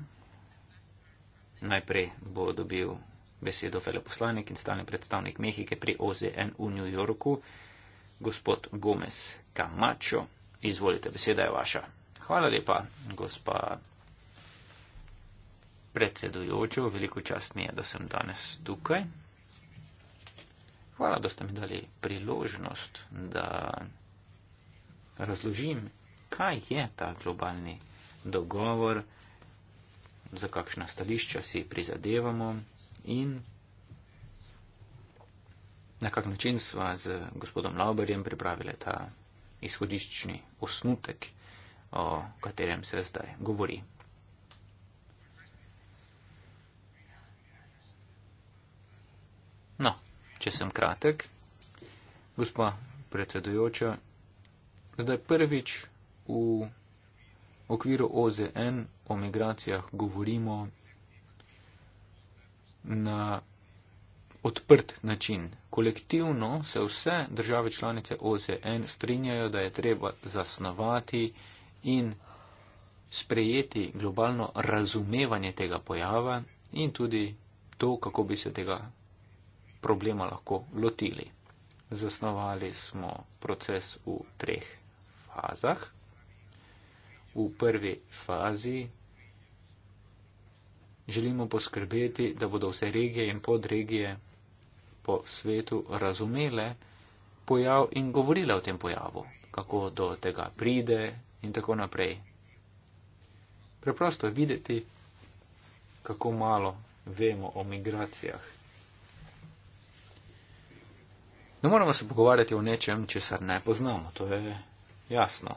Najprej bo dobil besedo veleposlanik in stalni predstavnik Mehike pri OZN v New Yorku, gospod Gomez Camacho. Izvolite, beseda je vaša. Hvala lepa, gospa predsedujoča, veliko čast mi je, da sem danes tukaj. Hvala, da ste mi dali priložnost, da razložim, kaj je ta globalni dogovor, za kakšna stališča si prizadevamo, in na kak način sva z gospodom Lauberjem pripravila ta izhodiščni osnutek, o katerem se zdaj govori. No, če sem kratek, gospa predsedujoča, zdaj prvič v okviru OZN o migracijah govorimo na odprt način. Kolektivno se vse države članice OZN strinjajo, da je treba zasnovati in sprejeti globalno razumevanje tega pojava in tudi to, kako bi se tega problema lahko lotili. Zasnovali smo proces v treh fazah. V prvi fazi želimo poskrbeti, da bodo vse regije in podregije po svetu razumele pojav in govorile o tem pojavu, kako do tega pride in tako naprej. Preprosto je videti, kako malo vemo o migracijah. Ne moramo se pogovarjati o nečem, česar ne poznamo, to je jasno.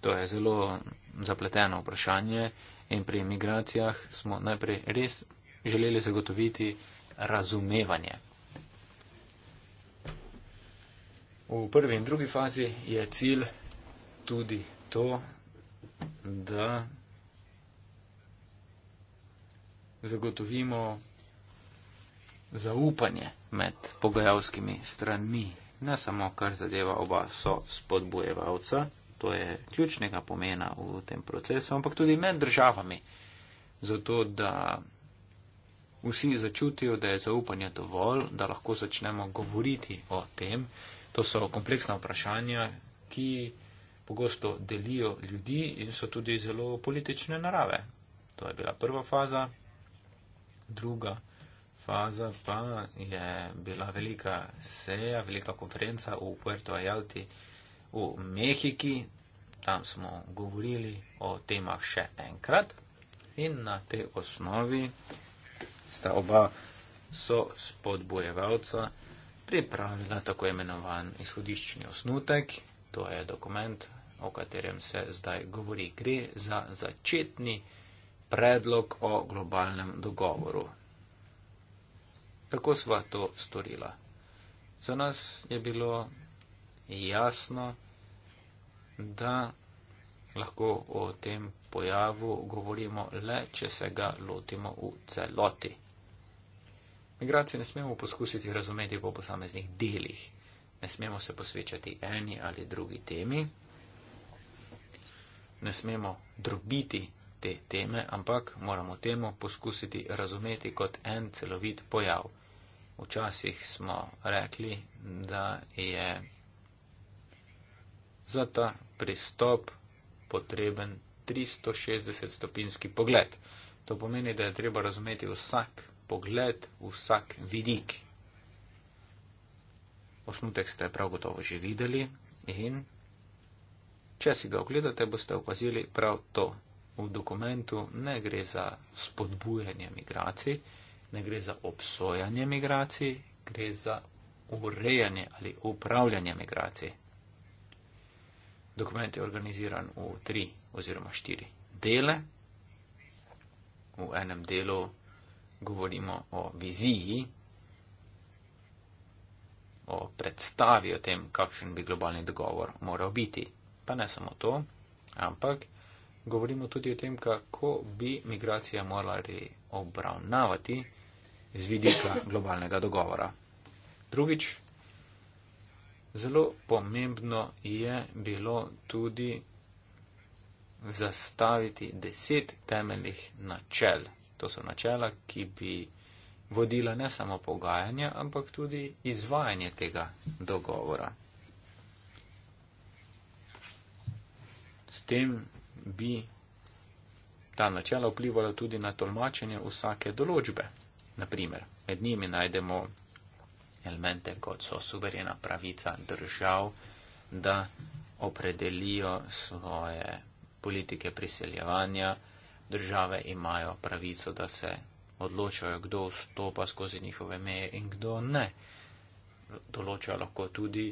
To je zelo zapleteno vprašanje in pri migracijah smo najprej res želeli zagotoviti razumevanje. V prvi in drugi fazi je cilj tudi to, da zagotovimo zaupanje med pogajalskimi stranmi, ne samo kar zadeva oba so spodbujevalca, to je ključnega pomena v tem procesu, ampak tudi med državami, zato da vsi začutijo, da je zaupanje dovolj, da lahko začnemo govoriti o tem. To so kompleksna vprašanja, ki pogosto delijo ljudi in so tudi zelo politične narave. To je bila prva faza. Druga faza pa je bila velika seja, velika konferenca v Puerto Ayalti v Mehiki, tam smo govorili o temah še enkrat in na tej osnovi sta oba so spodbojevalca pripravila tako imenovan izhodiščni osnutek, to je dokument, o katerem se zdaj govori. Gre za začetni predlog o globalnem dogovoru. Tako sva to storila. Za nas je bilo jasno, da lahko o tem pojavu govorimo le, če se ga lotimo v celoti. Migracije ne smemo poskusiti razumeti po posameznih delih, ne smemo se posvečati eni ali drugi temi, ne smemo drobiti te teme, ampak moramo temo poskusiti razumeti kot en celovit pojav. Včasih smo rekli, da je za ta pristop potreben 360-stopinski pogled. To pomeni, da je treba razumeti vsak pogled, vsak vidik. Osnutek ste prav gotovo že videli in če si ga ogledate, boste opazili prav to. V dokumentu ne gre za spodbujanje migracij, ne gre za obsojanje migracij, gre za urejanje ali upravljanje migracij dokument je organiziran v tri oziroma štiri dele. V enem delu govorimo o viziji, o predstavi o tem, kakšen bi globalni dogovor moral biti. Pa ne samo to, ampak govorimo tudi o tem, kako bi migracija morali obravnavati z vidika globalnega dogovora. Drugič, Zelo pomembno je bilo tudi zastaviti deset temeljnih načel. To so načela, ki bi vodila ne samo pogajanja, ampak tudi izvajanje tega dogovora. S tem bi ta načela vplivala tudi na tolmačenje vsake določbe. Naprimer, med njimi najdemo elemente, kot so suverena pravica držav, da opredelijo svoje politike priseljevanja. Države imajo pravico, da se odločajo, kdo vstopa skozi njihove meje in kdo ne. Določa lahko tudi,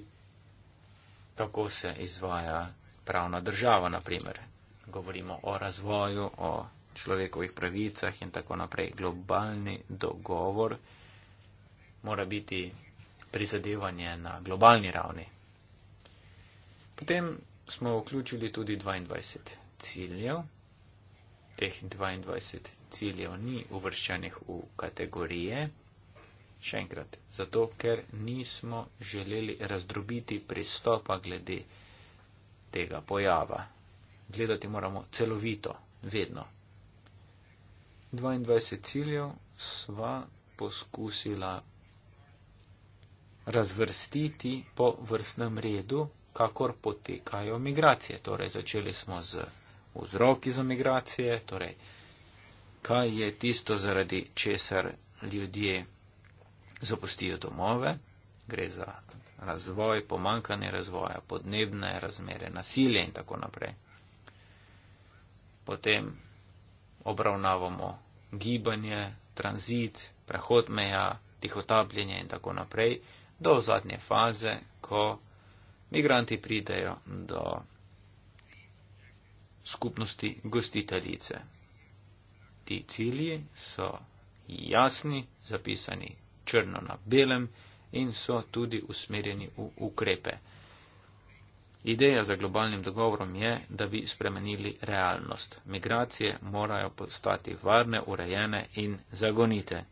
kako se izvaja pravna država, naprimer. Govorimo o razvoju, o človekovih pravicah in tako naprej. Globalni dogovor mora biti prizadevanje na globalni ravni. Potem smo vključili tudi 22 ciljev. Teh 22 ciljev ni uvrščenih v kategorije. Še enkrat, zato ker nismo želeli razdrobiti pristopa glede tega pojava. Gledati moramo celovito, vedno. 22 ciljev sva poskusila razvrstiti po vrstnem redu, kakor potekajo migracije. Torej, začeli smo z vzroki za migracije, torej, kaj je tisto, zaradi česar ljudje zapustijo domove, gre za razvoj, pomankanje razvoja, podnebne razmere, nasilje in tako naprej. Potem obravnavamo gibanje, tranzit, prehod meja, tihotapljenje in tako naprej, do zadnje faze, ko migranti pridejo do skupnosti gostiteljice. Ti cilji so jasni, zapisani črno na belem in so tudi usmerjeni v ukrepe. Ideja za globalnim dogovorom je, da bi spremenili realnost. Migracije morajo postati varne, urejene in zagonite.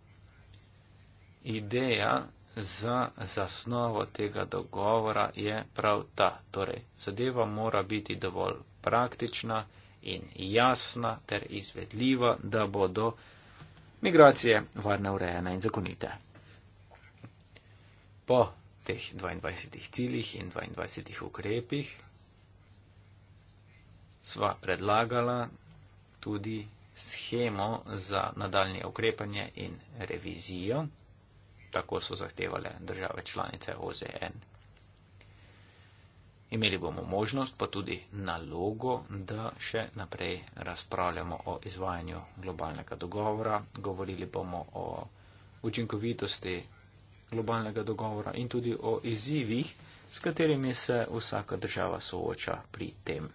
Ideja za zasnovo tega dogovora je prav ta. Torej, zadeva mora biti dovolj praktična in jasna ter izvedljiva, da bodo migracije varne, urejene in zakonite. Po teh 22 ciljih in 22 ukrepih sva predlagala tudi schemo za nadaljne ukrepanje in revizijo tako so zahtevale države članice OZN. Imeli bomo možnost, pa tudi nalogo, da še naprej razpravljamo o izvajanju globalnega dogovora, govorili bomo o učinkovitosti globalnega dogovora in tudi o izzivih, s katerimi se vsaka država sooča pri tem.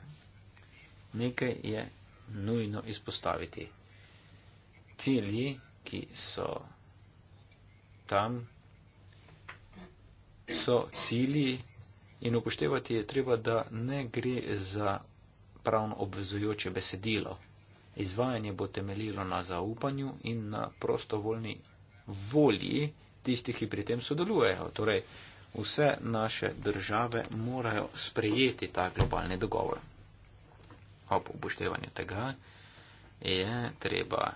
Nekaj je nujno izpostaviti. Cilji, ki so tam so cilji in upoštevati je treba, da ne gre za pravno obvezujoče besedilo. Izvajanje bo temeljilo na zaupanju in na prostovoljni volji tistih, ki pri tem sodelujejo. Torej, vse naše države morajo sprejeti ta globalni dogovor. Ob upoštevanju tega je treba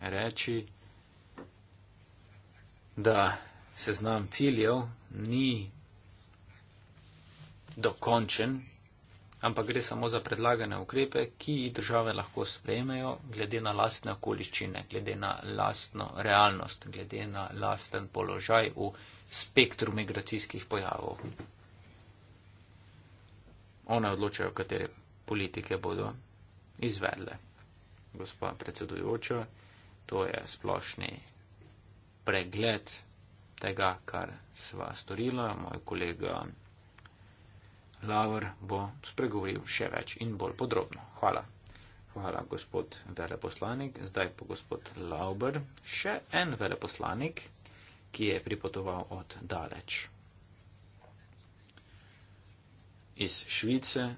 reči, da seznam ciljev ni dokončen, ampak gre samo za predlagane ukrepe, ki jih države lahko sprejmejo glede na lastne okoliščine, glede na lastno realnost, glede na lasten položaj v spektru migracijskih pojavov. One odločajo, katere politike bodo izvedle. Gospod predsedujoča, to je splošni pregled tega, kar sva storila. Moj kolega Laver bo spregovoril še več in bolj podrobno. Hvala. Hvala, gospod veleposlanik. Zdaj pa gospod Lauber, še en veleposlanik, ki je pripotoval od daleč. Iz Švice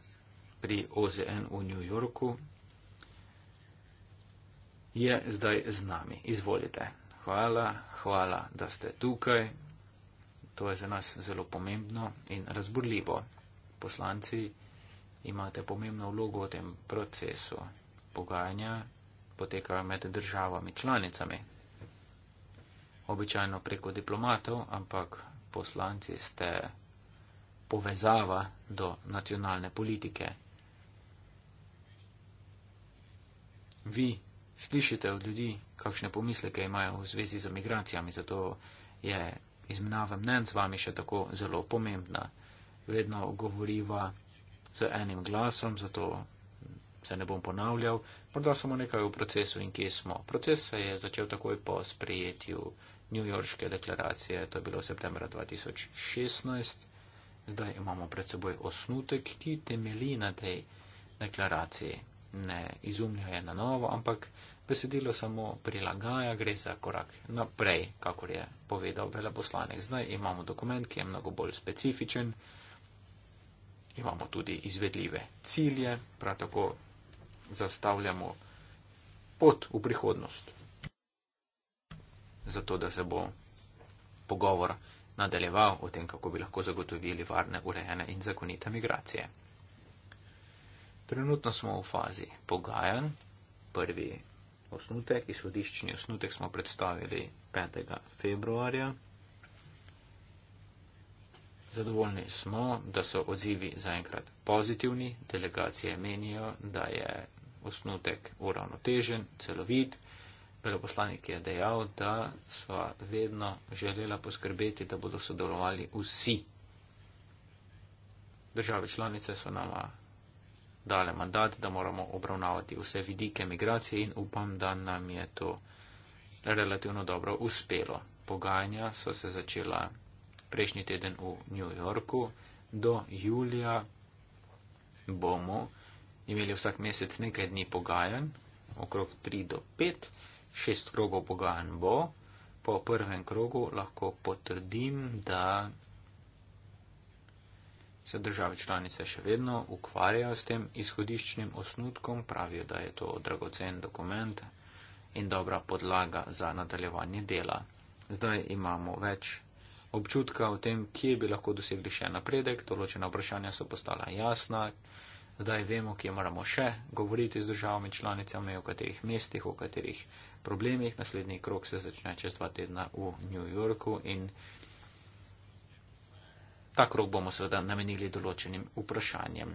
pri OZN v New Yorku je zdaj z nami. Izvolite. Hvala, hvala, da ste tukaj. To je za nas zelo pomembno in razburljivo. Poslanci imate pomembno vlogo v tem procesu. Pogajanja potekajo med državami članicami. Običajno preko diplomatov, ampak poslanci ste povezava do nacionalne politike. Vi slišite od ljudi, kakšne pomisleke imajo v zvezi z migracijami, zato je izmenava mnen z vami še tako zelo pomembna. Vedno govoriva z enim glasom, zato se ne bom ponavljal, morda samo nekaj v procesu in kje smo. Proces se je začel takoj po sprejetju New Yorkske deklaracije, to je bilo v septembra 2016. Zdaj imamo pred seboj osnutek, ki temeli na tej deklaraciji. Ne izumlja je na novo, ampak besedilo samo prilagaja, gre za korak naprej, kakor je povedal veleposlanec. Zdaj imamo dokument, ki je mnogo bolj specifičen, imamo tudi izvedljive cilje, prav tako zastavljamo pot v prihodnost, zato da se bo pogovor nadaljeval o tem, kako bi lahko zagotovili varne, urejene in zakonite migracije. Trenutno smo v fazi pogajanj. Prvi osnutek, izhodiščni osnutek smo predstavili 5. februarja. Zadovoljni smo, da so odzivi zaenkrat pozitivni. Delegacije menijo, da je osnutek uravnotežen, celovit. Veleposlanik je dejal, da sva vedno želela poskrbeti, da bodo sodelovali vsi. Države članice so nama dale mandat, da moramo obravnavati vse vidike migracije in upam, da nam je to relativno dobro uspelo. Pogajanja so se začela prejšnji teden v New Yorku. Do julija bomo imeli vsak mesec nekaj dni pogajanj, okrog 3 do 5, 6 krogov pogajanj bo. Po prvem krogu lahko potrdim, da se države članice še vedno ukvarjajo s tem izhodiščnim osnutkom, pravijo, da je to dragocen dokument in dobra podlaga za nadaljevanje dela. Zdaj imamo več občutka o tem, kje bi lahko dosegli še napredek, določena vprašanja so postala jasna, zdaj vemo, kje moramo še govoriti z državami članicami, o katerih mestih, o katerih problemih. Naslednji krok se začne čez dva tedna v New Yorku in Ta krok bomo seveda namenili določenim vprašanjem.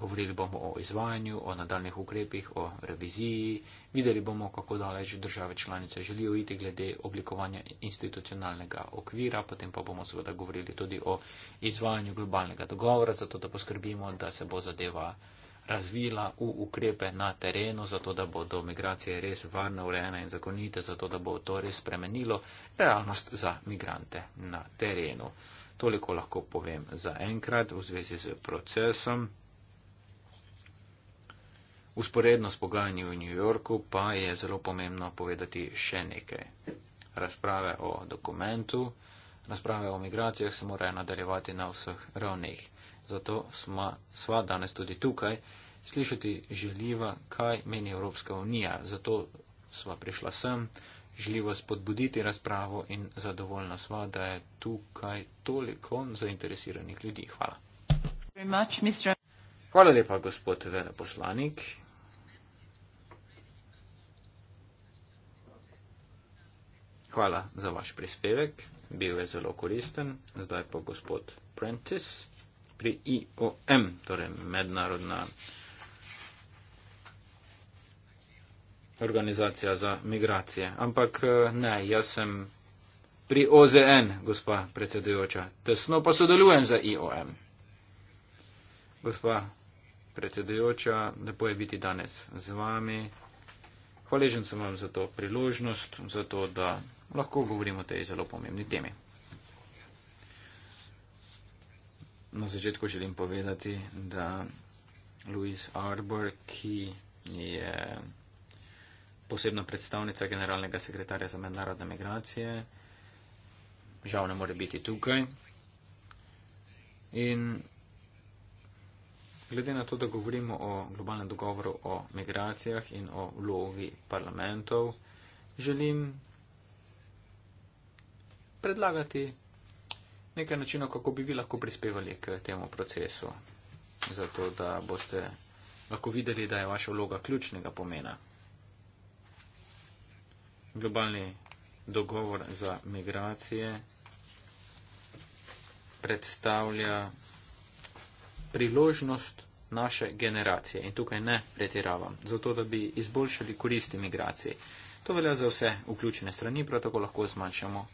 Govorili bomo o izvajanju, o nadaljnih ukrepih, o reviziji. Videli bomo, kako daleč države članice želijo iti glede oblikovanja institucionalnega okvira. Potem pa bomo seveda govorili tudi o izvajanju globalnega dogovora, zato da poskrbimo, da se bo zadeva razvila v ukrepe na terenu, zato da bodo migracije res varne, urejene in zakonite, zato da bo to res spremenilo realnost za migrante na terenu. Toliko lahko povem za enkrat v zvezi z procesom. Usporedno s pogajanji v New Yorku pa je zelo pomembno povedati še nekaj. Razprave o dokumentu, razprave o migracijah se morajo nadaljevati na vseh ravneh. Zato sma, sva danes tudi tukaj slišati želiva, kaj meni Evropska unija. Zato sva prišla sem, Želiva spodbuditi razpravo in zadovoljna sva, da je tukaj toliko zainteresiranih ljudi. Hvala. Much, Hvala lepa, gospod veleposlanik. Hvala za vaš prispevek, bil je zelo koristen. Zdaj pa gospod Prentice pri IOM, torej mednarodna. organizacija za migracije. Ampak eh, ne, jaz sem pri OZN, gospa predsedujoča. Tesno pa sodelujem za IOM. Gospa predsedujoča, lepo je biti danes z vami. Hvaležen sem vam za to priložnost, za to, da lahko govorim o tej zelo pomembni temi. Na začetku želim povedati, da Louis Arbor, ki je posebna predstavnica generalnega sekretarja za mednarodne migracije. Žal ne more biti tukaj. In glede na to, da govorimo o globalnem dogovoru o migracijah in o vlogi parlamentov, želim predlagati nekaj načinov, kako bi vi lahko prispevali k temu procesu, zato da boste lahko videli, da je vaša vloga ključnega pomena globalni dogovor za migracije predstavlja priložnost naše generacije. In tukaj ne pretiravam, zato da bi izboljšali koristi migracij. To velja za vse vključene strani, prav tako lahko zmanjšamo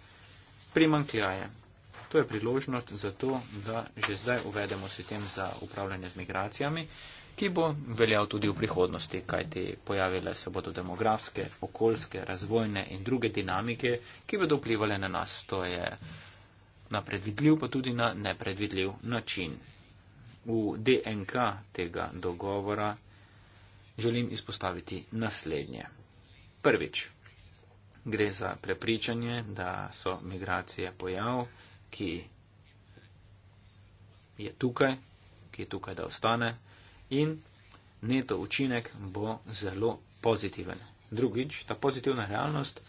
primankljaje. To je priložnost za to, da že zdaj uvedemo sistem za upravljanje z migracijami, ki bo veljal tudi v prihodnosti, kajti pojavile se bodo demografske, okoljske, razvojne in druge dinamike, ki bodo vplivali na nas. To je na predvidljiv, pa tudi na nepredvidljiv način. V DNK tega dogovora želim izpostaviti naslednje. Prvič, gre za prepričanje, da so migracije pojav, ki je tukaj, ki je tukaj, da ostane in neto učinek bo zelo pozitiven. Drugič, ta pozitivna realnost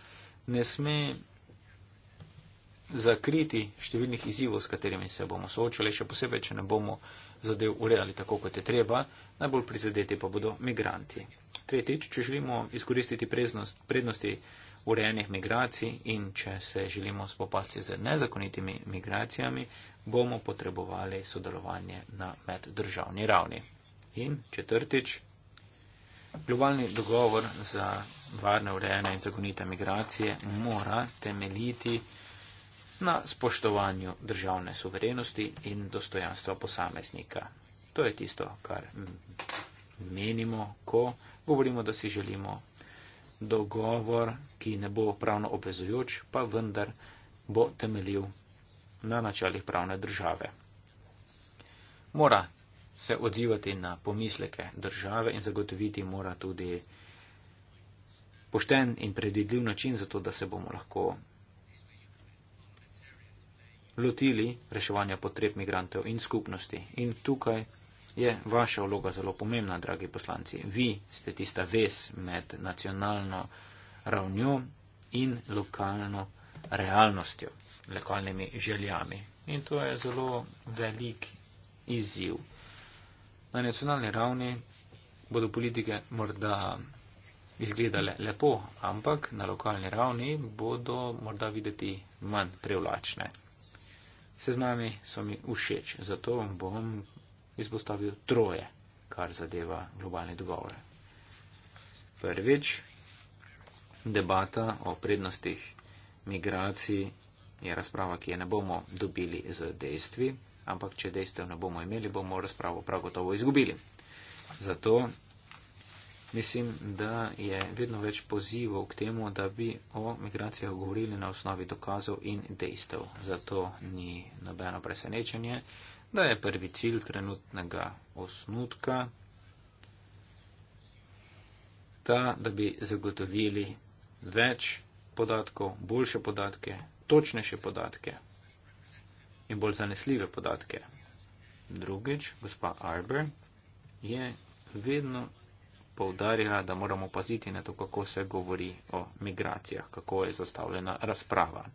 ne sme zakriti številnih izzivov, s katerimi se bomo soočali, še posebej, če ne bomo zadev urejali tako, kot je treba, najbolj prizadeti pa bodo migranti. Tretjič, če želimo izkoristiti preznost, prednosti urejenih migracij in če se želimo spopasti z nezakonitimi migracijami, bomo potrebovali sodelovanje na meddržavni ravni. In četrtič, globalni dogovor za varne, urejene in zagonite migracije mora temeljiti na spoštovanju državne suverenosti in dostojanstva posameznika. To je tisto, kar menimo, ko govorimo, da si želimo dogovor, ki ne bo pravno obvezujoč, pa vendar bo temeljil na načelih pravne države. Mora se odzivati na pomisleke države in zagotoviti mora tudi pošten in predvidljiv način, zato da se bomo lahko lotili reševanja potreb migrantov in skupnosti. In tukaj je vaša vloga zelo pomembna, dragi poslanci. Vi ste tista vez med nacionalno ravnjo in lokalno realnostjo, lokalnimi željami. In to je zelo velik izziv na nacionalni ravni bodo politike morda izgledale lepo, ampak na lokalni ravni bodo morda videti manj prevlačne. Se z nami so mi všeč, zato bom izpostavil troje, kar zadeva globalne dogovore. Prvič, debata o prednostih migracij je razprava, ki je ne bomo dobili z dejstvi, ampak če dejstev ne bomo imeli, bomo razpravo prav gotovo izgubili. Zato mislim, da je vedno več pozivov k temu, da bi o migracijah govorili na osnovi dokazov in dejstev. Zato ni nobeno presenečenje, da je prvi cilj trenutnega osnutka ta, da bi zagotovili več podatkov, boljše podatke, točnejše podatke, in bolj zanesljive podatke. Drugič, gospa Arber je vedno povdarjala, da moramo paziti na to, kako se govori o migracijah, kako je zastavljena razprava.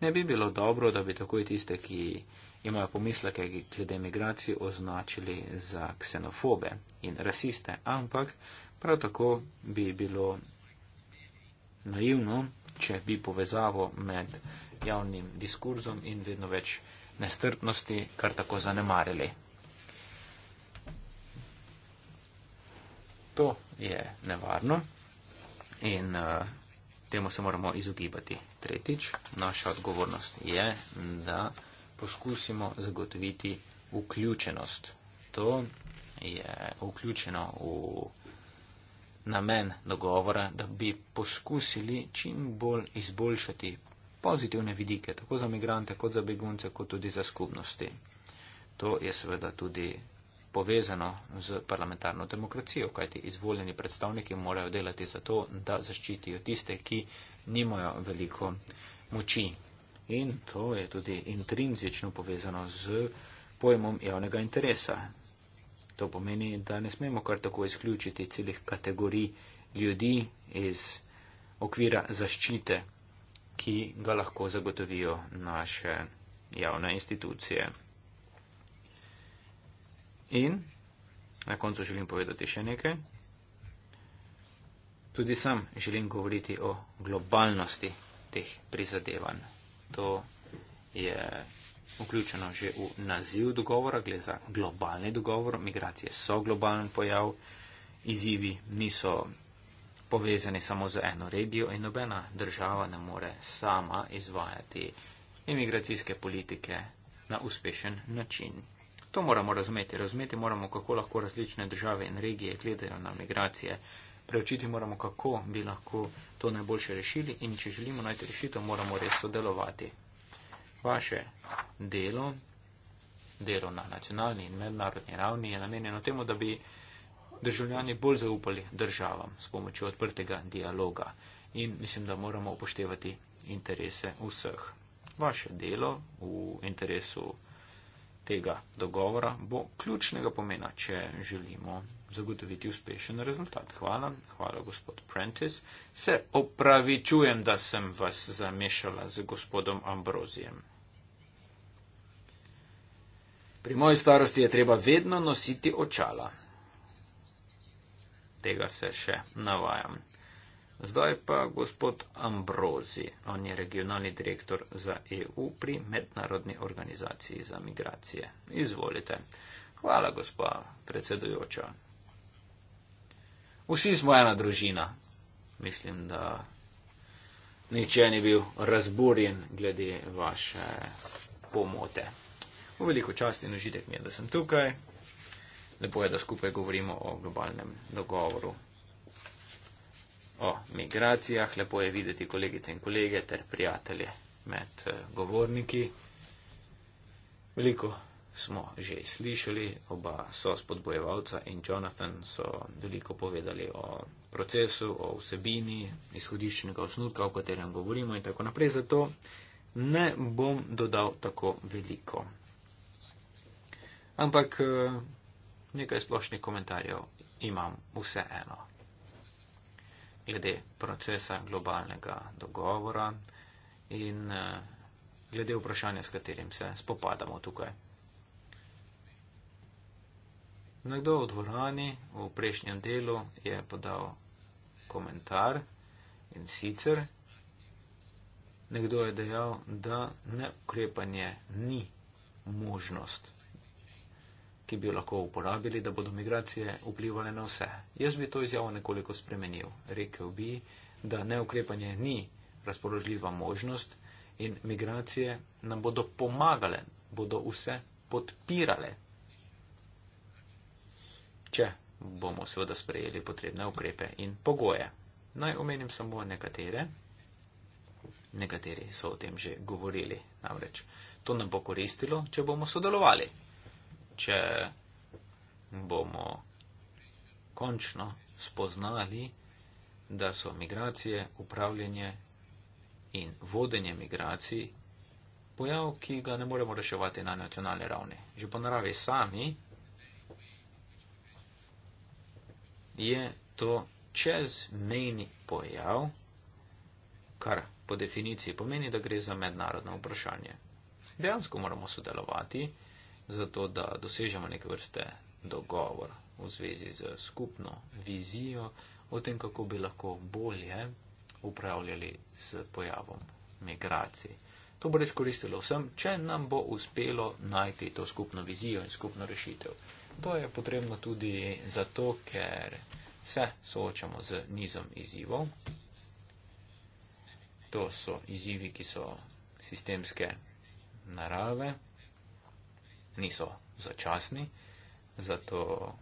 Ne bi bilo dobro, da bi takoj tiste, ki imajo pomisleke glede migracij, označili za ksenofobe in rasiste, ampak prav tako bi bilo naivno če bi povezavo med javnim diskurzom in vedno več nestrpnosti kar tako zanemarili. To je nevarno in uh, temu se moramo izogibati. Tretjič, naša odgovornost je, da poskusimo zagotoviti vključenost. To je vključeno v namen dogovora, da bi poskusili čim bolj izboljšati pozitivne vidike, tako za migrante, kot za begunce, kot tudi za skupnosti. To je seveda tudi povezano z parlamentarno demokracijo, kajti izvoljeni predstavniki morajo delati za to, da zaščitijo tiste, ki nimajo veliko moči. In to je tudi intrinzično povezano z pojemom javnega interesa. To pomeni, da ne smemo kar tako izključiti celih kategorij ljudi iz okvira zaščite, ki ga lahko zagotovijo naše javne institucije. In na koncu želim povedati še nekaj. Tudi sam želim govoriti o globalnosti teh prizadevanj. To je vključeno že v naziv dogovora, gre za globalni dogovor, migracije so globalen pojav, izzivi niso povezani samo z eno regijo in nobena država ne more sama izvajati imigracijske politike na uspešen način. To moramo razumeti. Razumeti moramo, kako lahko različne države in regije gledajo na migracije. Preučiti moramo, kako bi lahko to najboljše rešili in če želimo najti rešitev, moramo res sodelovati vaše delo, delo na nacionalni in mednarodni ravni je namenjeno temu, da bi državljani bolj zaupali državam s pomočjo odprtega dialoga. In mislim, da moramo upoštevati interese vseh. Vaše delo v interesu tega dogovora bo ključnega pomena, če želimo zagotoviti uspešen rezultat. Hvala, hvala gospod Prentice. Se opravičujem, da sem vas zamešala z gospodom Ambrozijem. Pri moji starosti je treba vedno nositi očala. Tega se še navajam. Zdaj pa gospod Ambrozi, on je regionalni direktor za EU pri Mednarodni organizaciji za migracije. Izvolite. Hvala, gospa predsedujoča. Vsi smo ena družina. Mislim, da niče ni bil razburjen glede vaše pomote. V veliko čast in užitek mi je, da sem tukaj. Lepo je, da skupaj govorimo o globalnem dogovoru. O migracijah, lepo je videti kolegice in kolege ter prijatelje med eh, govorniki. Veliko smo že slišali, oba so spodbojevalca in Jonathan so veliko povedali o procesu, o vsebini, izhodiščnega osnutka, o katerem govorimo in tako naprej. Zato ne bom dodal tako veliko. Ampak eh, nekaj splošnih komentarjev imam vse eno. Glede procesa globalnega dogovora in eh, glede vprašanja, s katerim se spopadamo tukaj Nekdo v dvorani v prejšnjem delu je podal komentar in sicer nekdo je dejal, da neukrepanje ni možnost, ki bi jo lahko uporabili, da bodo migracije vplivali na vse. Jaz bi to izjavo nekoliko spremenil. Rekel bi, da neukrepanje ni razpoložljiva možnost in migracije nam bodo pomagale, bodo vse podpirale če bomo seveda sprejeli potrebne ukrepe in pogoje. Naj omenim samo nekatere. Nekateri so o tem že govorili, namreč to nam bo koristilo, če bomo sodelovali, če bomo končno spoznali, da so migracije, upravljanje in vodenje migracij pojav, ki ga ne moremo reševati na nacionalni ravni. Že po naravi sami je to čezmejni pojav, kar po definiciji pomeni, da gre za mednarodno vprašanje. Dejansko moramo sodelovati, zato da dosežemo neke vrste dogovor v zvezi z skupno vizijo o tem, kako bi lahko bolje upravljali s pojavom migracij. To bo res koristilo vsem, če nam bo uspelo najti to skupno vizijo in skupno rešitev. To je potrebno tudi zato, ker se soočamo z nizom izzivov. To so izzivi, ki so sistemske narave, niso začasni, zato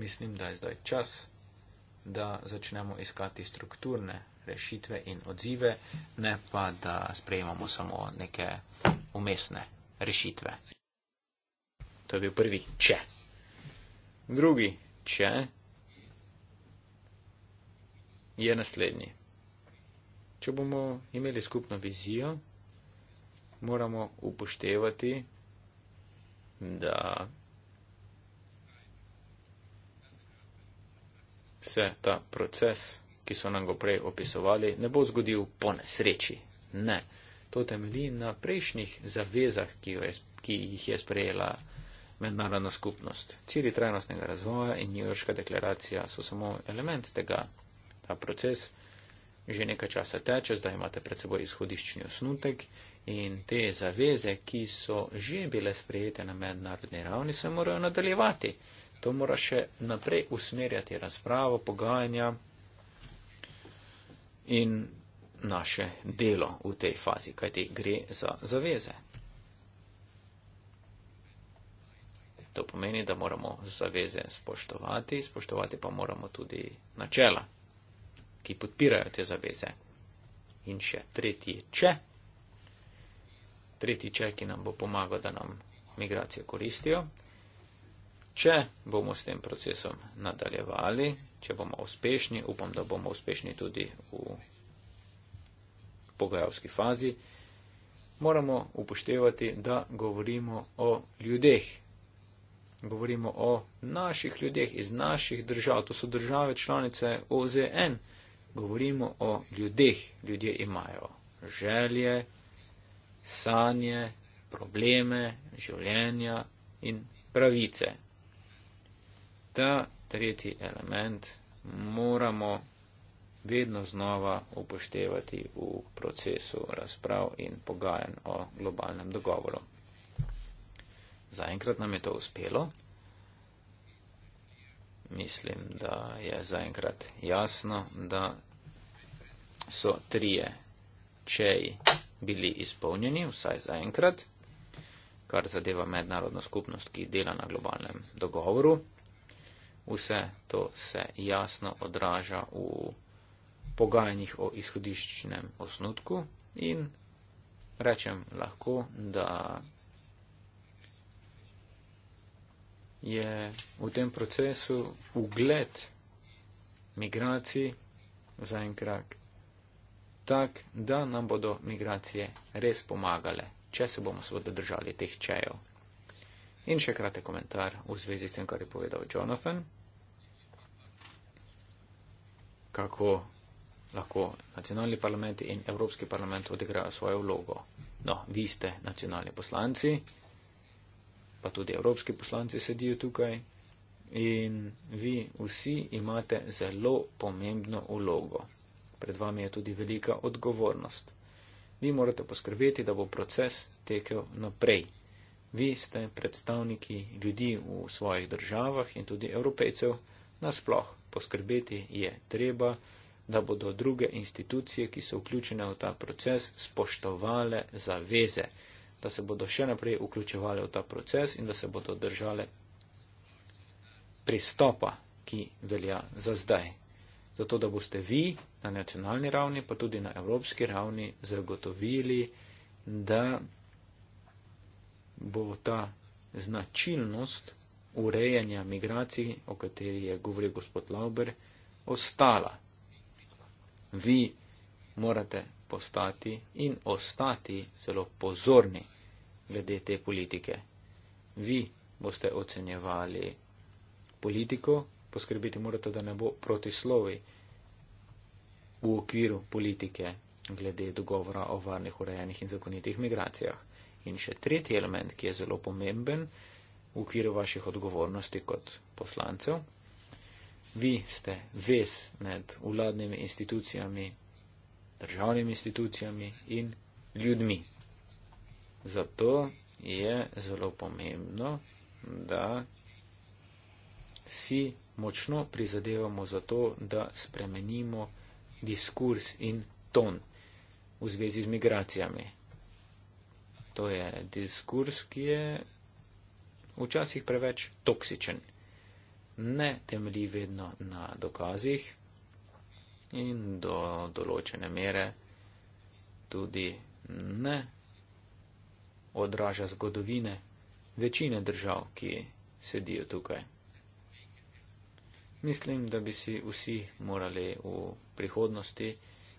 mislim, da je zdaj čas, da začnemo iskati strukturne rešitve in odzive, ne pa da sprejemamo samo neke umestne rešitve. To je bil prvi če. Drugi če je naslednji. Če bomo imeli skupno vizijo, moramo upoštevati, da se ta proces, ki so nam ga prej opisovali, ne bo zgodil po nesreči. Ne. To temelji na prejšnjih zavezah, ki jih je sprejela mednarodna skupnost. Cilji trajnostnega razvoja in New Yorkska deklaracija so samo element tega. Ta proces že nekaj časa teče, zdaj imate pred seboj izhodiščni osnutek in te zaveze, ki so že bile sprejete na mednarodni ravni, se morajo nadaljevati. To mora še naprej usmerjati razpravo, pogajanja in naše delo v tej fazi, kajti gre za zaveze. To pomeni, da moramo zaveze spoštovati, spoštovati pa moramo tudi načela, ki podpirajo te zaveze. In še tretji če, tretji če, ki nam bo pomagal, da nam migracijo koristijo. Če bomo s tem procesom nadaljevali, če bomo uspešni, upam, da bomo uspešni tudi v pogajalski fazi, moramo upoštevati, da govorimo o ljudeh govorimo o naših ljudeh iz naših držav, to so države članice OZN, govorimo o ljudeh, ljudje imajo želje, sanje, probleme, življenja in pravice. Ta tretji element moramo vedno znova upoštevati v procesu razprav in pogajanj o globalnem dogovoru. Zaenkrat nam je to uspelo. Mislim, da je zaenkrat jasno, da so trije čeji bili izpolnjeni, vsaj zaenkrat, kar zadeva mednarodno skupnost, ki dela na globalnem dogovoru. Vse to se jasno odraža v pogajanjih o izhodiščnem osnutku in rečem lahko, da. je v tem procesu ugled migracij za en krak. Tak, da nam bodo migracije res pomagale, če se bomo seveda držali teh čejev. In še kratek komentar v zvezi s tem, kar je povedal Jonathan. Kako lahko nacionalni parlamenti in Evropski parlament odigrajo svojo vlogo. No, vi ste nacionalni poslanci pa tudi evropski poslanci sedijo tukaj in vi vsi imate zelo pomembno ulogo. Pred vami je tudi velika odgovornost. Vi morate poskrbeti, da bo proces tekel naprej. Vi ste predstavniki ljudi v svojih državah in tudi evropejcev. Nasploh poskrbeti je treba, da bodo druge institucije, ki so vključene v ta proces, spoštovale zaveze da se bodo še naprej vključevali v ta proces in da se bodo držali pristopa, ki velja za zdaj. Zato, da boste vi na nacionalni ravni, pa tudi na evropski ravni zagotovili, da bo ta značilnost urejanja migracij, o kateri je govoril gospod Lauber, ostala. Vi morate postati in ostati zelo pozorni glede te politike. Vi boste ocenjevali politiko, poskrbiti morate, da ne bo protislovi v okviru politike glede dogovora o varnih, urejenih in zakonitih migracijah. In še tretji element, ki je zelo pomemben v okviru vaših odgovornosti kot poslancev. Vi ste vez med vladnimi institucijami državnimi institucijami in ljudmi. Zato je zelo pomembno, da si močno prizadevamo za to, da spremenimo diskurs in ton v zvezi z migracijami. To je diskurs, ki je včasih preveč toksičen. Ne temelji vedno na dokazih, in do določene mere tudi ne odraža zgodovine večine držav, ki sedijo tukaj. Mislim, da bi si vsi morali v prihodnosti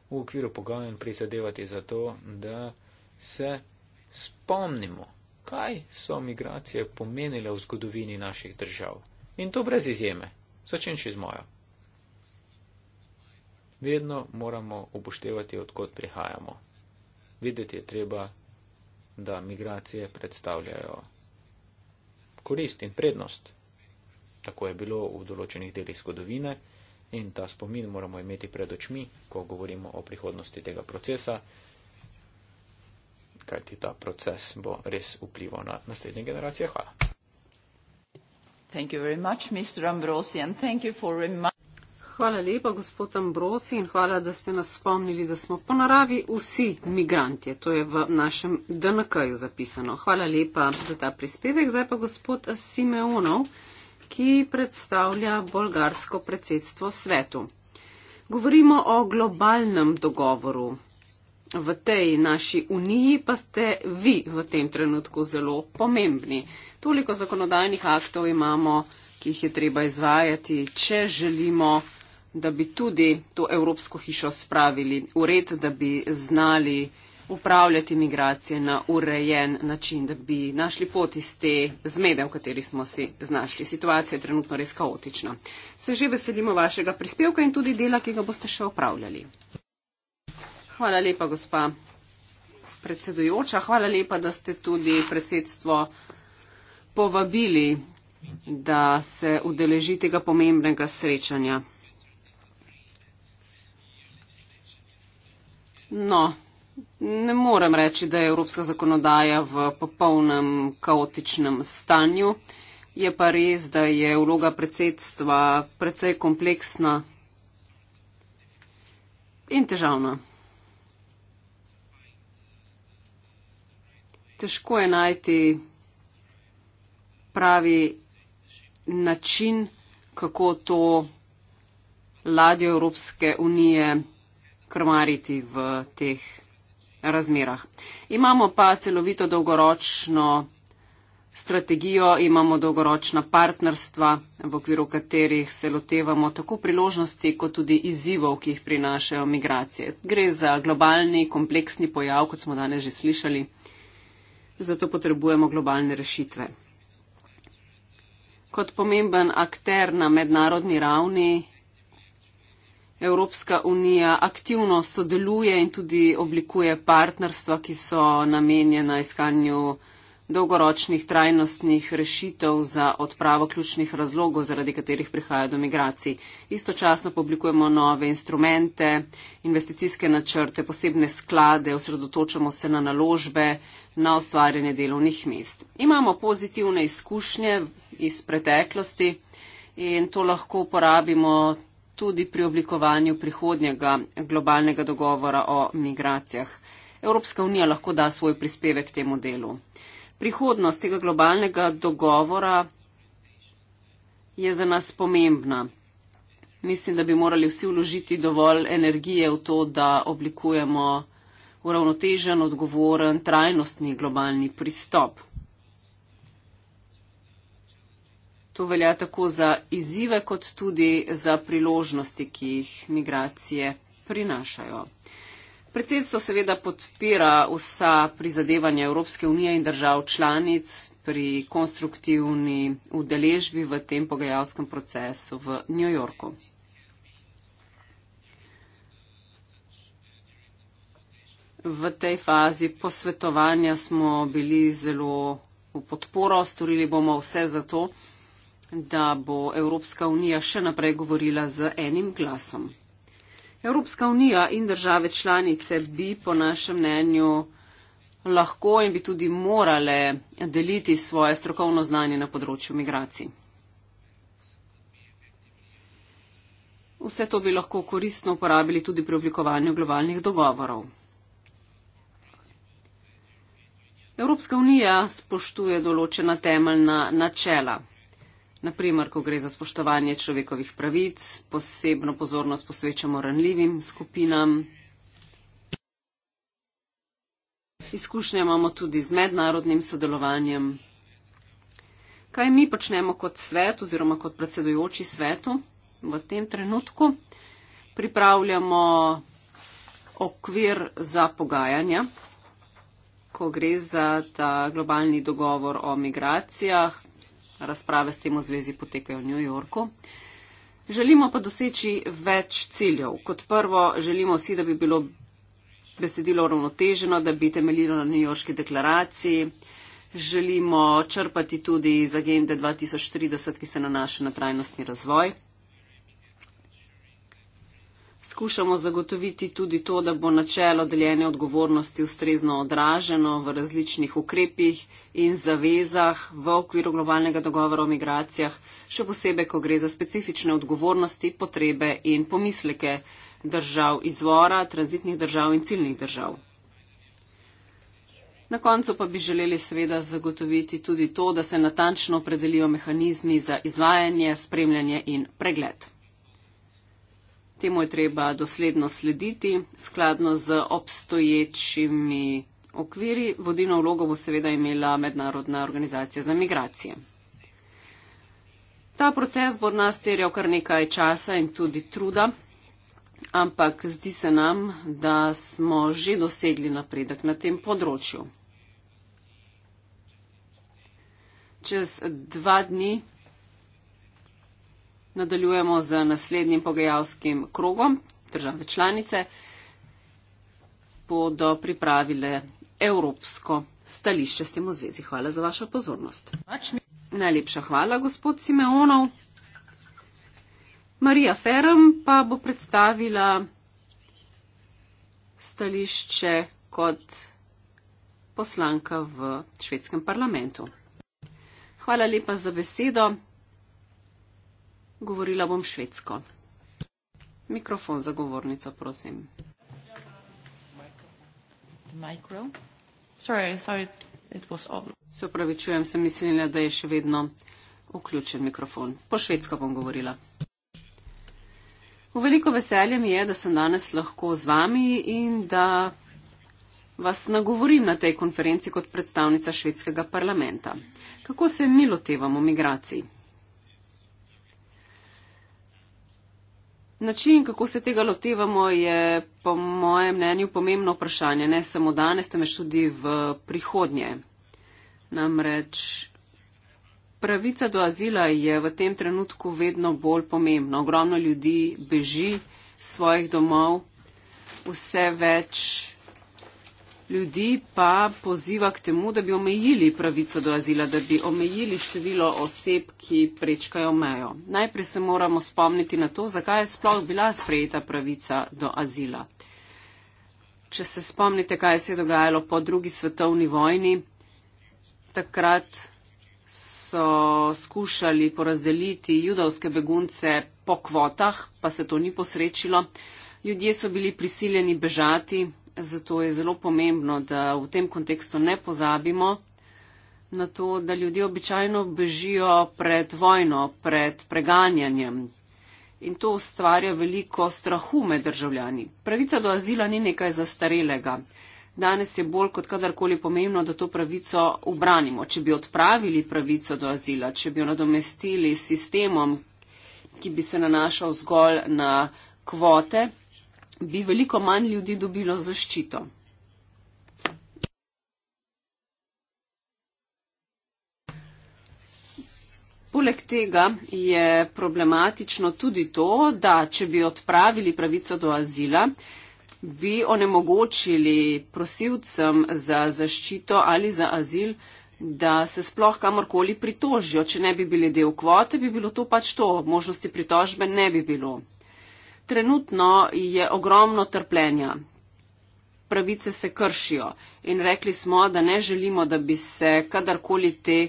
v okviru pogajanj prizadevati za to, da se spomnimo, kaj so migracije pomenile v zgodovini naših držav. In to brez izjeme, začenši z mojo. Vedno moramo upoštevati, odkot prihajamo. Videti je treba, da migracije predstavljajo korist in prednost. Tako je bilo v določenih delih zgodovine in ta spomin moramo imeti pred očmi, ko govorimo o prihodnosti tega procesa, kajti ta proces bo res vplival na naslednje generacije. Hvala. Hvala lepa, gospod Ambrosi, in hvala, da ste nas spomnili, da smo po naravi vsi migranti. To je v našem DNK-ju zapisano. Hvala lepa za ta prispevek. Zdaj pa gospod Simeonov, ki predstavlja bolgarsko predsedstvo svetu. Govorimo o globalnem dogovoru. V tej naši uniji pa ste vi v tem trenutku zelo pomembni. Toliko zakonodajnih aktov imamo, ki jih je treba izvajati, če želimo da bi tudi to Evropsko hišo spravili v red, da bi znali upravljati migracije na urejen način, da bi našli pot iz te zmede, v kateri smo si znašli. Situacija je trenutno res kaotična. Se že veselimo vašega prispevka in tudi dela, ki ga boste še upravljali. Hvala lepa, gospa predsedujoča. Hvala lepa, da ste tudi predsedstvo povabili, da se udeleži tega pomembnega srečanja. No, ne morem reči, da je evropska zakonodaja v popolnem kaotičnem stanju. Je pa res, da je vloga predsedstva precej kompleksna in težavna. Težko je najti pravi način, kako to ladjo Evropske unije krmariti v teh razmerah. Imamo pa celovito dolgoročno strategijo, imamo dolgoročna partnerstva, v okviru katerih se lotevamo tako priložnosti, kot tudi izzivov, ki jih prinašajo migracije. Gre za globalni, kompleksni pojav, kot smo danes že slišali, zato potrebujemo globalne rešitve. Kot pomemben akter na mednarodni ravni Evropska unija aktivno sodeluje in tudi oblikuje partnerstva, ki so namenjena iskanju dolgoročnih trajnostnih rešitev za odpravo ključnih razlogov, zaradi katerih prihaja do migracij. Istočasno publikujemo nove instrumente, investicijske načrte, posebne sklade, osredotočamo se na naložbe, na ustvarjanje delovnih mest. Imamo pozitivne izkušnje iz preteklosti in to lahko uporabimo tudi pri oblikovanju prihodnjega globalnega dogovora o migracijah. Evropska unija lahko da svoj prispevek k temu delu. Prihodnost tega globalnega dogovora je za nas pomembna. Mislim, da bi morali vsi vložiti dovolj energije v to, da oblikujemo uravnotežen, odgovoren, trajnostni globalni pristop. To velja tako za izzive, kot tudi za priložnosti, ki jih migracije prinašajo. Predsedstvo seveda podpira vsa prizadevanja Evropske unije in držav članic pri konstruktivni udeležbi v tem pogajalskem procesu v New Yorku. V tej fazi posvetovanja smo bili zelo v podporo, storili bomo vse za to, da bo Evropska unija še naprej govorila z enim glasom. Evropska unija in države članice bi po našem mnenju lahko in bi tudi morale deliti svoje strokovno znanje na področju migracij. Vse to bi lahko koristno uporabili tudi pri oblikovanju globalnih dogovorov. Evropska unija spoštuje določena temeljna načela naprimer, ko gre za spoštovanje človekovih pravic, posebno pozornost posvečamo ranljivim skupinam. Izkušnje imamo tudi z mednarodnim sodelovanjem. Kaj mi počnemo kot svet oziroma kot predsedujoči svetu v tem trenutku? Pripravljamo okvir za pogajanja, ko gre za ta globalni dogovor o migracijah, razprave s tem v zvezi potekajo v New Yorku. Želimo pa doseči več ciljev. Kot prvo, želimo vsi, da bi bilo besedilo ravnoteženo, da bi temeljilo na New Yorkski deklaraciji. Želimo črpati tudi iz agende 2030, ki se nanaša na trajnostni razvoj. Skušamo zagotoviti tudi to, da bo načelo deljene odgovornosti ustrezno odraženo v različnih ukrepih in zavezah v okviru globalnega dogovora o migracijah, še posebej, ko gre za specifične odgovornosti, potrebe in pomisleke držav izvora, tranzitnih držav in ciljnih držav. Na koncu pa bi želeli seveda zagotoviti tudi to, da se natančno opredelijo mehanizmi za izvajanje, spremljanje in pregled temu je treba dosledno slediti, skladno z obstoječimi okviri. Vodilno vlogo bo seveda imela Mednarodna organizacija za migracije. Ta proces bo od nas terjal kar nekaj časa in tudi truda, ampak zdi se nam, da smo že dosegli napredek na tem področju. Čez dva dni Nadaljujemo z naslednjim pogajalskim krogom. Države članice bodo pripravile evropsko stališče s tem v zvezi. Hvala za vašo pozornost. Najlepša hvala, gospod Simeonov. Marija Ferem pa bo predstavila stališče kot poslanka v švedskem parlamentu. Hvala lepa za besedo govorila bom švedsko. Mikrofon za govornico, prosim. Se upravičujem, sem mislila, da je še vedno vključen mikrofon. Po švedsko bom govorila. V veliko veselje mi je, da sem danes lahko z vami in da vas nagovorim na tej konferenci kot predstavnica švedskega parlamenta. Kako se mi lotevamo migracij? Način, kako se tega lotevamo, je po mojem mnenju pomembno vprašanje, ne samo danes, temveč tudi v prihodnje. Namreč pravica do azila je v tem trenutku vedno bolj pomembna. Ogromno ljudi beži svojih domov, vse več ljudi pa poziva k temu, da bi omejili pravico do azila, da bi omejili število oseb, ki prečkajo mejo. Najprej se moramo spomniti na to, zakaj je sploh bila sprejeta pravica do azila. Če se spomnite, kaj se je dogajalo po drugi svetovni vojni, takrat so skušali porazdeliti judovske begunce po kvotah, pa se to ni posrečilo. Ljudje so bili prisiljeni bežati, Zato je zelo pomembno, da v tem kontekstu ne pozabimo na to, da ljudje običajno bežijo pred vojno, pred preganjanjem. In to ustvarja veliko strahu med državljani. Pravica do azila ni nekaj zastarelega. Danes je bolj kot kadarkoli pomembno, da to pravico obranimo. Če bi odpravili pravico do azila, če bi jo nadomestili s sistemom, ki bi se nanašal zgolj na kvote, bi veliko manj ljudi dobilo zaščito. Poleg tega je problematično tudi to, da če bi odpravili pravico do azila, bi onemogočili prosilcem za zaščito ali za azil, da se sploh kamorkoli pritožijo. Če ne bi bili del kvote, bi bilo to pač to. Možnosti pritožbe ne bi bilo. Trenutno je ogromno trpljenja. Pravice se kršijo in rekli smo, da ne želimo, da bi se kadarkoli te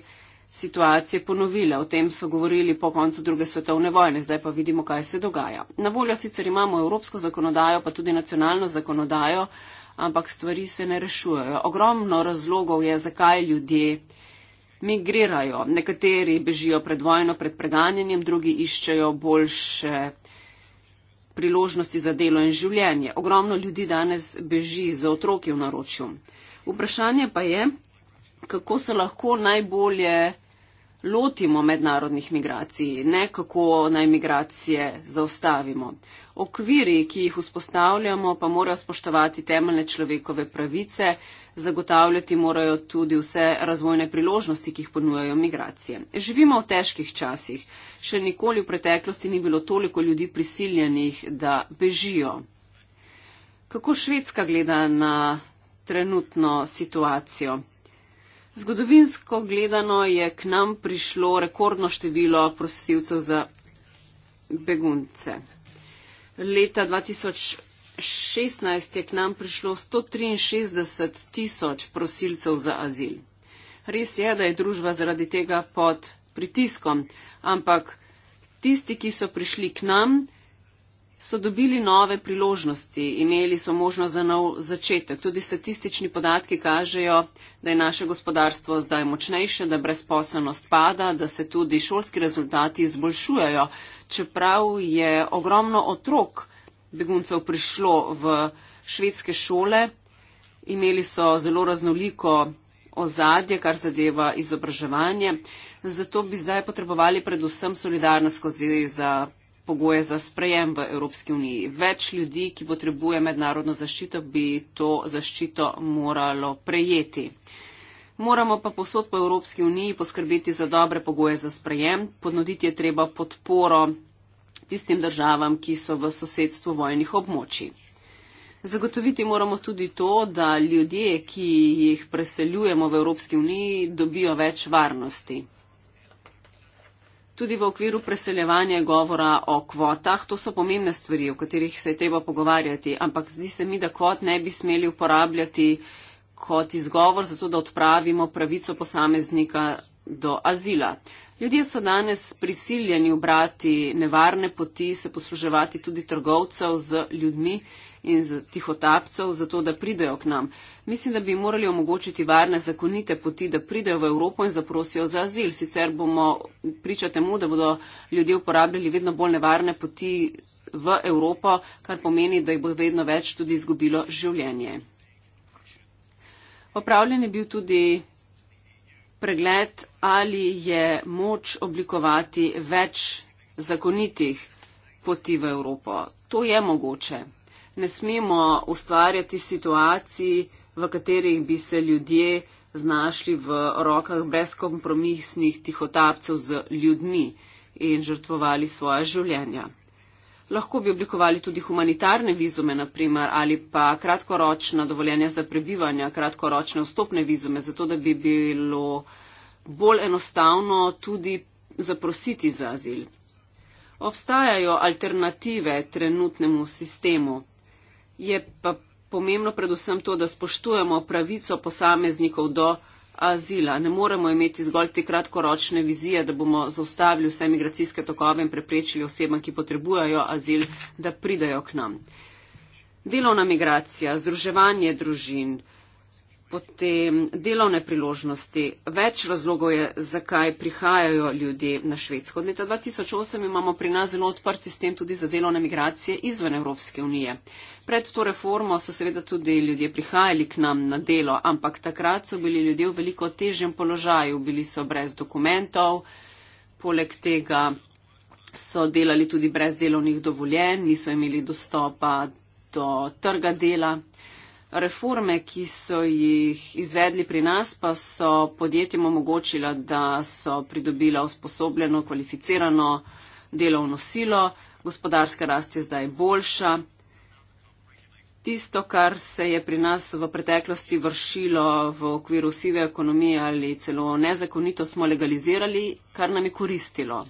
situacije ponovile. O tem so govorili po koncu druge svetovne vojne, zdaj pa vidimo, kaj se dogaja. Na voljo sicer imamo evropsko zakonodajo, pa tudi nacionalno zakonodajo, ampak stvari se ne rešujejo. Ogromno razlogov je, zakaj ljudje migrirajo. Nekateri bežijo pred vojno, pred preganjenjem, drugi iščejo boljše priložnosti za delo in življenje. Ogromno ljudi danes beži za otroki v naročju. Vprašanje pa je, kako se lahko najbolje lotimo mednarodnih migracij, ne kako naj migracije zaustavimo. Okviri, ki jih vzpostavljamo, pa morajo spoštovati temeljne človekove pravice, zagotavljati morajo tudi vse razvojne priložnosti, ki jih ponujajo migracije. Živimo v težkih časih. Še nikoli v preteklosti ni bilo toliko ljudi prisiljenih, da bežijo. Kako Švedska gleda na trenutno situacijo? Zgodovinsko gledano je k nam prišlo rekordno število prosilcev za begunce. Leta 2008 2016 je k nam prišlo 163 tisoč prosilcev za azil. Res je, da je družba zaradi tega pod pritiskom, ampak tisti, ki so prišli k nam, so dobili nove priložnosti, imeli so možnost za nov začetek. Tudi statistični podatki kažejo, da je naše gospodarstvo zdaj močnejše, da brezposelnost pada, da se tudi šolski rezultati izboljšujejo, čeprav je ogromno otrok, beguncev prišlo v švedske šole. Imeli so zelo raznoliko ozadje, kar zadeva izobraževanje. Zato bi zdaj potrebovali predvsem solidarnost skozi za pogoje za sprejem v Evropski uniji. Več ljudi, ki potrebuje mednarodno zaščito, bi to zaščito moralo prejeti. Moramo pa posod po Evropski uniji poskrbeti za dobre pogoje za sprejem. Ponuditi je treba podporo tistim državam, ki so v sosedstvu vojnih območij. Zagotoviti moramo tudi to, da ljudje, ki jih preseljujemo v Evropski uniji, dobijo več varnosti. Tudi v okviru preseljevanja je govora o kvotah, to so pomembne stvari, o katerih se je treba pogovarjati, ampak zdi se mi, da kvot ne bi smeli uporabljati kot izgovor za to, da odpravimo pravico posameznika do azila. Ljudje so danes prisiljeni obrati nevarne poti, se posluževati tudi trgovcev z ljudmi in z tihotapcev, zato da pridejo k nam. Mislim, da bi morali omogočiti varne zakonite poti, da pridejo v Evropo in zaprosijo za azil. Sicer bomo priča temu, da bodo ljudje uporabljali vedno bolj nevarne poti v Evropo, kar pomeni, da jih bo vedno več tudi izgubilo življenje. Opravljen je bil tudi pregled, ali je moč oblikovati več zakonitih poti v Evropo. To je mogoče. Ne smemo ustvarjati situacij, v katerih bi se ljudje znašli v rokah brezkompromisnih tihotapcev z ljudmi in žrtvovali svoje življenja. Lahko bi oblikovali tudi humanitarne vizume, naprimer, ali pa kratkoročna dovoljenja za prebivanje, kratkoročne vstopne vizume, zato da bi bilo bolj enostavno tudi zaprositi za azil. Obstajajo alternative trenutnemu sistemu. Je pa pomembno predvsem to, da spoštujemo pravico posameznikov do azila. Ne moremo imeti zgolj te kratkoročne vizije, da bomo zaustavili vse migracijske tokove in preprečili osebam, ki potrebujajo azil, da pridajo k nam. Delovna migracija, združevanje družin potem delovne priložnosti. Več razlogov je, zakaj prihajajo ljudje na Švedsko. Od leta 2008 imamo pri nas zelo odprt sistem tudi za delovne migracije izven Evropske unije. Pred to reformo so seveda tudi ljudje prihajali k nam na delo, ampak takrat so bili ljudje v veliko težjem položaju, bili so brez dokumentov, poleg tega so delali tudi brez delovnih dovoljenj, niso imeli dostopa do trga dela reforme, ki so jih izvedli pri nas, pa so podjetjem omogočila, da so pridobila usposobljeno, kvalificirano delovno silo, gospodarska rast je zdaj boljša. Tisto, kar se je pri nas v preteklosti vršilo v okviru sive ekonomije ali celo nezakonito, smo legalizirali, kar nam je koristilo.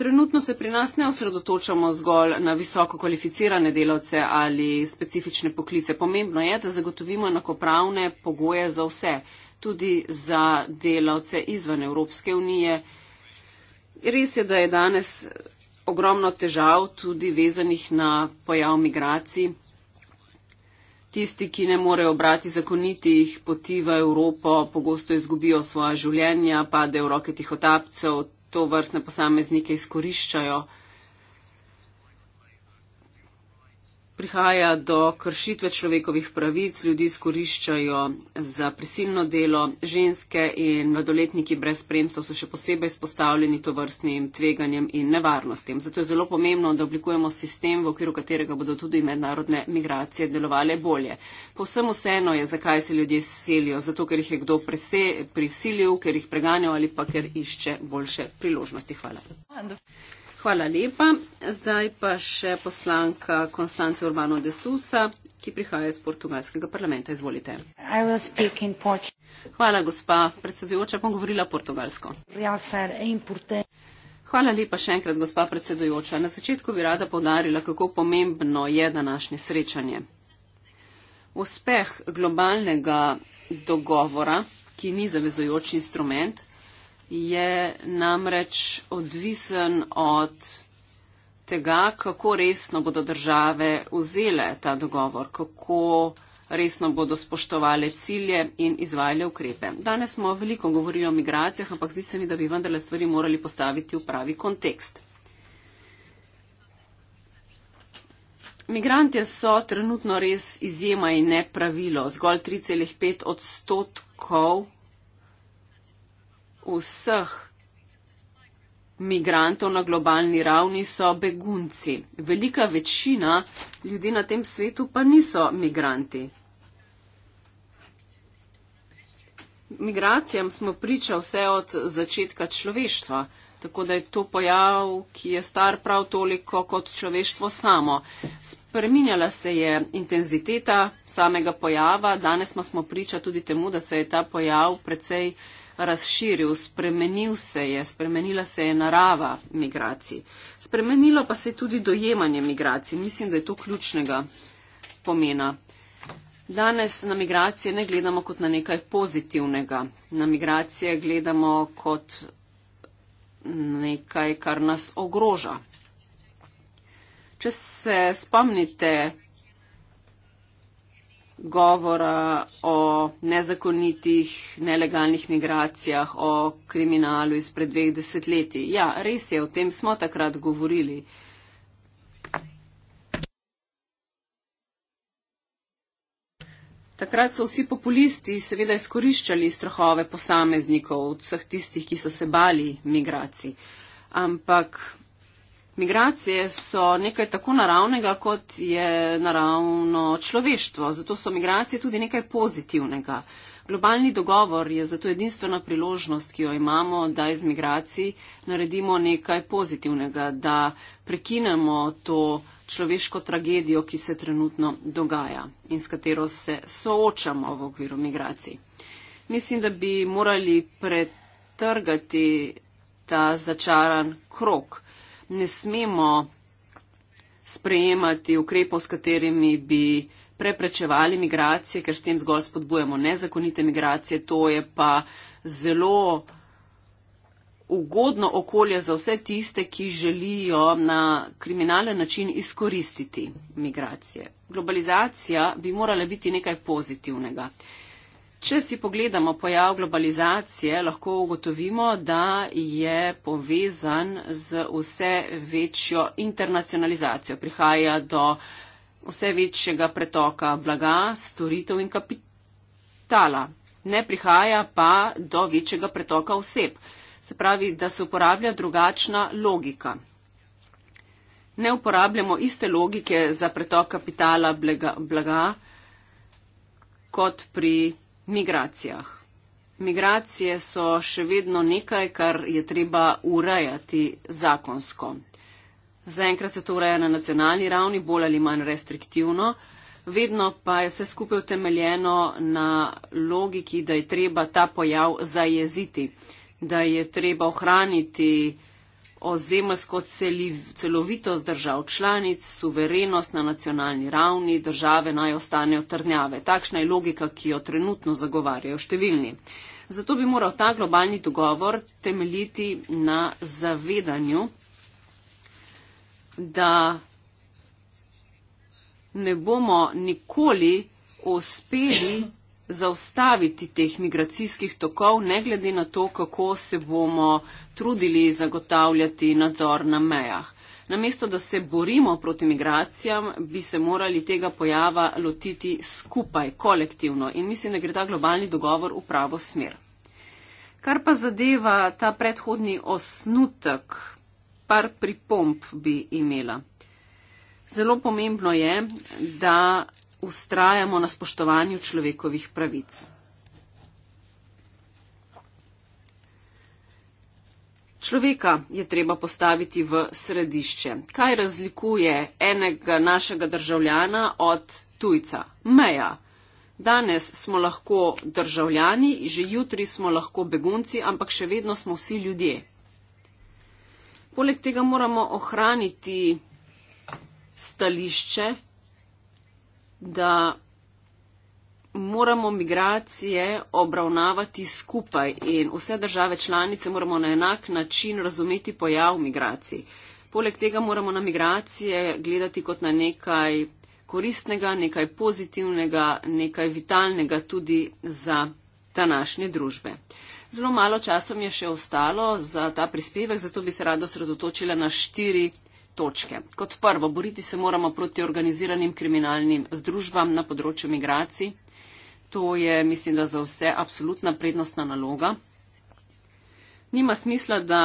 Trenutno se pri nas ne osredotočamo zgolj na visoko kvalificirane delavce ali specifične poklice. Pomembno je, da zagotovimo enakopravne pogoje za vse, tudi za delavce izven Evropske unije. Res je, da je danes ogromno težav, tudi vezanih na pojav migracij. Tisti, ki ne morejo obrati zakonitih poti v Evropo, pogosto izgubijo svoje življenja, padejo v roke tihotapcev, to vrstne posameznike izkoriščajo prihaja do kršitve človekovih pravic, ljudi skoriščajo za prisilno delo, ženske in mladoletniki brez spremstva so še posebej izpostavljeni to vrstnim tveganjem in nevarnostim. Zato je zelo pomembno, da oblikujemo sistem, v okviru katerega bodo tudi mednarodne migracije delovale bolje. Povsem vseeno je, zakaj se ljudje selijo, zato ker jih je kdo prese, prisilil, ker jih preganjal ali pa ker išče boljše priložnosti. Hvala. Ando. Hvala lepa. Zdaj pa še poslanka Konstance Urbano de Susa, ki prihaja iz portugalskega parlamenta. Izvolite. Hvala, gospa predsedujoča. Bom govorila portugalsko. Hvala lepa še enkrat, gospa predsedujoča. Na začetku bi rada podarila, kako pomembno je današnje srečanje. Uspeh globalnega dogovora, ki ni zavezojoč instrument, je namreč odvisen od tega, kako resno bodo države vzele ta dogovor, kako resno bodo spoštovali cilje in izvajali ukrepe. Danes smo veliko govorili o migracijah, ampak zdi se mi, da bi vendarle stvari morali postaviti v pravi kontekst. Migrantje so trenutno res izjema in nepravilo. Zgolj 3,5 odstotkov vseh migrantov na globalni ravni so begunci. Velika večina ljudi na tem svetu pa niso migranti. Migracijam smo priča vse od začetka človeštva, tako da je to pojav, ki je star prav toliko kot človeštvo samo. Spreminjala se je intenziteta samega pojava, danes smo priča tudi temu, da se je ta pojav precej uh, razširil, spremenil se je, spremenila se je narava migracij. Spremenilo pa se je tudi dojemanje migracij. Mislim, da je to ključnega pomena. Danes na migracije ne gledamo kot na nekaj pozitivnega. Na migracije gledamo kot nekaj, kar nas ogroža. Če se spomnite govora o nezakonitih, nelegalnih migracijah, o kriminalu izpred dveh desetletij. Ja, res je, o tem smo takrat govorili. Takrat so vsi populisti seveda izkoriščali strahove posameznikov, vseh tistih, ki so se bali migracij. Ampak Migracije so nekaj tako naravnega, kot je naravno človeštvo. Zato so migracije tudi nekaj pozitivnega. Globalni dogovor je zato edinstvena priložnost, ki jo imamo, da iz migracij naredimo nekaj pozitivnega, da prekinemo to človeško tragedijo, ki se trenutno dogaja in s katero se soočamo v okviru migracij. Mislim, da bi morali pretrgati ta začaran krok ne smemo sprejemati ukrepov, s katerimi bi preprečevali migracije, ker s tem zgolj spodbujamo nezakonite migracije. To je pa zelo ugodno okolje za vse tiste, ki želijo na kriminalen način izkoristiti migracije. Globalizacija bi morala biti nekaj pozitivnega. Če si pogledamo pojav globalizacije, lahko ugotovimo, da je povezan z vse večjo internacionalizacijo. Prihaja do vse večjega pretoka blaga, storitev in kapitala. Ne prihaja pa do večjega pretoka oseb. Se pravi, da se uporablja drugačna logika. Ne uporabljamo iste logike za pretok kapitala blaga, blaga kot pri migracijah. Migracije so še vedno nekaj, kar je treba urejati zakonsko. Zaenkrat se to ureja na nacionalni ravni, bolj ali manj restriktivno, vedno pa je vse skupaj utemeljeno na logiki, da je treba ta pojav zajeziti, da je treba ohraniti ozemljsko celovitost držav članic, suverenost na nacionalni ravni, države naj ostanejo trdnjave. Takšna je logika, ki jo trenutno zagovarjajo številni. Zato bi moral ta globalni dogovor temeljiti na zavedanju, da ne bomo nikoli uspeli zaustaviti teh migracijskih tokov, ne glede na to, kako se bomo trudili zagotavljati nadzor na mejah. Namesto, da se borimo proti migracijam, bi se morali tega pojava lotiti skupaj, kolektivno. In mislim, da gre ta globalni dogovor v pravo smer. Kar pa zadeva ta predhodni osnutek, par pripomp bi imela. Zelo pomembno je, da ustrajamo na spoštovanju človekovih pravic. Človeka je treba postaviti v središče. Kaj razlikuje enega našega državljana od tujca? Meja. Danes smo lahko državljani, že jutri smo lahko begunci, ampak še vedno smo vsi ljudje. Poleg tega moramo ohraniti stališče, da moramo migracije obravnavati skupaj in vse države članice moramo na enak način razumeti pojav migracij. Poleg tega moramo na migracije gledati kot na nekaj koristnega, nekaj pozitivnega, nekaj vitalnega tudi za današnje družbe. Zelo malo časa mi je še ostalo za ta prispevek, zato bi se rada osredotočila na štiri točke. Kot prvo, boriti se moramo proti organiziranim kriminalnim združbam na področju migracij. To je, mislim, da za vse absolutna prednostna naloga. Nima smisla, da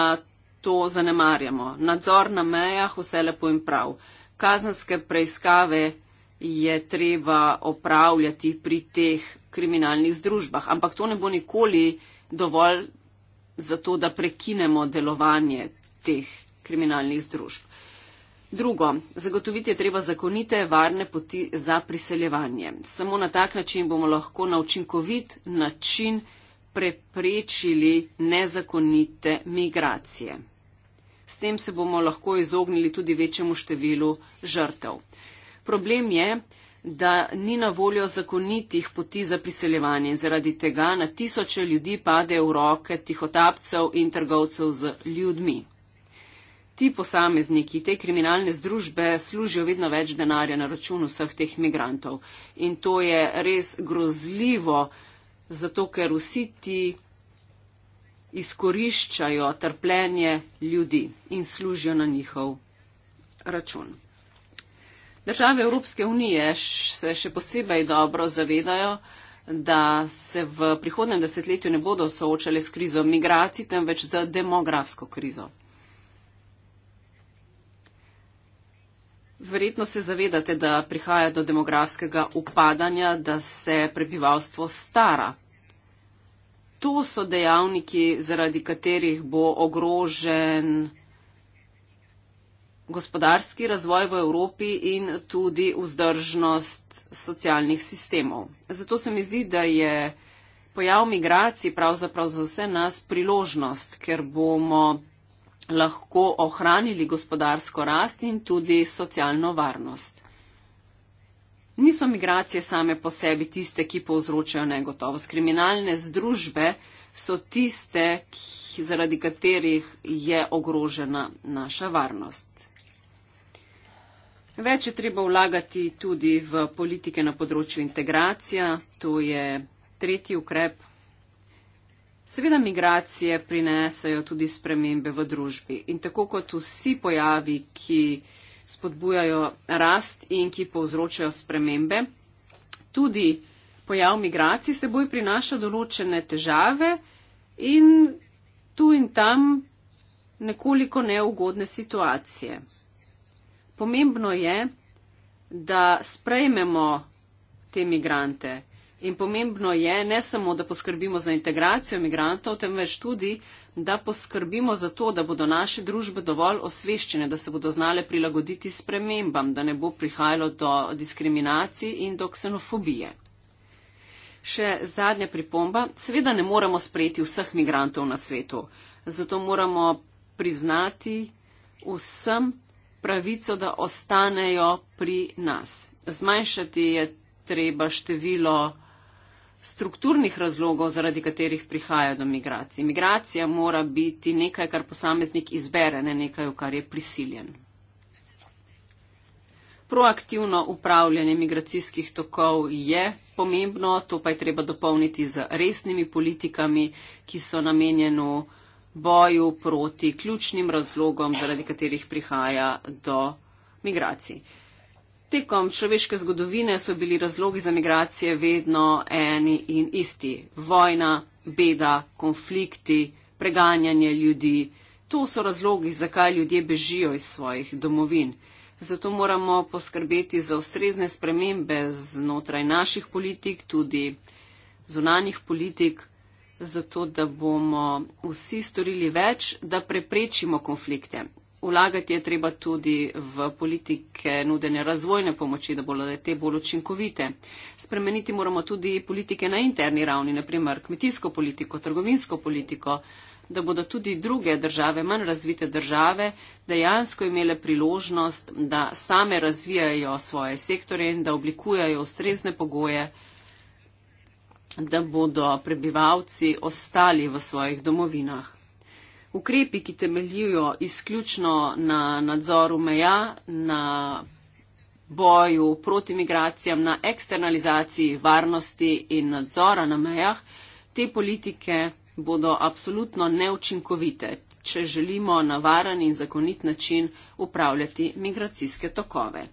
to zanemarjamo. Nadzor na mejah, vse lepo in prav. Kazanske preiskave je treba opravljati pri teh kriminalnih združbah, ampak to ne bo nikoli dovolj za to, da prekinemo delovanje teh kriminalnih združb. Drugo, zagotoviti je treba zakonite, varne poti za priseljevanje. Samo na tak način bomo lahko na učinkovit način preprečili nezakonite migracije. S tem se bomo lahko izognili tudi večjemu številu žrtev. Problem je, da ni na voljo zakonitih poti za priseljevanje. Zaradi tega na tisoče ljudi pade v roke tihotapcev in trgovcev z ljudmi ti posamezniki, te kriminalne združbe služijo vedno več denarja na račun vseh teh migrantov. In to je res grozljivo, zato ker vsi ti izkoriščajo trpljenje ljudi in služijo na njihov račun. Države Evropske unije se še posebej dobro zavedajo, da se v prihodnem desetletju ne bodo soočali s krizo migracij, temveč z demografsko krizo. Verjetno se zavedate, da prihaja do demografskega upadanja, da se prebivalstvo stara. To so dejavniki, zaradi katerih bo ogrožen gospodarski razvoj v Evropi in tudi vzdržnost socialnih sistemov. Zato se mi zdi, da je pojav migracij pravzaprav za vse nas priložnost, ker bomo lahko ohranili gospodarsko rast in tudi socialno varnost. Niso migracije same po sebi tiste, ki povzročajo negotovost. Kriminalne združbe so tiste, zaradi katerih je ogrožena naša varnost. Več je treba vlagati tudi v politike na področju integracija, to je tretji ukrep Seveda migracije prinesajo tudi spremembe v družbi in tako kot vsi pojavi, ki spodbujajo rast in ki povzročajo spremembe, tudi pojav migracij seboj prinaša določene težave in tu in tam nekoliko neugodne situacije. Pomembno je, da sprejmemo te migrante, In pomembno je ne samo, da poskrbimo za integracijo migrantov, temveč tudi, da poskrbimo za to, da bodo naše družbe dovolj osveščene, da se bodo znale prilagoditi spremembam, da ne bo prihajalo do diskriminacij in do ksenofobije. Še zadnja pripomba. Seveda ne moremo sprejeti vseh migrantov na svetu, zato moramo priznati vsem pravico, da ostanejo pri nas. Zmanjšati je treba število strukturnih razlogov, zaradi katerih prihaja do migracij. Migracija mora biti nekaj, kar posameznik izbere, ne nekaj, v kar je prisiljen. Proaktivno upravljanje migracijskih tokov je pomembno, to pa je treba dopolniti z resnimi politikami, ki so namenjeno boju proti ključnim razlogom, zaradi katerih prihaja do migracij tekom človeške zgodovine so bili razlogi za migracije vedno eni in isti. Vojna, beda, konflikti, preganjanje ljudi. To so razlogi, zakaj ljudje bežijo iz svojih domovin. Zato moramo poskrbeti za ustrezne spremembe znotraj naših politik, tudi zunanjih politik, zato da bomo vsi storili več, da preprečimo konflikte vlagati je treba tudi v politike nudene razvojne pomoči, da bodo te bolj učinkovite. Spremeniti moramo tudi politike na interni ravni, naprimer kmetijsko politiko, trgovinsko politiko, da bodo tudi druge države, manj razvite države, dejansko imele priložnost, da same razvijajo svoje sektore in da oblikujajo ustrezne pogoje da bodo prebivalci ostali v svojih domovinah. Ukrepi, ki temeljijo izključno na nadzoru meja, na boju proti migracijam, na eksternalizaciji varnosti in nadzora na mejah, te politike bodo absolutno neučinkovite, če želimo na varen in zakonit način upravljati migracijske tokove.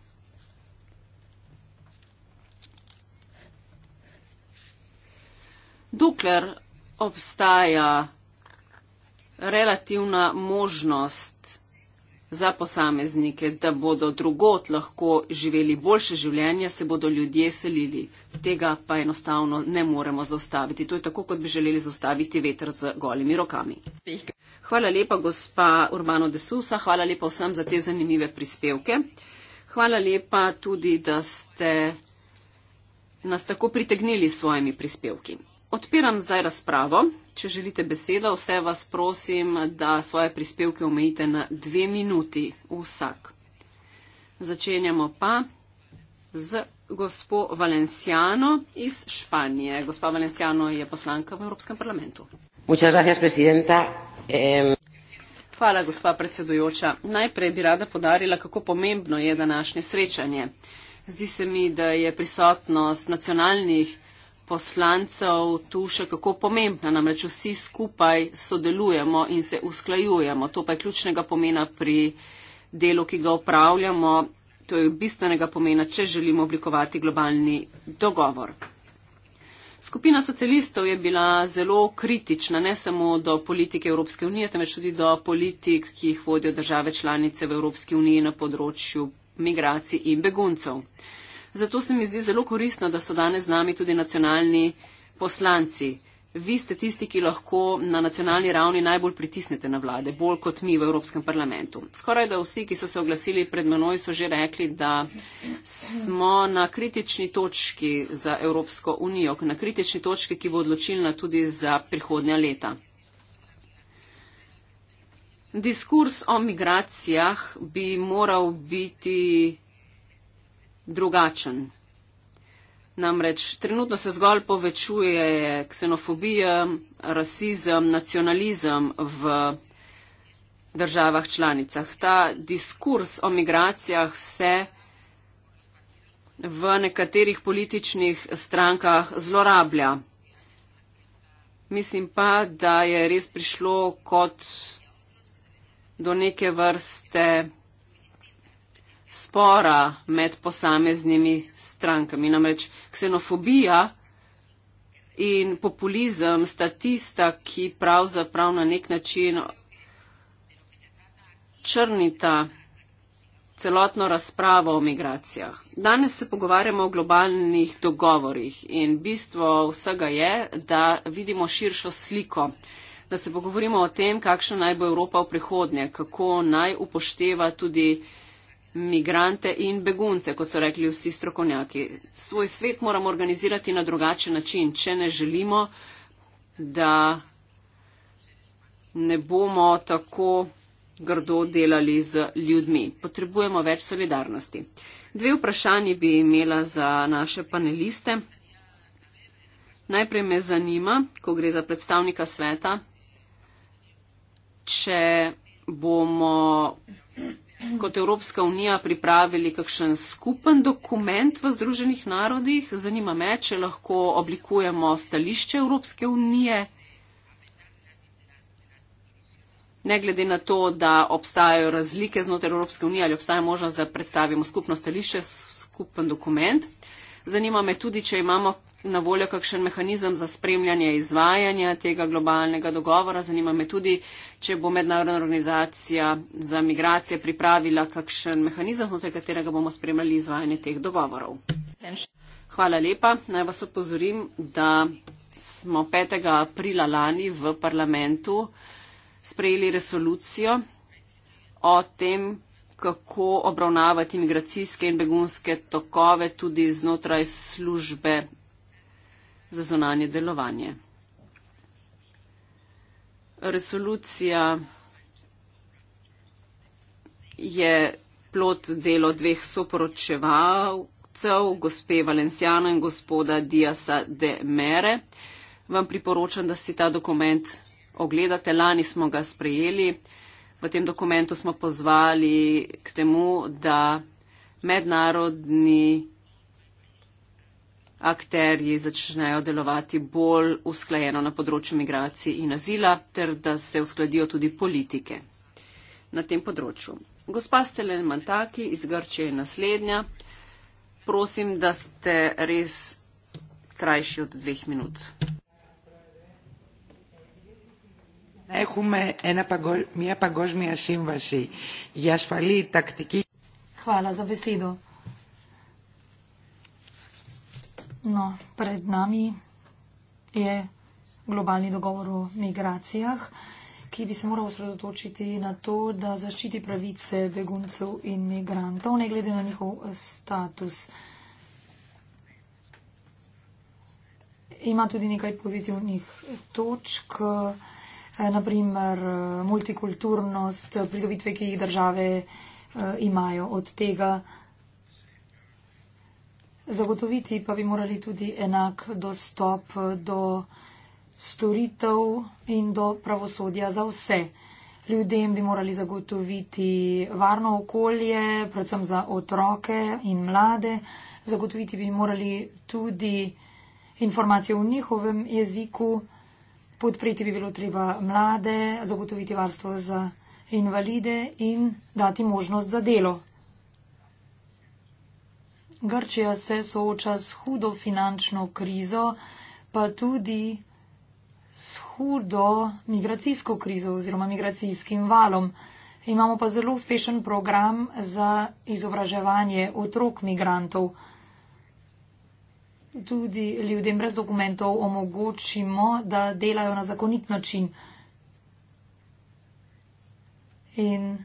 Dokler obstaja relativna možnost za posameznike, da bodo drugot lahko živeli boljše življenje, se bodo ljudje selili. Tega pa enostavno ne moremo zaustaviti. To je tako, kot bi želeli zaustaviti veter z golimi rokami. Hvala lepa, gospa Urbano de Susa, hvala lepa vsem za te zanimive prispevke. Hvala lepa tudi, da ste nas tako pritegnili s svojimi prispevki. Odpiram zdaj razpravo če želite besedo, vse vas prosim, da svoje prispevke omejite na dve minuti vsak. Začenjamo pa z gospo Valenciano iz Španije. Gospa Valenciano je poslanka v Evropskem parlamentu. Hvala, gospa predsedujoča. Najprej bi rada podarila, kako pomembno je današnje srečanje. Zdi se mi, da je prisotnost nacionalnih poslancev tu še kako pomembna. Namreč vsi skupaj sodelujemo in se usklajujemo. To pa je ključnega pomena pri delu, ki ga upravljamo. To je bistvenega pomena, če želimo oblikovati globalni dogovor. Skupina socialistov je bila zelo kritična ne samo do politike Evropske unije, temveč tudi do politik, ki jih vodijo države članice v Evropski uniji na področju migracij in beguncev. Zato se mi zdi zelo koristno, da so danes z nami tudi nacionalni poslanci. Vi ste tisti, ki lahko na nacionalni ravni najbolj pritisnete na vlade, bolj kot mi v Evropskem parlamentu. Skoraj da vsi, ki so se oglasili pred menoj, so že rekli, da smo na kritični točki za Evropsko unijo, na kritični točki, ki bo odločilna tudi za prihodnja leta. Diskurs o migracijah bi moral biti drugačen. Namreč trenutno se zgolj povečuje ksenofobija, rasizem, nacionalizem v državah članicah. Ta diskurs o migracijah se v nekaterih političnih strankah zlorablja. Mislim pa, da je res prišlo kot do neke vrste spora med posameznimi strankami. Namreč ksenofobija in populizem sta tista, ki pravzaprav na nek način črnita celotno razpravo o migracijah. Danes se pogovarjamo o globalnih dogovorih in bistvo vsega je, da vidimo širšo sliko, da se pogovorimo o tem, kakšna naj bo Evropa v prihodnje, kako naj upošteva tudi migrante in begunce, kot so rekli vsi strokovnjaki. Svoj svet moramo organizirati na drugačen način, če ne želimo, da ne bomo tako grdo delali z ljudmi. Potrebujemo več solidarnosti. Dve vprašanji bi imela za naše paneliste. Najprej me zanima, ko gre za predstavnika sveta, če bomo kot Evropska unija pripravili kakšen skupen dokument v Združenih narodih? Zanima me, če lahko oblikujemo stališče Evropske unije. Ne glede na to, da obstajajo razlike znotraj Evropske unije ali obstaja možnost, da predstavimo skupno stališče, skupen dokument. Zanima me tudi, če imamo na voljo kakšen mehanizem za spremljanje izvajanja tega globalnega dogovora. Zanima me tudi, če bo mednarodna organizacija za migracije pripravila kakšen mehanizem, znotraj katerega bomo spremljali izvajanje teh dogovorov. Hvala lepa. Naj vas opozorim, da smo 5. aprila lani v parlamentu sprejeli resolucijo o tem, kako obravnavati migracijske in begunske tokove tudi znotraj službe za zonanje delovanje. Resolucija je plot delo dveh soporočevalcev, gospe Valenciano in gospoda Diasa de Mere. Vam priporočam, da si ta dokument ogledate. Lani smo ga sprejeli v tem dokumentu smo pozvali k temu, da mednarodni akterji začnejo delovati bolj usklajeno na področju migracij in azila, ter da se uskladijo tudi politike na tem področju. Gospa Stelen Mantaki iz Grče je naslednja. Prosim, da ste res krajši od dveh minut. Έχουμε ένα παγκο... μια παγκόσμια σύμβαση για ασφαλή τακτική. Χάλα, за besedo. No, pred nami je globalni dogovor o migracijah, ki bi se moral osredotočiti na to, da zaščiti pravice beguncev in migrantov, ne glede na njihov eh, status. Ima tudi nekaj pozitivnih točk. Eh, naprimer eh, multikulturnost, pridobitve, ki jih države eh, imajo od tega. Zagotoviti pa bi morali tudi enak dostop do storitev in do pravosodja za vse. Ljudem bi morali zagotoviti varno okolje, predvsem za otroke in mlade. Zagotoviti bi morali tudi informacije v njihovem jeziku podpreti bi bilo treba mlade, zagotoviti varstvo za invalide in dati možnost za delo. Grčija se sooča s hudo finančno krizo, pa tudi s hudo migracijsko krizo oziroma migracijskim valom. Imamo pa zelo uspešen program za izobraževanje otrok migrantov tudi ljudem brez dokumentov omogočimo, da delajo na zakonit način. In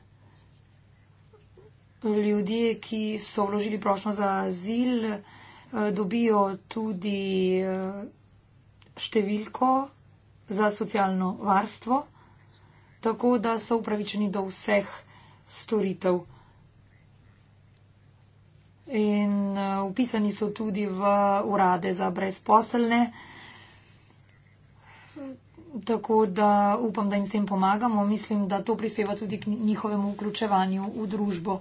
ljudje, ki so vložili prošlo za azil, eh, dobijo tudi eh, številko za socialno varstvo, tako da so upravičeni do vseh storitev in upisani eh, so tudi v urade za brezposelne. Tako da upam, da jim s tem pomagamo. Mislim, da to prispeva tudi k njihovemu vključevanju v družbo.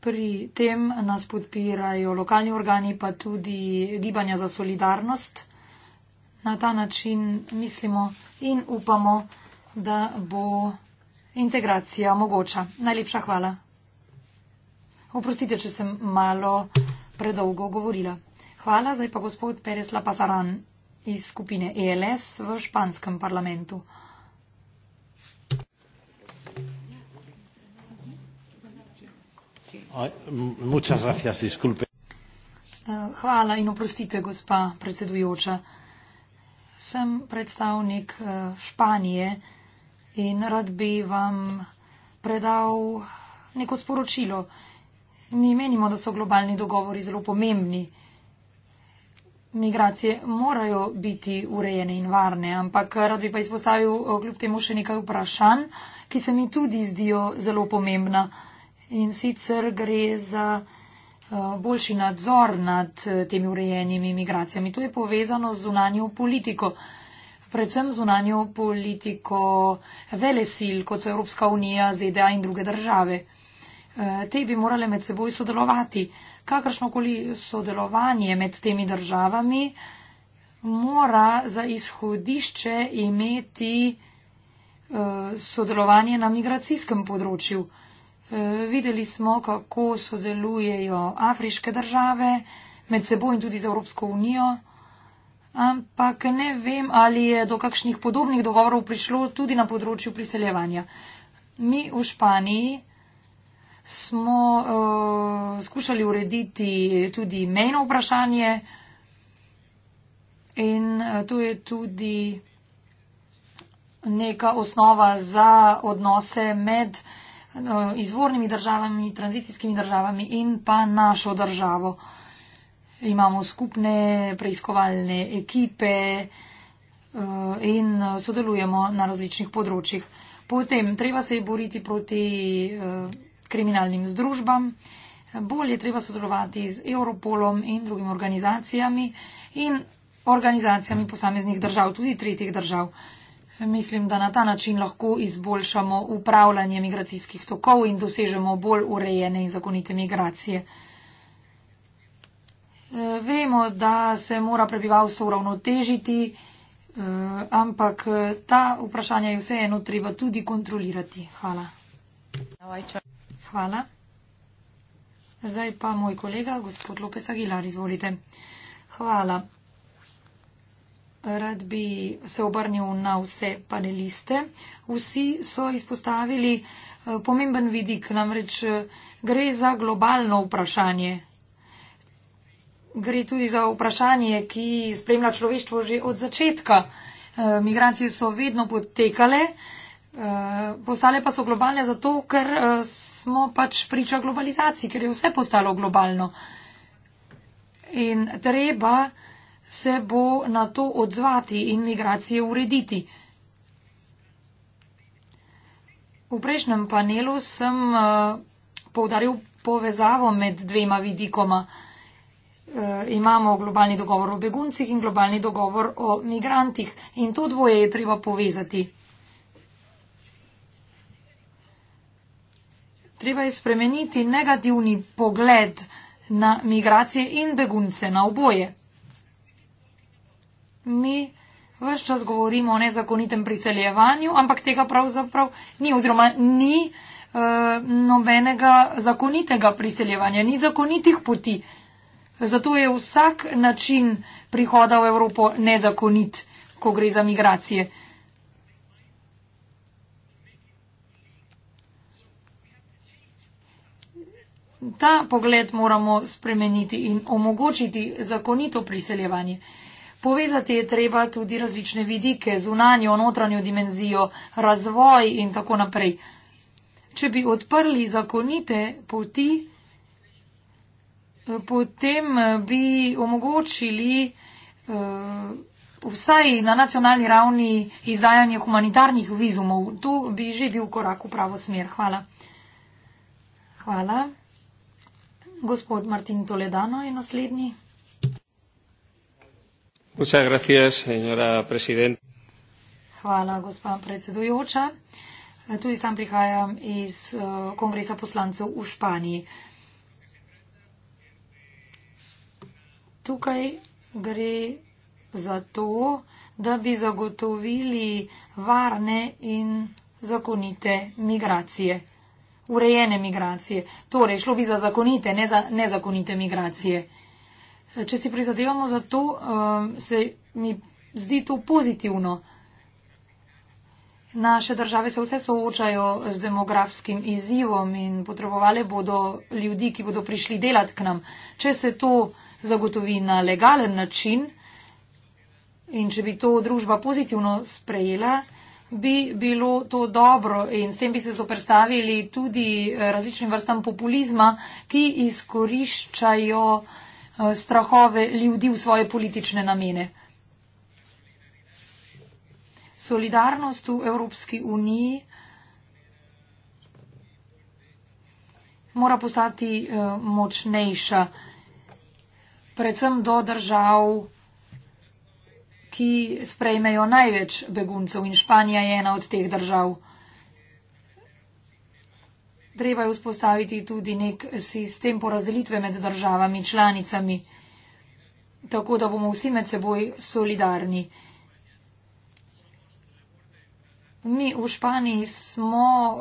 Pri tem nas podpirajo lokalni organi, pa tudi gibanja za solidarnost. Na ta način mislimo in upamo, da bo integracija mogoča. Najlepša hvala. Oprostite, če sem malo predolgo govorila. Hvala, zdaj pa gospod Perez Lapasaran iz skupine ELS v španskem parlamentu. Eh, hvala in oprostite, gospa predsedujoča. Sem predstavnik eh, Španije in rad bi vam predal neko sporočilo. Mi menimo, da so globalni dogovori zelo pomembni. Migracije morajo biti urejene in varne, ampak rad bi pa izpostavil eh, kljub temu še nekaj vprašanj, ki se mi tudi zdijo zelo pomembna. In sicer gre za eh, boljši nadzor nad eh, temi urejenimi migracijami. To je povezano z zunanjo politiko, predvsem zunanjo politiko velesil, kot so Evropska unija, ZDA in druge države. Eh, te bi morale med seboj sodelovati. Kakršnokoli sodelovanje med temi državami mora za izhodišče imeti eh, sodelovanje na migracijskem področju. Eh, videli smo, kako sodelujejo afriške države med seboj in tudi z Evropsko unijo, ampak ne vem, ali je do kakšnih podobnih dogovorov prišlo tudi na področju priseljevanja. Mi v Španiji smo uh, skušali urediti tudi mejno vprašanje in uh, to je tudi neka osnova za odnose med uh, izvornimi državami, tranzicijskimi državami in pa našo državo. Imamo skupne preiskovalne ekipe uh, in sodelujemo na različnih področjih. Potem treba se je boriti proti. Uh, kriminalnim združbam. Bolje je treba sodelovati z Europolom in drugimi organizacijami in organizacijami posameznih držav, tudi tretjih držav. Mislim, da na ta način lahko izboljšamo upravljanje migracijskih tokov in dosežemo bolj urejene in zakonite migracije. Vemo, da se mora prebivalstvo uravnotežiti, ampak ta vprašanja je vseeno treba tudi kontrolirati. Hvala. No, Hvala. Zdaj pa moj kolega, gospod Lopes Aguilar, izvolite. Hvala. Rad bi se obrnil na vse paneliste. Vsi so izpostavili eh, pomemben vidik, namreč eh, gre za globalno vprašanje. Gre tudi za vprašanje, ki spremlja človeštvo že od začetka. Eh, Migracije so vedno potekale. Eh, postale pa so globalne zato, ker eh, smo pač priča globalizaciji, ker je vse postalo globalno. In treba se bo na to odzvati in migracije urediti. V prejšnjem panelu sem eh, povdaril povezavo med dvema vidikoma. Imamo globalni dogovor o beguncih in globalni dogovor o migrantih. In to dvoje je treba povezati. Treba je spremeniti negativni pogled na migracije in begunce, na oboje. Mi vse čas govorimo o nezakonitem priseljevanju, ampak tega pravzaprav ni oziroma ni uh, nobenega zakonitega priseljevanja, ni zakonitih poti. Zato je vsak način prihoda v Evropo nezakonit, ko gre za migracije. ta pogled moramo spremeniti in omogočiti zakonito priseljevanje. Povezati je treba tudi različne vidike, zunanjo, notranjo dimenzijo, razvoj in tako naprej. Če bi odprli zakonite poti, eh, potem eh, bi omogočili eh, vsaj na nacionalni ravni izdajanje humanitarnih vizumov. To bi že bil korak v pravo smer. Hvala. Hvala. Gospod Martin Toledano je naslednji. Hvala, gospa predsedujoča. Tudi sam prihajam iz eh, kongresa poslancev v Španiji. Tukaj gre za to, da bi zagotovili varne in zakonite migracije urejene migracije. Torej, šlo bi za zakonite, ne za nezakonite migracije. Če si prizadevamo za to, um, se mi zdi to pozitivno. Naše države se vse soočajo z demografskim izzivom in potrebovali bodo ljudi, ki bodo prišli delati k nam. Če se to zagotovi na legalen način in če bi to družba pozitivno sprejela, bi bilo to dobro in s tem bi se zoprstavili tudi eh, različnim vrstam populizma, ki izkoriščajo eh, strahove ljudi v svoje politične namene. Solidarnost v Evropski uniji mora postati eh, močnejša, predvsem do držav, ki sprejmejo največ beguncev in Španija je ena od teh držav. Treba je vzpostaviti tudi nek sistem porazdelitve med državami članicami, tako da bomo vsi med seboj solidarni. Mi v Španiji smo uh,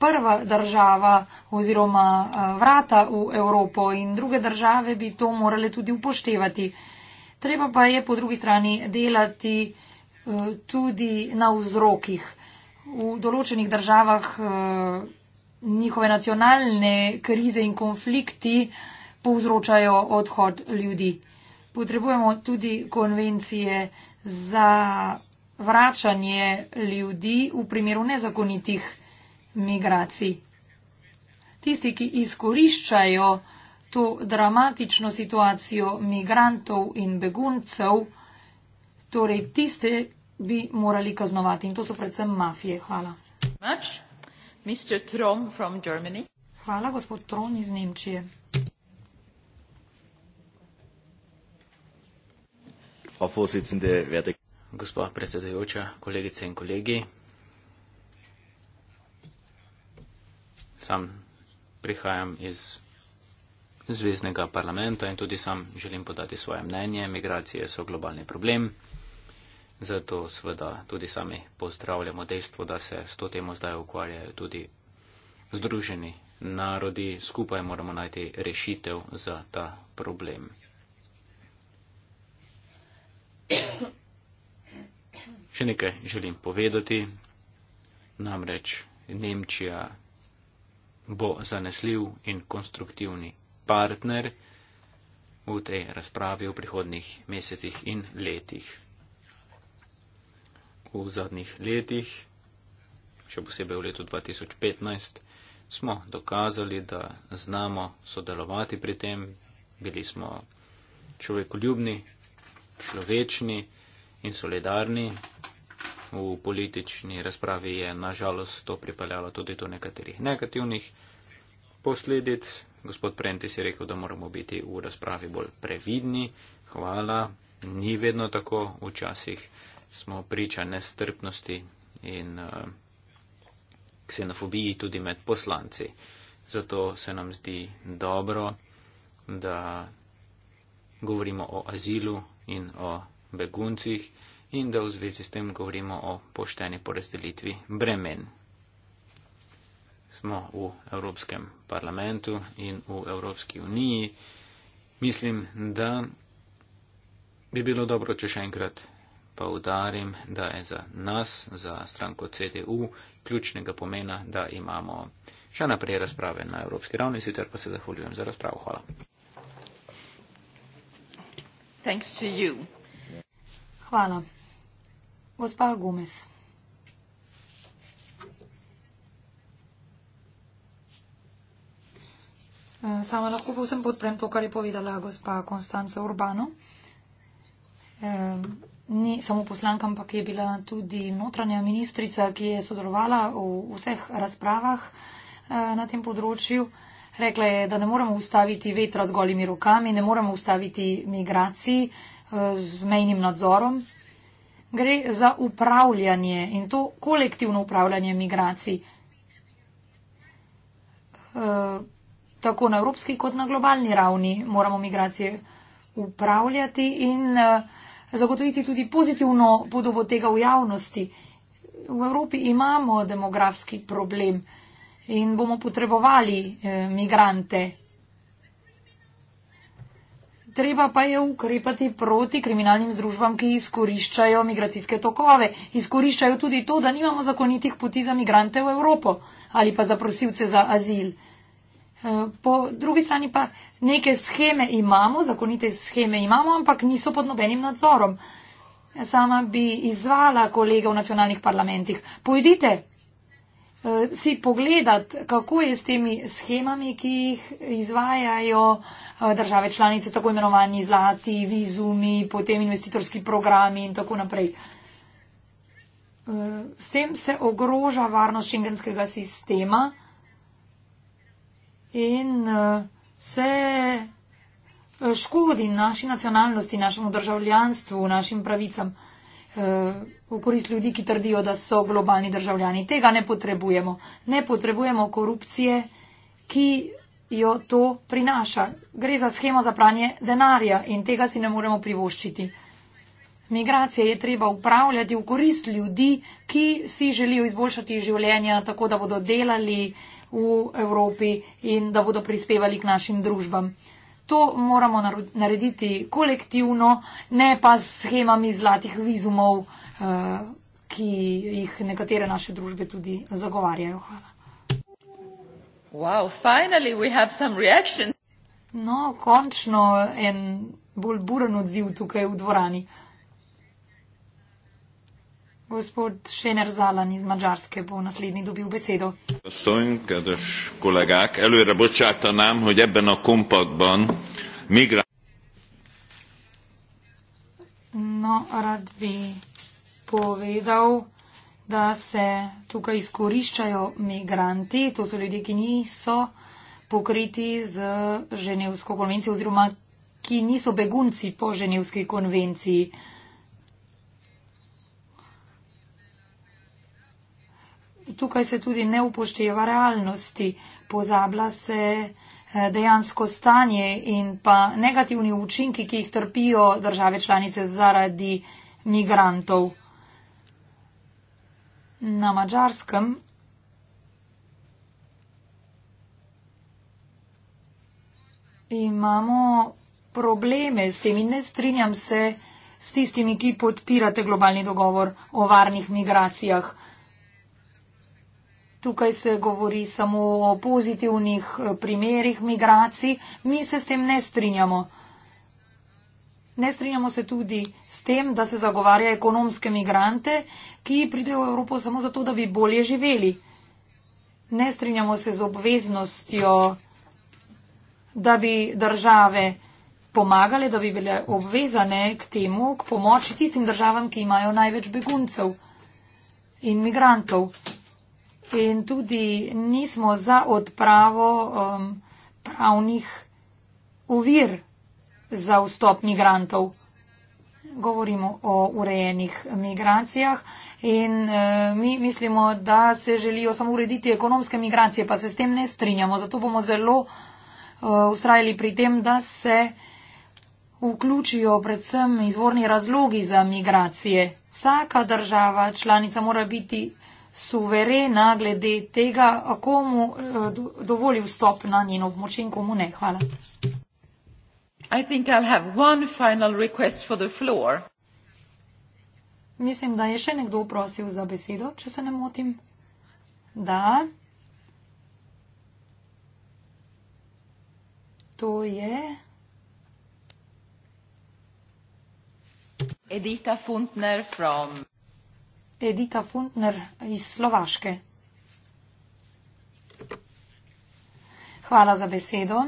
prva država oziroma uh, vrata v Evropo in druge države bi to morale tudi upoštevati. Uh, Treba pa je po drugi strani delati eh, tudi na vzrokih. V določenih državah eh, njihove nacionalne krize in konflikti povzročajo odhod ljudi. Potrebujemo tudi konvencije za vračanje ljudi v primeru nezakonitih migracij. Tisti, ki izkoriščajo to dramatično situacijo migrantov in beguncev, torej tiste bi morali kaznovati in to so predvsem mafije. Hvala. Hvala, gospod Tron iz Nemčije. Gospa predsedujoča, kolegice in kolegi, sam prihajam iz Zvezdnega parlamenta in tudi sam želim podati svoje mnenje. Migracije so globalni problem, zato seveda tudi sami pozdravljamo dejstvo, da se s to temo zdaj ukvarjajo tudi združeni narodi. Skupaj moramo najti rešitev za ta problem. Še nekaj želim povedati. Namreč Nemčija bo zanesljiv in konstruktivni partner v tej razpravi v prihodnih mesecih in letih. V zadnjih letih, še posebej v letu 2015, smo dokazali, da znamo sodelovati pri tem, bili smo človekoljubni, človečni in solidarni. V politični razpravi je nažalost to pripeljalo tudi do nekaterih negativnih posledic, gospod Prentis je rekel, da moramo biti v razpravi bolj previdni. Hvala, ni vedno tako, včasih smo priča nestrpnosti in uh, ksenofobiji tudi med poslanci. Zato se nam zdi dobro, da govorimo o azilu in o beguncih in da v zvezi s tem govorimo o pošteni porazdelitvi bremen smo v Evropskem parlamentu in v Evropski uniji, mislim, da bi bilo dobro, če še enkrat poudarim, da je za nas, za stranko CDU, ključnega pomena, da imamo še naprej razprave na evropski ravni, sicer pa se zahvaljujem za razpravo. Hvala. Hvala. Gospa Gomez. Eh, sama lahko povsem podprem to, kar je povedala gospa Konstanca Urbano. Eh, ni samo poslanka, ampak je bila tudi notranja ministrica, ki je sodelovala v vseh razpravah eh, na tem področju. Rekla je, da ne moramo ustaviti vetra z golimi rokami, ne moramo ustaviti migracij z mejnim nadzorom. Gre za upravljanje in to kolektivno upravljanje migracij tako na evropski kot na globalni ravni moramo migracije upravljati in eh, zagotoviti tudi pozitivno podobo tega v javnosti. V Evropi imamo demografski problem in bomo potrebovali eh, migrante. Treba pa je ukrepati proti kriminalnim združbam, ki izkoriščajo migracijske tokove. Izkoriščajo tudi to, da nimamo zakonitih poti za migrante v Evropo ali pa za prosilce za azil. Eh, po drugi strani pa neke scheme imamo, zakonite scheme imamo, ampak niso pod nobenim nadzorom. Sama bi izvala kolega v nacionalnih parlamentih. Pojdite eh, si pogledati, kako je s temi schemami, ki jih izvajajo eh, države članice, tako imenovani zlati, vizumi, potem investitorski programi in tako naprej. S tem se ogroža varnost šengenskega sistema in eh, se eh, škodi naši nacionalnosti, našemu državljanstvu, našim pravicam eh, v korist ljudi, ki trdijo, da so globalni državljani. Tega ne potrebujemo. Ne potrebujemo korupcije, ki jo to prinaša. Gre za schemo za pranje denarja in tega si ne moremo privoščiti. Migracije je treba upravljati v korist ljudi, ki si želijo izboljšati življenja tako, da bodo delali v Evropi in da bodo prispevali k našim družbam. To moramo narediti kolektivno, ne pa s schemami zlatih vizumov, eh, ki jih nekatere naše družbe tudi zagovarjajo. Hvala. Wow, finally we have some reaction. No, končno en bolj buren odziv tukaj v dvorani. Gospod Šener Zalan iz Mačarske bo naslednji dobil besedo. Köszönöm, kedves kollégák! Előre bocsátanám, hogy ebben a kompaktban migrá... No, rad bi povedal, da se tukaj izkoriščajo migranti, to so ljudje, ki niso pokriti z Ženevsko konvencijo oziroma ki niso begunci po Ženevski konvenciji. tukaj se tudi ne upošteva realnosti, pozablja se eh, dejansko stanje in pa negativni učinki, ki jih trpijo države članice zaradi migrantov. Na mačarskem imamo probleme s tem in ne strinjam se s tistimi, ki podpirate globalni dogovor o varnih migracijah. Tukaj se govori samo o pozitivnih eh, primerih migracij. Mi se s tem ne strinjamo. Ne strinjamo se tudi s tem, da se zagovarja ekonomske migrante, ki pridejo v Evropo samo zato, da bi bolje živeli. Ne strinjamo se z obveznostjo, da bi države pomagale, da bi bile obvezane k temu, k pomoči tistim državam, ki imajo največ beguncev in migrantov in tudi nismo za odpravo um, pravnih uvir za vstop migrantov. Govorimo o urejenih migracijah in e, mi mislimo, da se želijo samo urediti ekonomske migracije, pa se s tem ne strinjamo. Zato bomo zelo e, eh, ustrajali pri tem, da se vključijo predvsem izvorni razlogi za migracije. Vsaka država članica mora biti suverena glede tega, komu eh, dovoli vstop na njeno območje in komu ne. Hvala. Mislim, da je še nekdo prosil za besedo, če se ne motim. Da. To je. Edita Funtner from. Edita Funtner iz Slovaške. Hvala za besedo.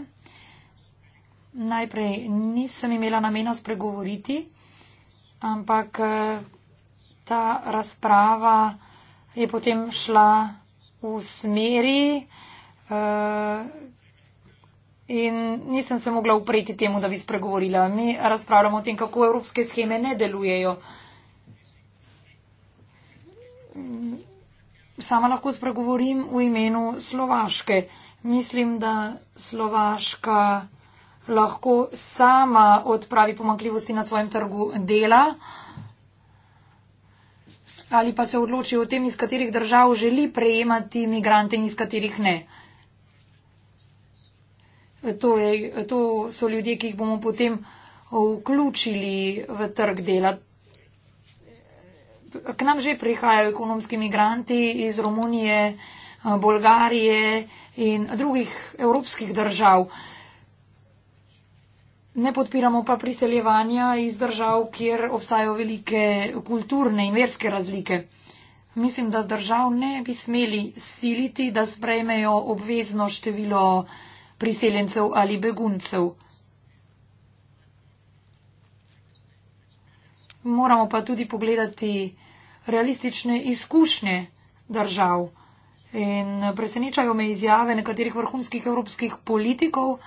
Najprej nisem imela namena spregovoriti, ampak eh, ta razprava je potem šla v smeri eh, in nisem se mogla upreti temu, da bi spregovorila. Mi razpravljamo o tem, kako evropske scheme ne delujejo. Mm, sama lahko spregovorim v imenu Slovaške. Mislim, da Slovaška lahko sama odpravi pomankljivosti na svojem trgu dela ali pa se odloči o tem, iz katerih držav želi prejemati imigrante in iz katerih ne. Torej, to so ljudje, ki jih bomo potem vključili v trg dela k nam že prihajajo ekonomski migranti iz Romunije, eh, Bolgarije in drugih evropskih držav. Ne podpiramo pa priseljevanja iz držav, kjer obstajajo velike kulturne in verske razlike. Mislim, da držav ne bi smeli siliti, da sprejmejo obvezno število priseljencev ali beguncev. Moramo pa tudi pogledati realistične izkušnje držav. In presenečajo me izjave nekaterih vrhunskih evropskih politikov,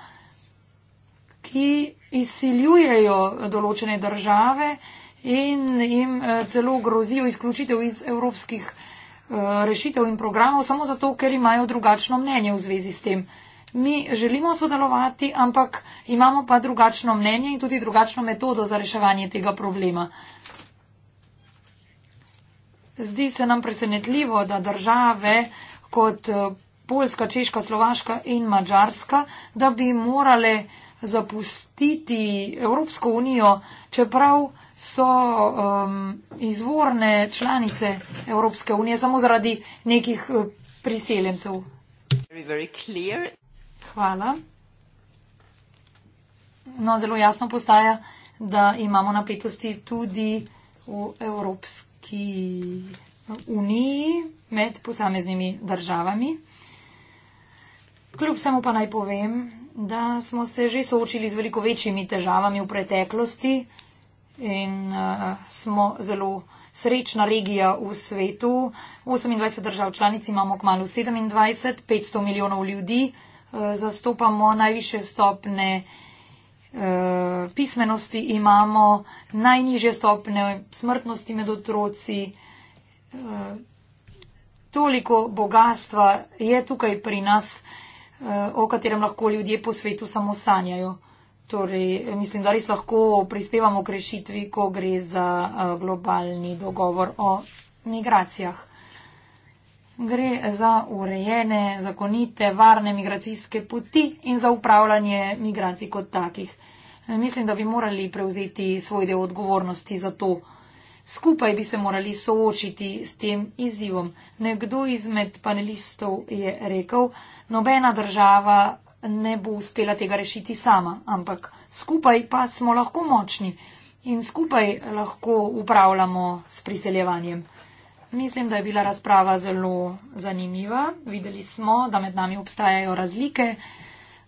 ki izsiljujejo določene države in jim eh, celo grozijo izključitev iz evropskih eh, rešitev in programov samo zato, ker imajo drugačno mnenje v zvezi s tem mi želimo sodelovati, ampak imamo pa drugačno mnenje in tudi drugačno metodo za reševanje tega problema. Zdi se nam presenetljivo, da države kot eh, Poljska, Češka, Slovaška in Mačarska, da bi morale zapustiti Evropsko unijo, čeprav so um, izvorne članice Evropske unije samo zaradi nekih eh, priseljencev. Hvala. No, zelo jasno postaja, da imamo napetosti tudi v Evropski uniji med posameznimi državami. Kljub vsemu pa naj povem, da smo se že soočili z veliko večjimi težavami v preteklosti in uh, smo zelo srečna regija v svetu. 28 držav članic imamo k malu 27, 500 milijonov ljudi. Eh, zastopamo najviše stopne eh, pismenosti, imamo najnižje stopne smrtnosti med otroci. Eh, toliko bogatstva je tukaj pri nas, o katerem lahko ljudje po svetu samo sanjajo. Torej, mislim, da res lahko prispevamo k rešitvi, ko gre za globalni dogovor o migracijah. Gre za urejene, zakonite, varne migracijske poti in za upravljanje migracij kot takih. Mislim, da bi morali prevzeti svoj del odgovornosti za to. Skupaj bi se morali soočiti s tem izzivom. Nekdo izmed panelistov je rekel, nobena država ne bo uspela tega rešiti sama, ampak skupaj pa smo lahko močni in skupaj lahko upravljamo s priseljevanjem. Mislim, da je bila razprava zelo zanimiva. Videli smo, da med nami obstajajo razlike.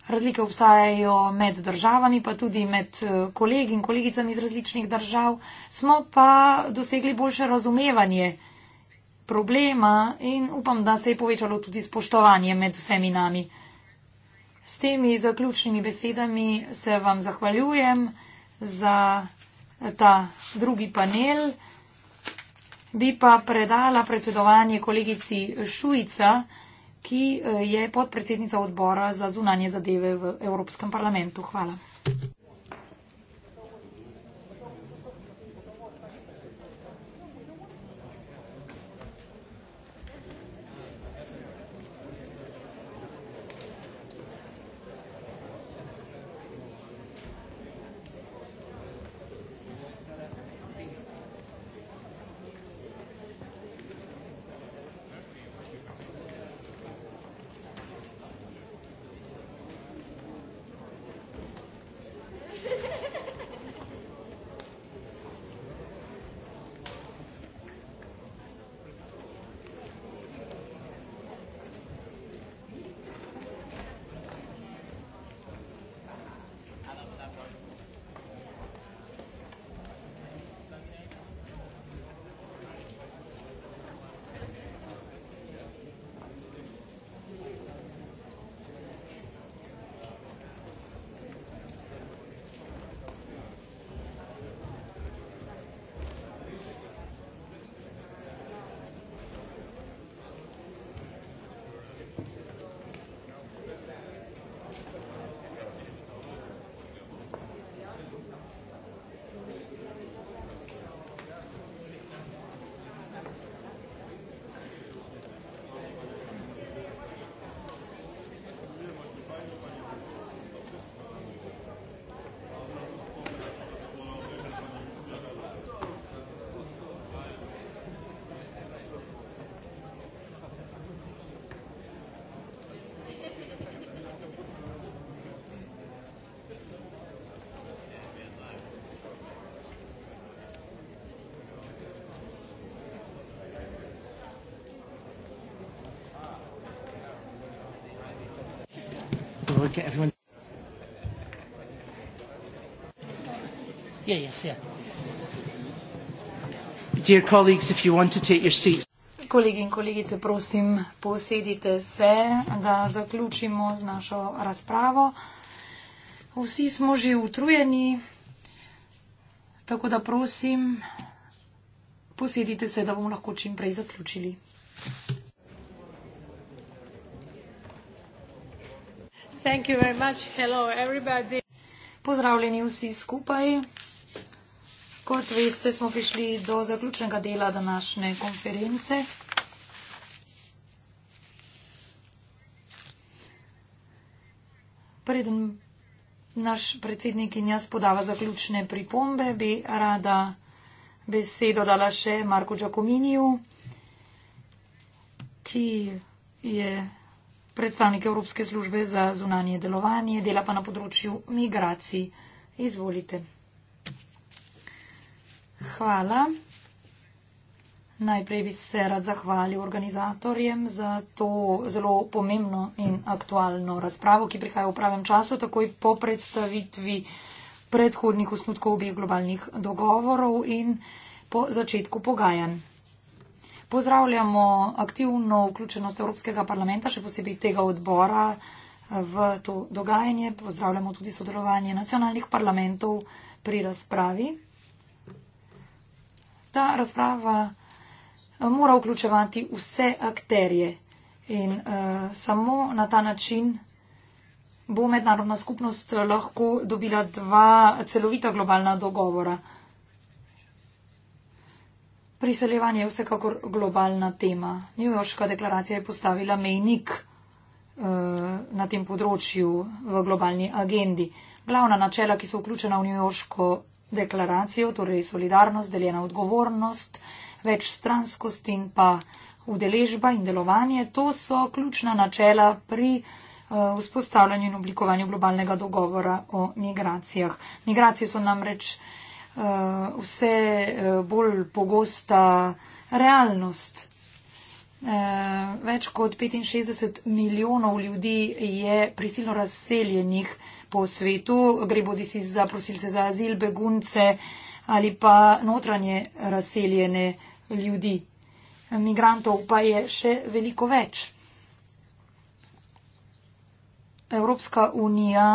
Razlike obstajajo med državami, pa tudi med eh, kolegi in kolegicami iz različnih držav. Smo pa dosegli boljše razumevanje problema in upam, da se je povečalo tudi spoštovanje med vsemi nami. S temi zaključnimi besedami se vam zahvaljujem za ta drugi panel bi pa predala predsedovanje kolegici Šujica, ki eh, je podpredsednica odbora za zunanje zadeve v Evropskem parlamentu. Hvala. we get everyone. Yeah, yes, yeah. Dear colleagues, if you want to take your seats. Kolegi in kolegice, prosim, posedite se, da zaključimo z našo razpravo. Vsi smo že utrujeni, tako da prosim, posedite se, da bomo lahko čim prej zaključili. Thank you very much. Hello, everybody. Pozdravljeni vsi skupaj. Kot veste, smo prišli do zaključnega dela današnje konference. Preden naš predsednik in jaz podava zaključne pripombe, bi rada besedo dala še Marko Giacominiju, ki je predstavnik Evropske službe za zunanje delovanje, dela pa na področju migracij. Izvolite. Hvala. Najprej bi se rad zahvalil organizatorjem za to zelo pomembno in aktualno razpravo, ki prihaja v pravem času, takoj po predstavitvi predhodnih osnutkov obih globalnih dogovorov in po začetku pogajanj. Pozdravljamo aktivno vključenost Evropskega parlamenta, še posebej tega odbora v to dogajanje. Pozdravljamo tudi sodelovanje nacionalnih parlamentov pri razpravi. Ta razprava eh, mora vključevati vse akterje in uh, samo na ta način bo mednarodna skupnost eh, lahko dobila dva celovita globalna dogovora. Priseljevanje je vsekakor globalna tema. New Yorkska deklaracija je postavila mejnik eh, na tem področju v globalni agendi. Glavna načela, ki so vključena v New Yorkško deklaracijo, torej solidarnost, deljena odgovornost, večstranskost in pa udeležba in delovanje, to so ključna načela pri eh, vzpostavljanju in oblikovanju globalnega dogovora o migracijah. Migracije so namreč. Eh, vse eh, bolj pogosta realnost. Eh, več kot 65 milijonov ljudi je prisilno razseljenih po svetu, gre bodi si za prosilce za azil, begunce ali pa notranje razseljene ljudi. Migrantov pa je še veliko več. Evropska unija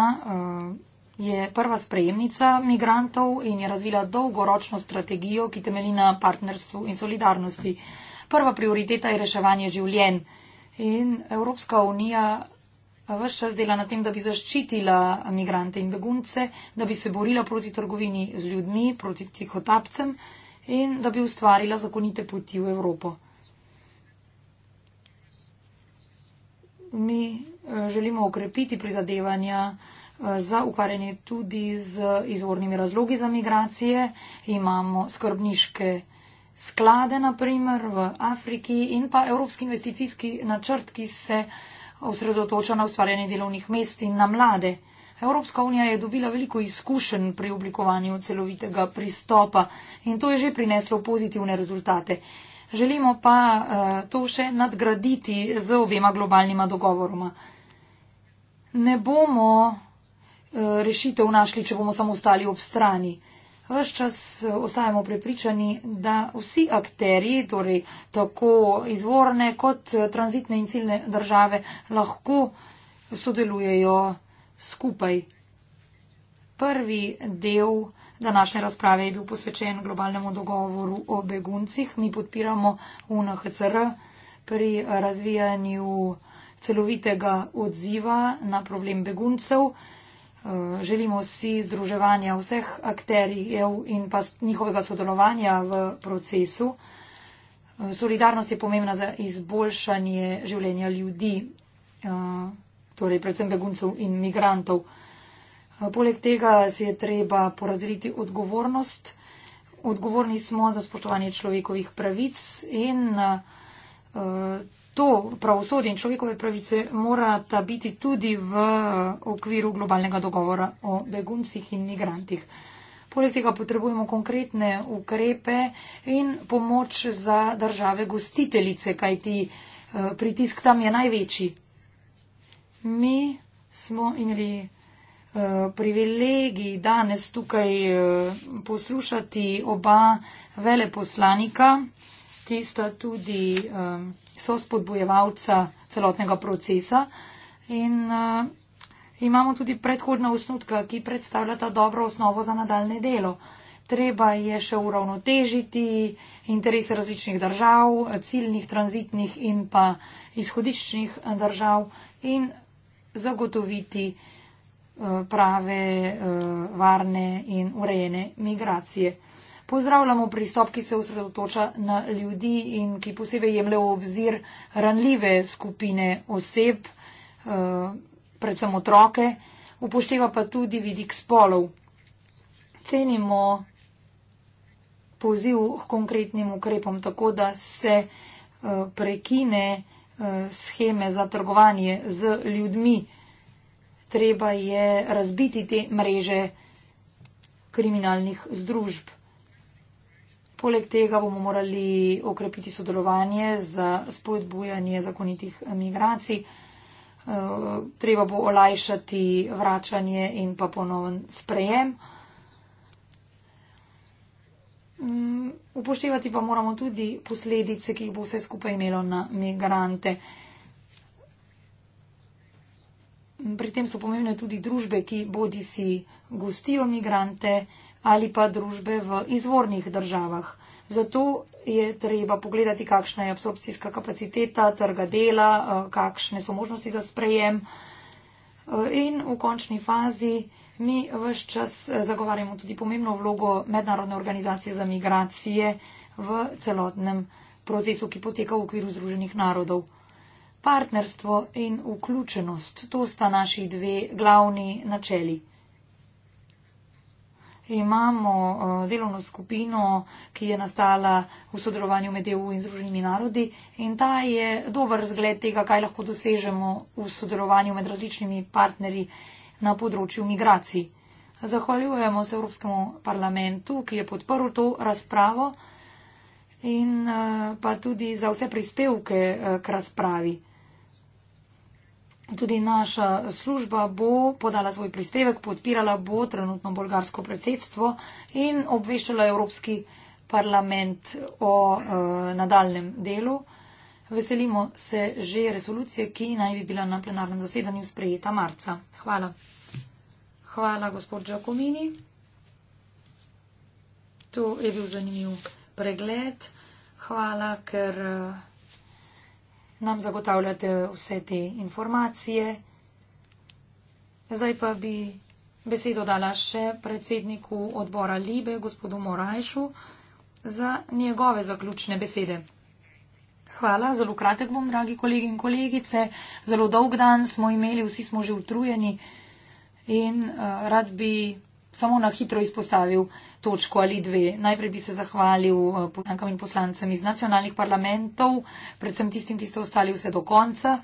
je prva sprejemnica migrantov in je razvila dolgoročno strategijo, ki temelji na partnerstvu in solidarnosti. Prva prioriteta je reševanje življenj in Evropska unija vse čas dela na tem, da bi zaščitila migrante in begunce, da bi se borila proti trgovini z ljudmi, proti tihotapcem in da bi ustvarila zakonite poti v Evropo. Mi eh, želimo okrepiti prizadevanja za ukvarjanje tudi z izvornimi razlogi za migracije. Imamo skrbniške sklade, naprimer v Afriki, in pa Evropski investicijski načrt, ki se osredotoča na ustvarjanje delovnih mest in na mlade. Evropska unija je dobila veliko izkušenj pri oblikovanju celovitega pristopa in to je že prineslo pozitivne rezultate. Želimo pa eh, to še nadgraditi z obema globalnima dogovoroma. Ne bomo Eh, rešitev našli, če bomo samo ostali ob strani. Ves čas eh, ostajamo prepričani, da vsi akteri, torej tako izvorne kot eh, tranzitne in ciljne države, lahko sodelujejo skupaj. Prvi del današnje razprave je bil posvečen globalnemu dogovoru o beguncih. Mi podpiramo UNHCR pri razvijanju celovitega odziva na problem beguncev. Eh, želimo si združevanja vseh akterjev in pa njihovega sodelovanja v procesu. Eh, solidarnost je pomembna za izboljšanje življenja ljudi, eh, torej predvsem beguncev in migrantov. Poleg tega se je treba porazdeliti odgovornost. Odgovorni smo za spoštovanje človekovih pravic in uh, To pravosodje in človekove pravice morata biti tudi v eh, okviru globalnega dogovora o beguncih in migrantih. Poleg tega potrebujemo konkretne ukrepe in pomoč za države gostiteljice, kajti eh, pritisk tam je največji. Mi smo imeli eh, privilegij danes tukaj poslušati oba veleposlanika, ki sta tudi so spodbojevalca celotnega procesa. In uh, imamo tudi predhodna osnutka, ki predstavlja ta dobro osnovo za nadaljne delo. Treba je še uravnotežiti interese različnih držav, ciljnih, tranzitnih in pa izhodiščnih držav in zagotoviti uh, prave, uh, varne in urejene migracije pozdravljamo pristop, ki se usredotoča na ljudi in ki posebej jemlje v obzir ranljive skupine oseb, eh, predvsem otroke, upošteva pa tudi vidik spolov. Cenimo poziv k konkretnim ukrepom tako, da se eh, prekine eh, scheme za trgovanje z ljudmi. Treba je razbiti te mreže kriminalnih združb. Poleg tega bomo morali okrepiti sodelovanje za spodbujanje zakonitih migracij. Eh, treba bo olajšati vračanje in pa ponoven sprejem. Mm, upoštevati pa moramo tudi posledice, ki jih bo vse skupaj imelo na migrante. Pri tem so pomembne tudi družbe, ki bodi si gostijo migrante, ali pa družbe v izvornih državah. Zato je treba pogledati, kakšna je absorpcijska kapaciteta trga dela, eh, kakšne so možnosti za sprejem. Eh, in v končni fazi mi vse čas eh, zagovarjamo tudi pomembno vlogo Mednarodne organizacije za migracije v celotnem procesu, ki poteka v okviru Združenih narodov. Partnerstvo in vključenost, to sta naši dve glavni načeli imamo eh, delovno skupino, ki je nastala v sodelovanju med EU in Združenimi narodi in ta je dober zgled tega, kaj lahko dosežemo v sodelovanju med različnimi partnerji na področju migracij. Zahvaljujemo se Evropskemu parlamentu, ki je podprl to razpravo in eh, pa tudi za vse prispevke eh, k razpravi. Tudi naša služba bo podala svoj prispevek, podpirala bo trenutno bolgarsko predsedstvo in obveščala Evropski parlament o e, nadaljem delu. Veselimo se že resolucije, ki naj bi bila na plenarnem zasedanju sprejeta marca. Hvala. Hvala, gospod Giacomini. To je bil zanimiv pregled. Hvala, ker. E, nam zagotavljate vse te informacije. Zdaj pa bi besedo dala še predsedniku odbora Libe, gospodu Morajšu, za njegove zaključne besede. Hvala, zelo kratek bom, dragi kolegi in kolegice. Zelo dolg dan smo imeli, vsi smo že utrujeni in uh, rad bi samo na hitro izpostavil točko ali dve. Najprej bi se zahvalil eh, poslankam in poslancem iz nacionalnih parlamentov, predvsem tistim, ki ste ostali vse do konca.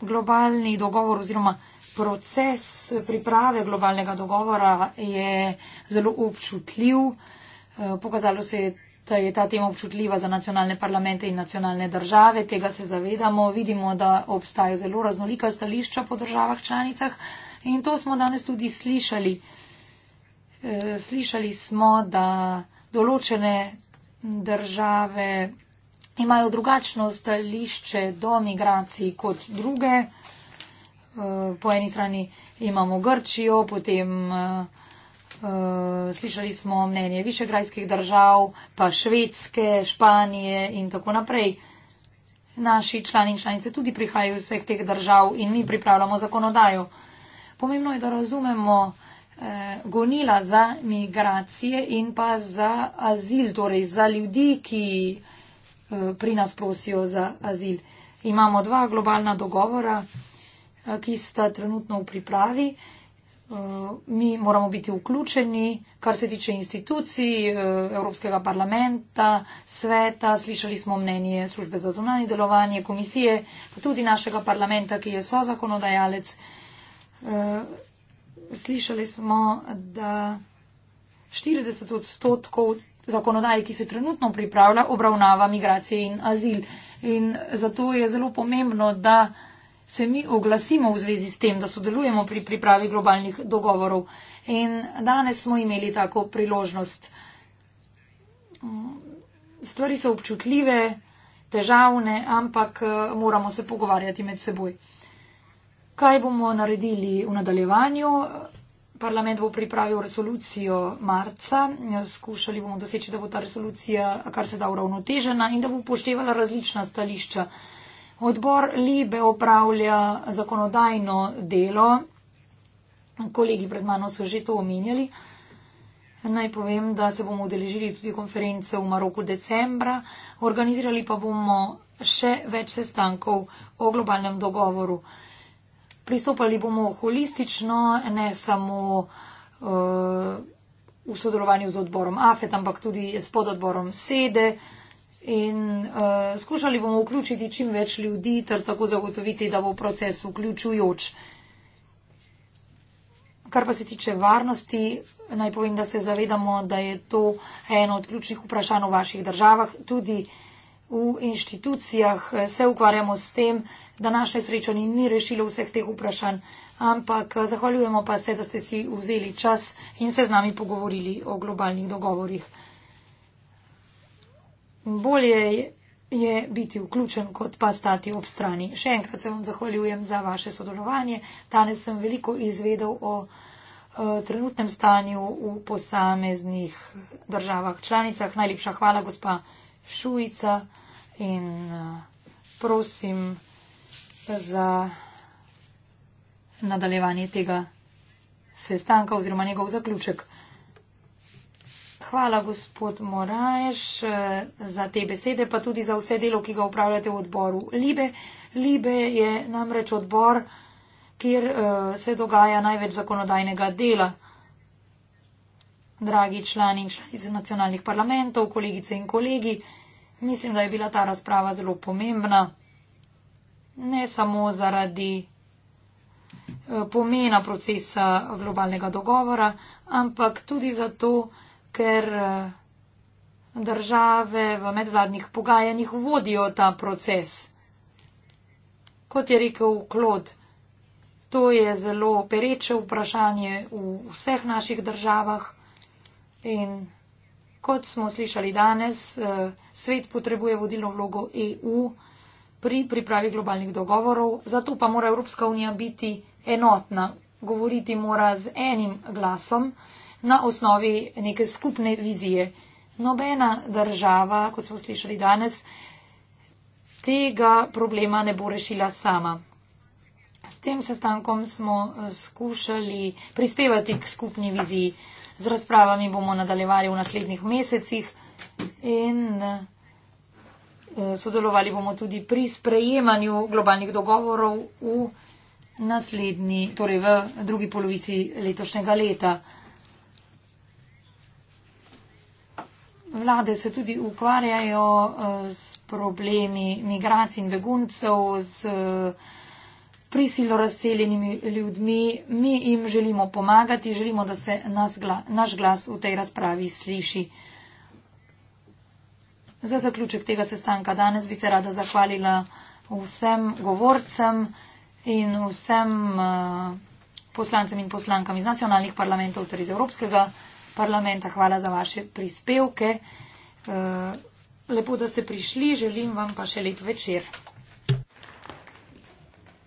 Globalni dogovor oziroma proces priprave globalnega dogovora je zelo občutljiv. Eh, pokazalo se je, da je ta tema občutljiva za nacionalne parlamente in nacionalne države. Tega se zavedamo. Vidimo, da obstajajo zelo raznolika stališča po državah članicah. In to smo danes tudi slišali. E, slišali smo, da določene države imajo drugačno stališče do migracij kot druge. E, po eni strani imamo Grčijo, potem e, slišali smo mnenje višegrajskih držav, pa Švedske, Španije in tako naprej. Naši člani in članice tudi prihajajo iz vseh teh držav in mi pripravljamo zakonodajo. Pomembno je, da razumemo eh, gonila za migracije in pa za azil, torej za ljudi, ki eh, pri nas prosijo za azil. Imamo dva globalna dogovora, eh, ki sta trenutno v pripravi. Eh, mi moramo biti vključeni, kar se tiče institucij eh, Evropskega parlamenta, sveta, slišali smo mnenje službe za zunanje delovanje, komisije, pa tudi našega parlamenta, ki je sozakonodajalec. Uh, slišali smo, da 40 odstotkov zakonodaje, ki se trenutno pripravlja, obravnava migracije in azil. In zato je zelo pomembno, da se mi oglasimo v zvezi s tem, da sodelujemo pri pripravi globalnih dogovorov. In danes smo imeli tako priložnost. Eh, stvari so občutljive, težavne, ampak eh, moramo se pogovarjati med seboj kaj bomo naredili v nadaljevanju. Parlament bo pripravil resolucijo marca, skušali bomo doseči, da bo ta resolucija kar se da uravnotežena in da bo upoštevala različna stališča. Odbor Libe opravlja zakonodajno delo, kolegi pred mano so že to omenjali. Naj povem, da se bomo udeležili tudi konference v Maroku decembra, organizirali pa bomo še več sestankov o globalnem dogovoru pristopali bomo holistično, ne samo uh, v sodelovanju z odborom AFET, ampak tudi s pododborom SEDE in uh, skušali bomo vključiti čim več ljudi ter tako zagotoviti, da bo proces vključujoč. Kar pa se tiče varnosti, naj povem, da se zavedamo, da je to eno od ključnih vprašanj v vaših državah. Tudi v inštitucijah eh, se ukvarjamo s tem, današnje srečanje ni rešilo vseh teh vprašanj, ampak eh, zahvaljujemo pa se, da ste si vzeli čas in se z nami pogovorili o globalnih dogovorih. Bolje je biti vključen, kot pa stati ob strani. Še enkrat se vam zahvaljujem za vaše sodelovanje. Danes sem veliko izvedel o eh, trenutnem stanju v posameznih državah članicah. Najlepša hvala, gospa Šujica. In eh, prosim za nadaljevanje tega sestanka oziroma njegov zaključek. Hvala, gospod Moraješ, za te besede, pa tudi za vse delo, ki ga upravljate v odboru Libe. Libe je namreč odbor, kjer eh, se dogaja največ zakonodajnega dela. Dragi člani in članice nacionalnih parlamentov, kolegice in kolegi, mislim, da je bila ta razprava zelo pomembna ne samo zaradi eh, pomena procesa globalnega dogovora, ampak tudi zato, ker eh, države v medvladnih pogajanjih vodijo ta proces. Kot je rekel Klod, to je zelo pereče vprašanje v vseh naših državah in kot smo slišali danes, eh, svet potrebuje vodilno vlogo EU pri pripravi globalnih dogovorov, zato pa mora Evropska unija biti enotna, govoriti mora z enim glasom na osnovi neke skupne vizije. Nobena država, kot smo slišali danes, tega problema ne bo rešila sama. S tem sestankom smo eh, skušali prispevati k skupni viziji. Z razpravami bomo nadaljevali v naslednjih mesecih in. Eh, sodelovali bomo tudi pri sprejemanju globalnih dogovorov v naslednji, torej v drugi polovici letošnjega leta. Vlade se tudi ukvarjajo eh, s problemi migracij in beguncev, s eh, prisilno razseljenimi ljudmi. Mi jim želimo pomagati, želimo, da se glas, naš glas v tej razpravi sliši. Za zaključek tega sestanka danes bi se rada zahvalila vsem govorcem in vsem eh, poslancem in poslankam iz nacionalnih parlamentov ter iz Evropskega parlamenta. Hvala za vaše prispevke. Eh, lepo, da ste prišli, želim vam pa še lep večer.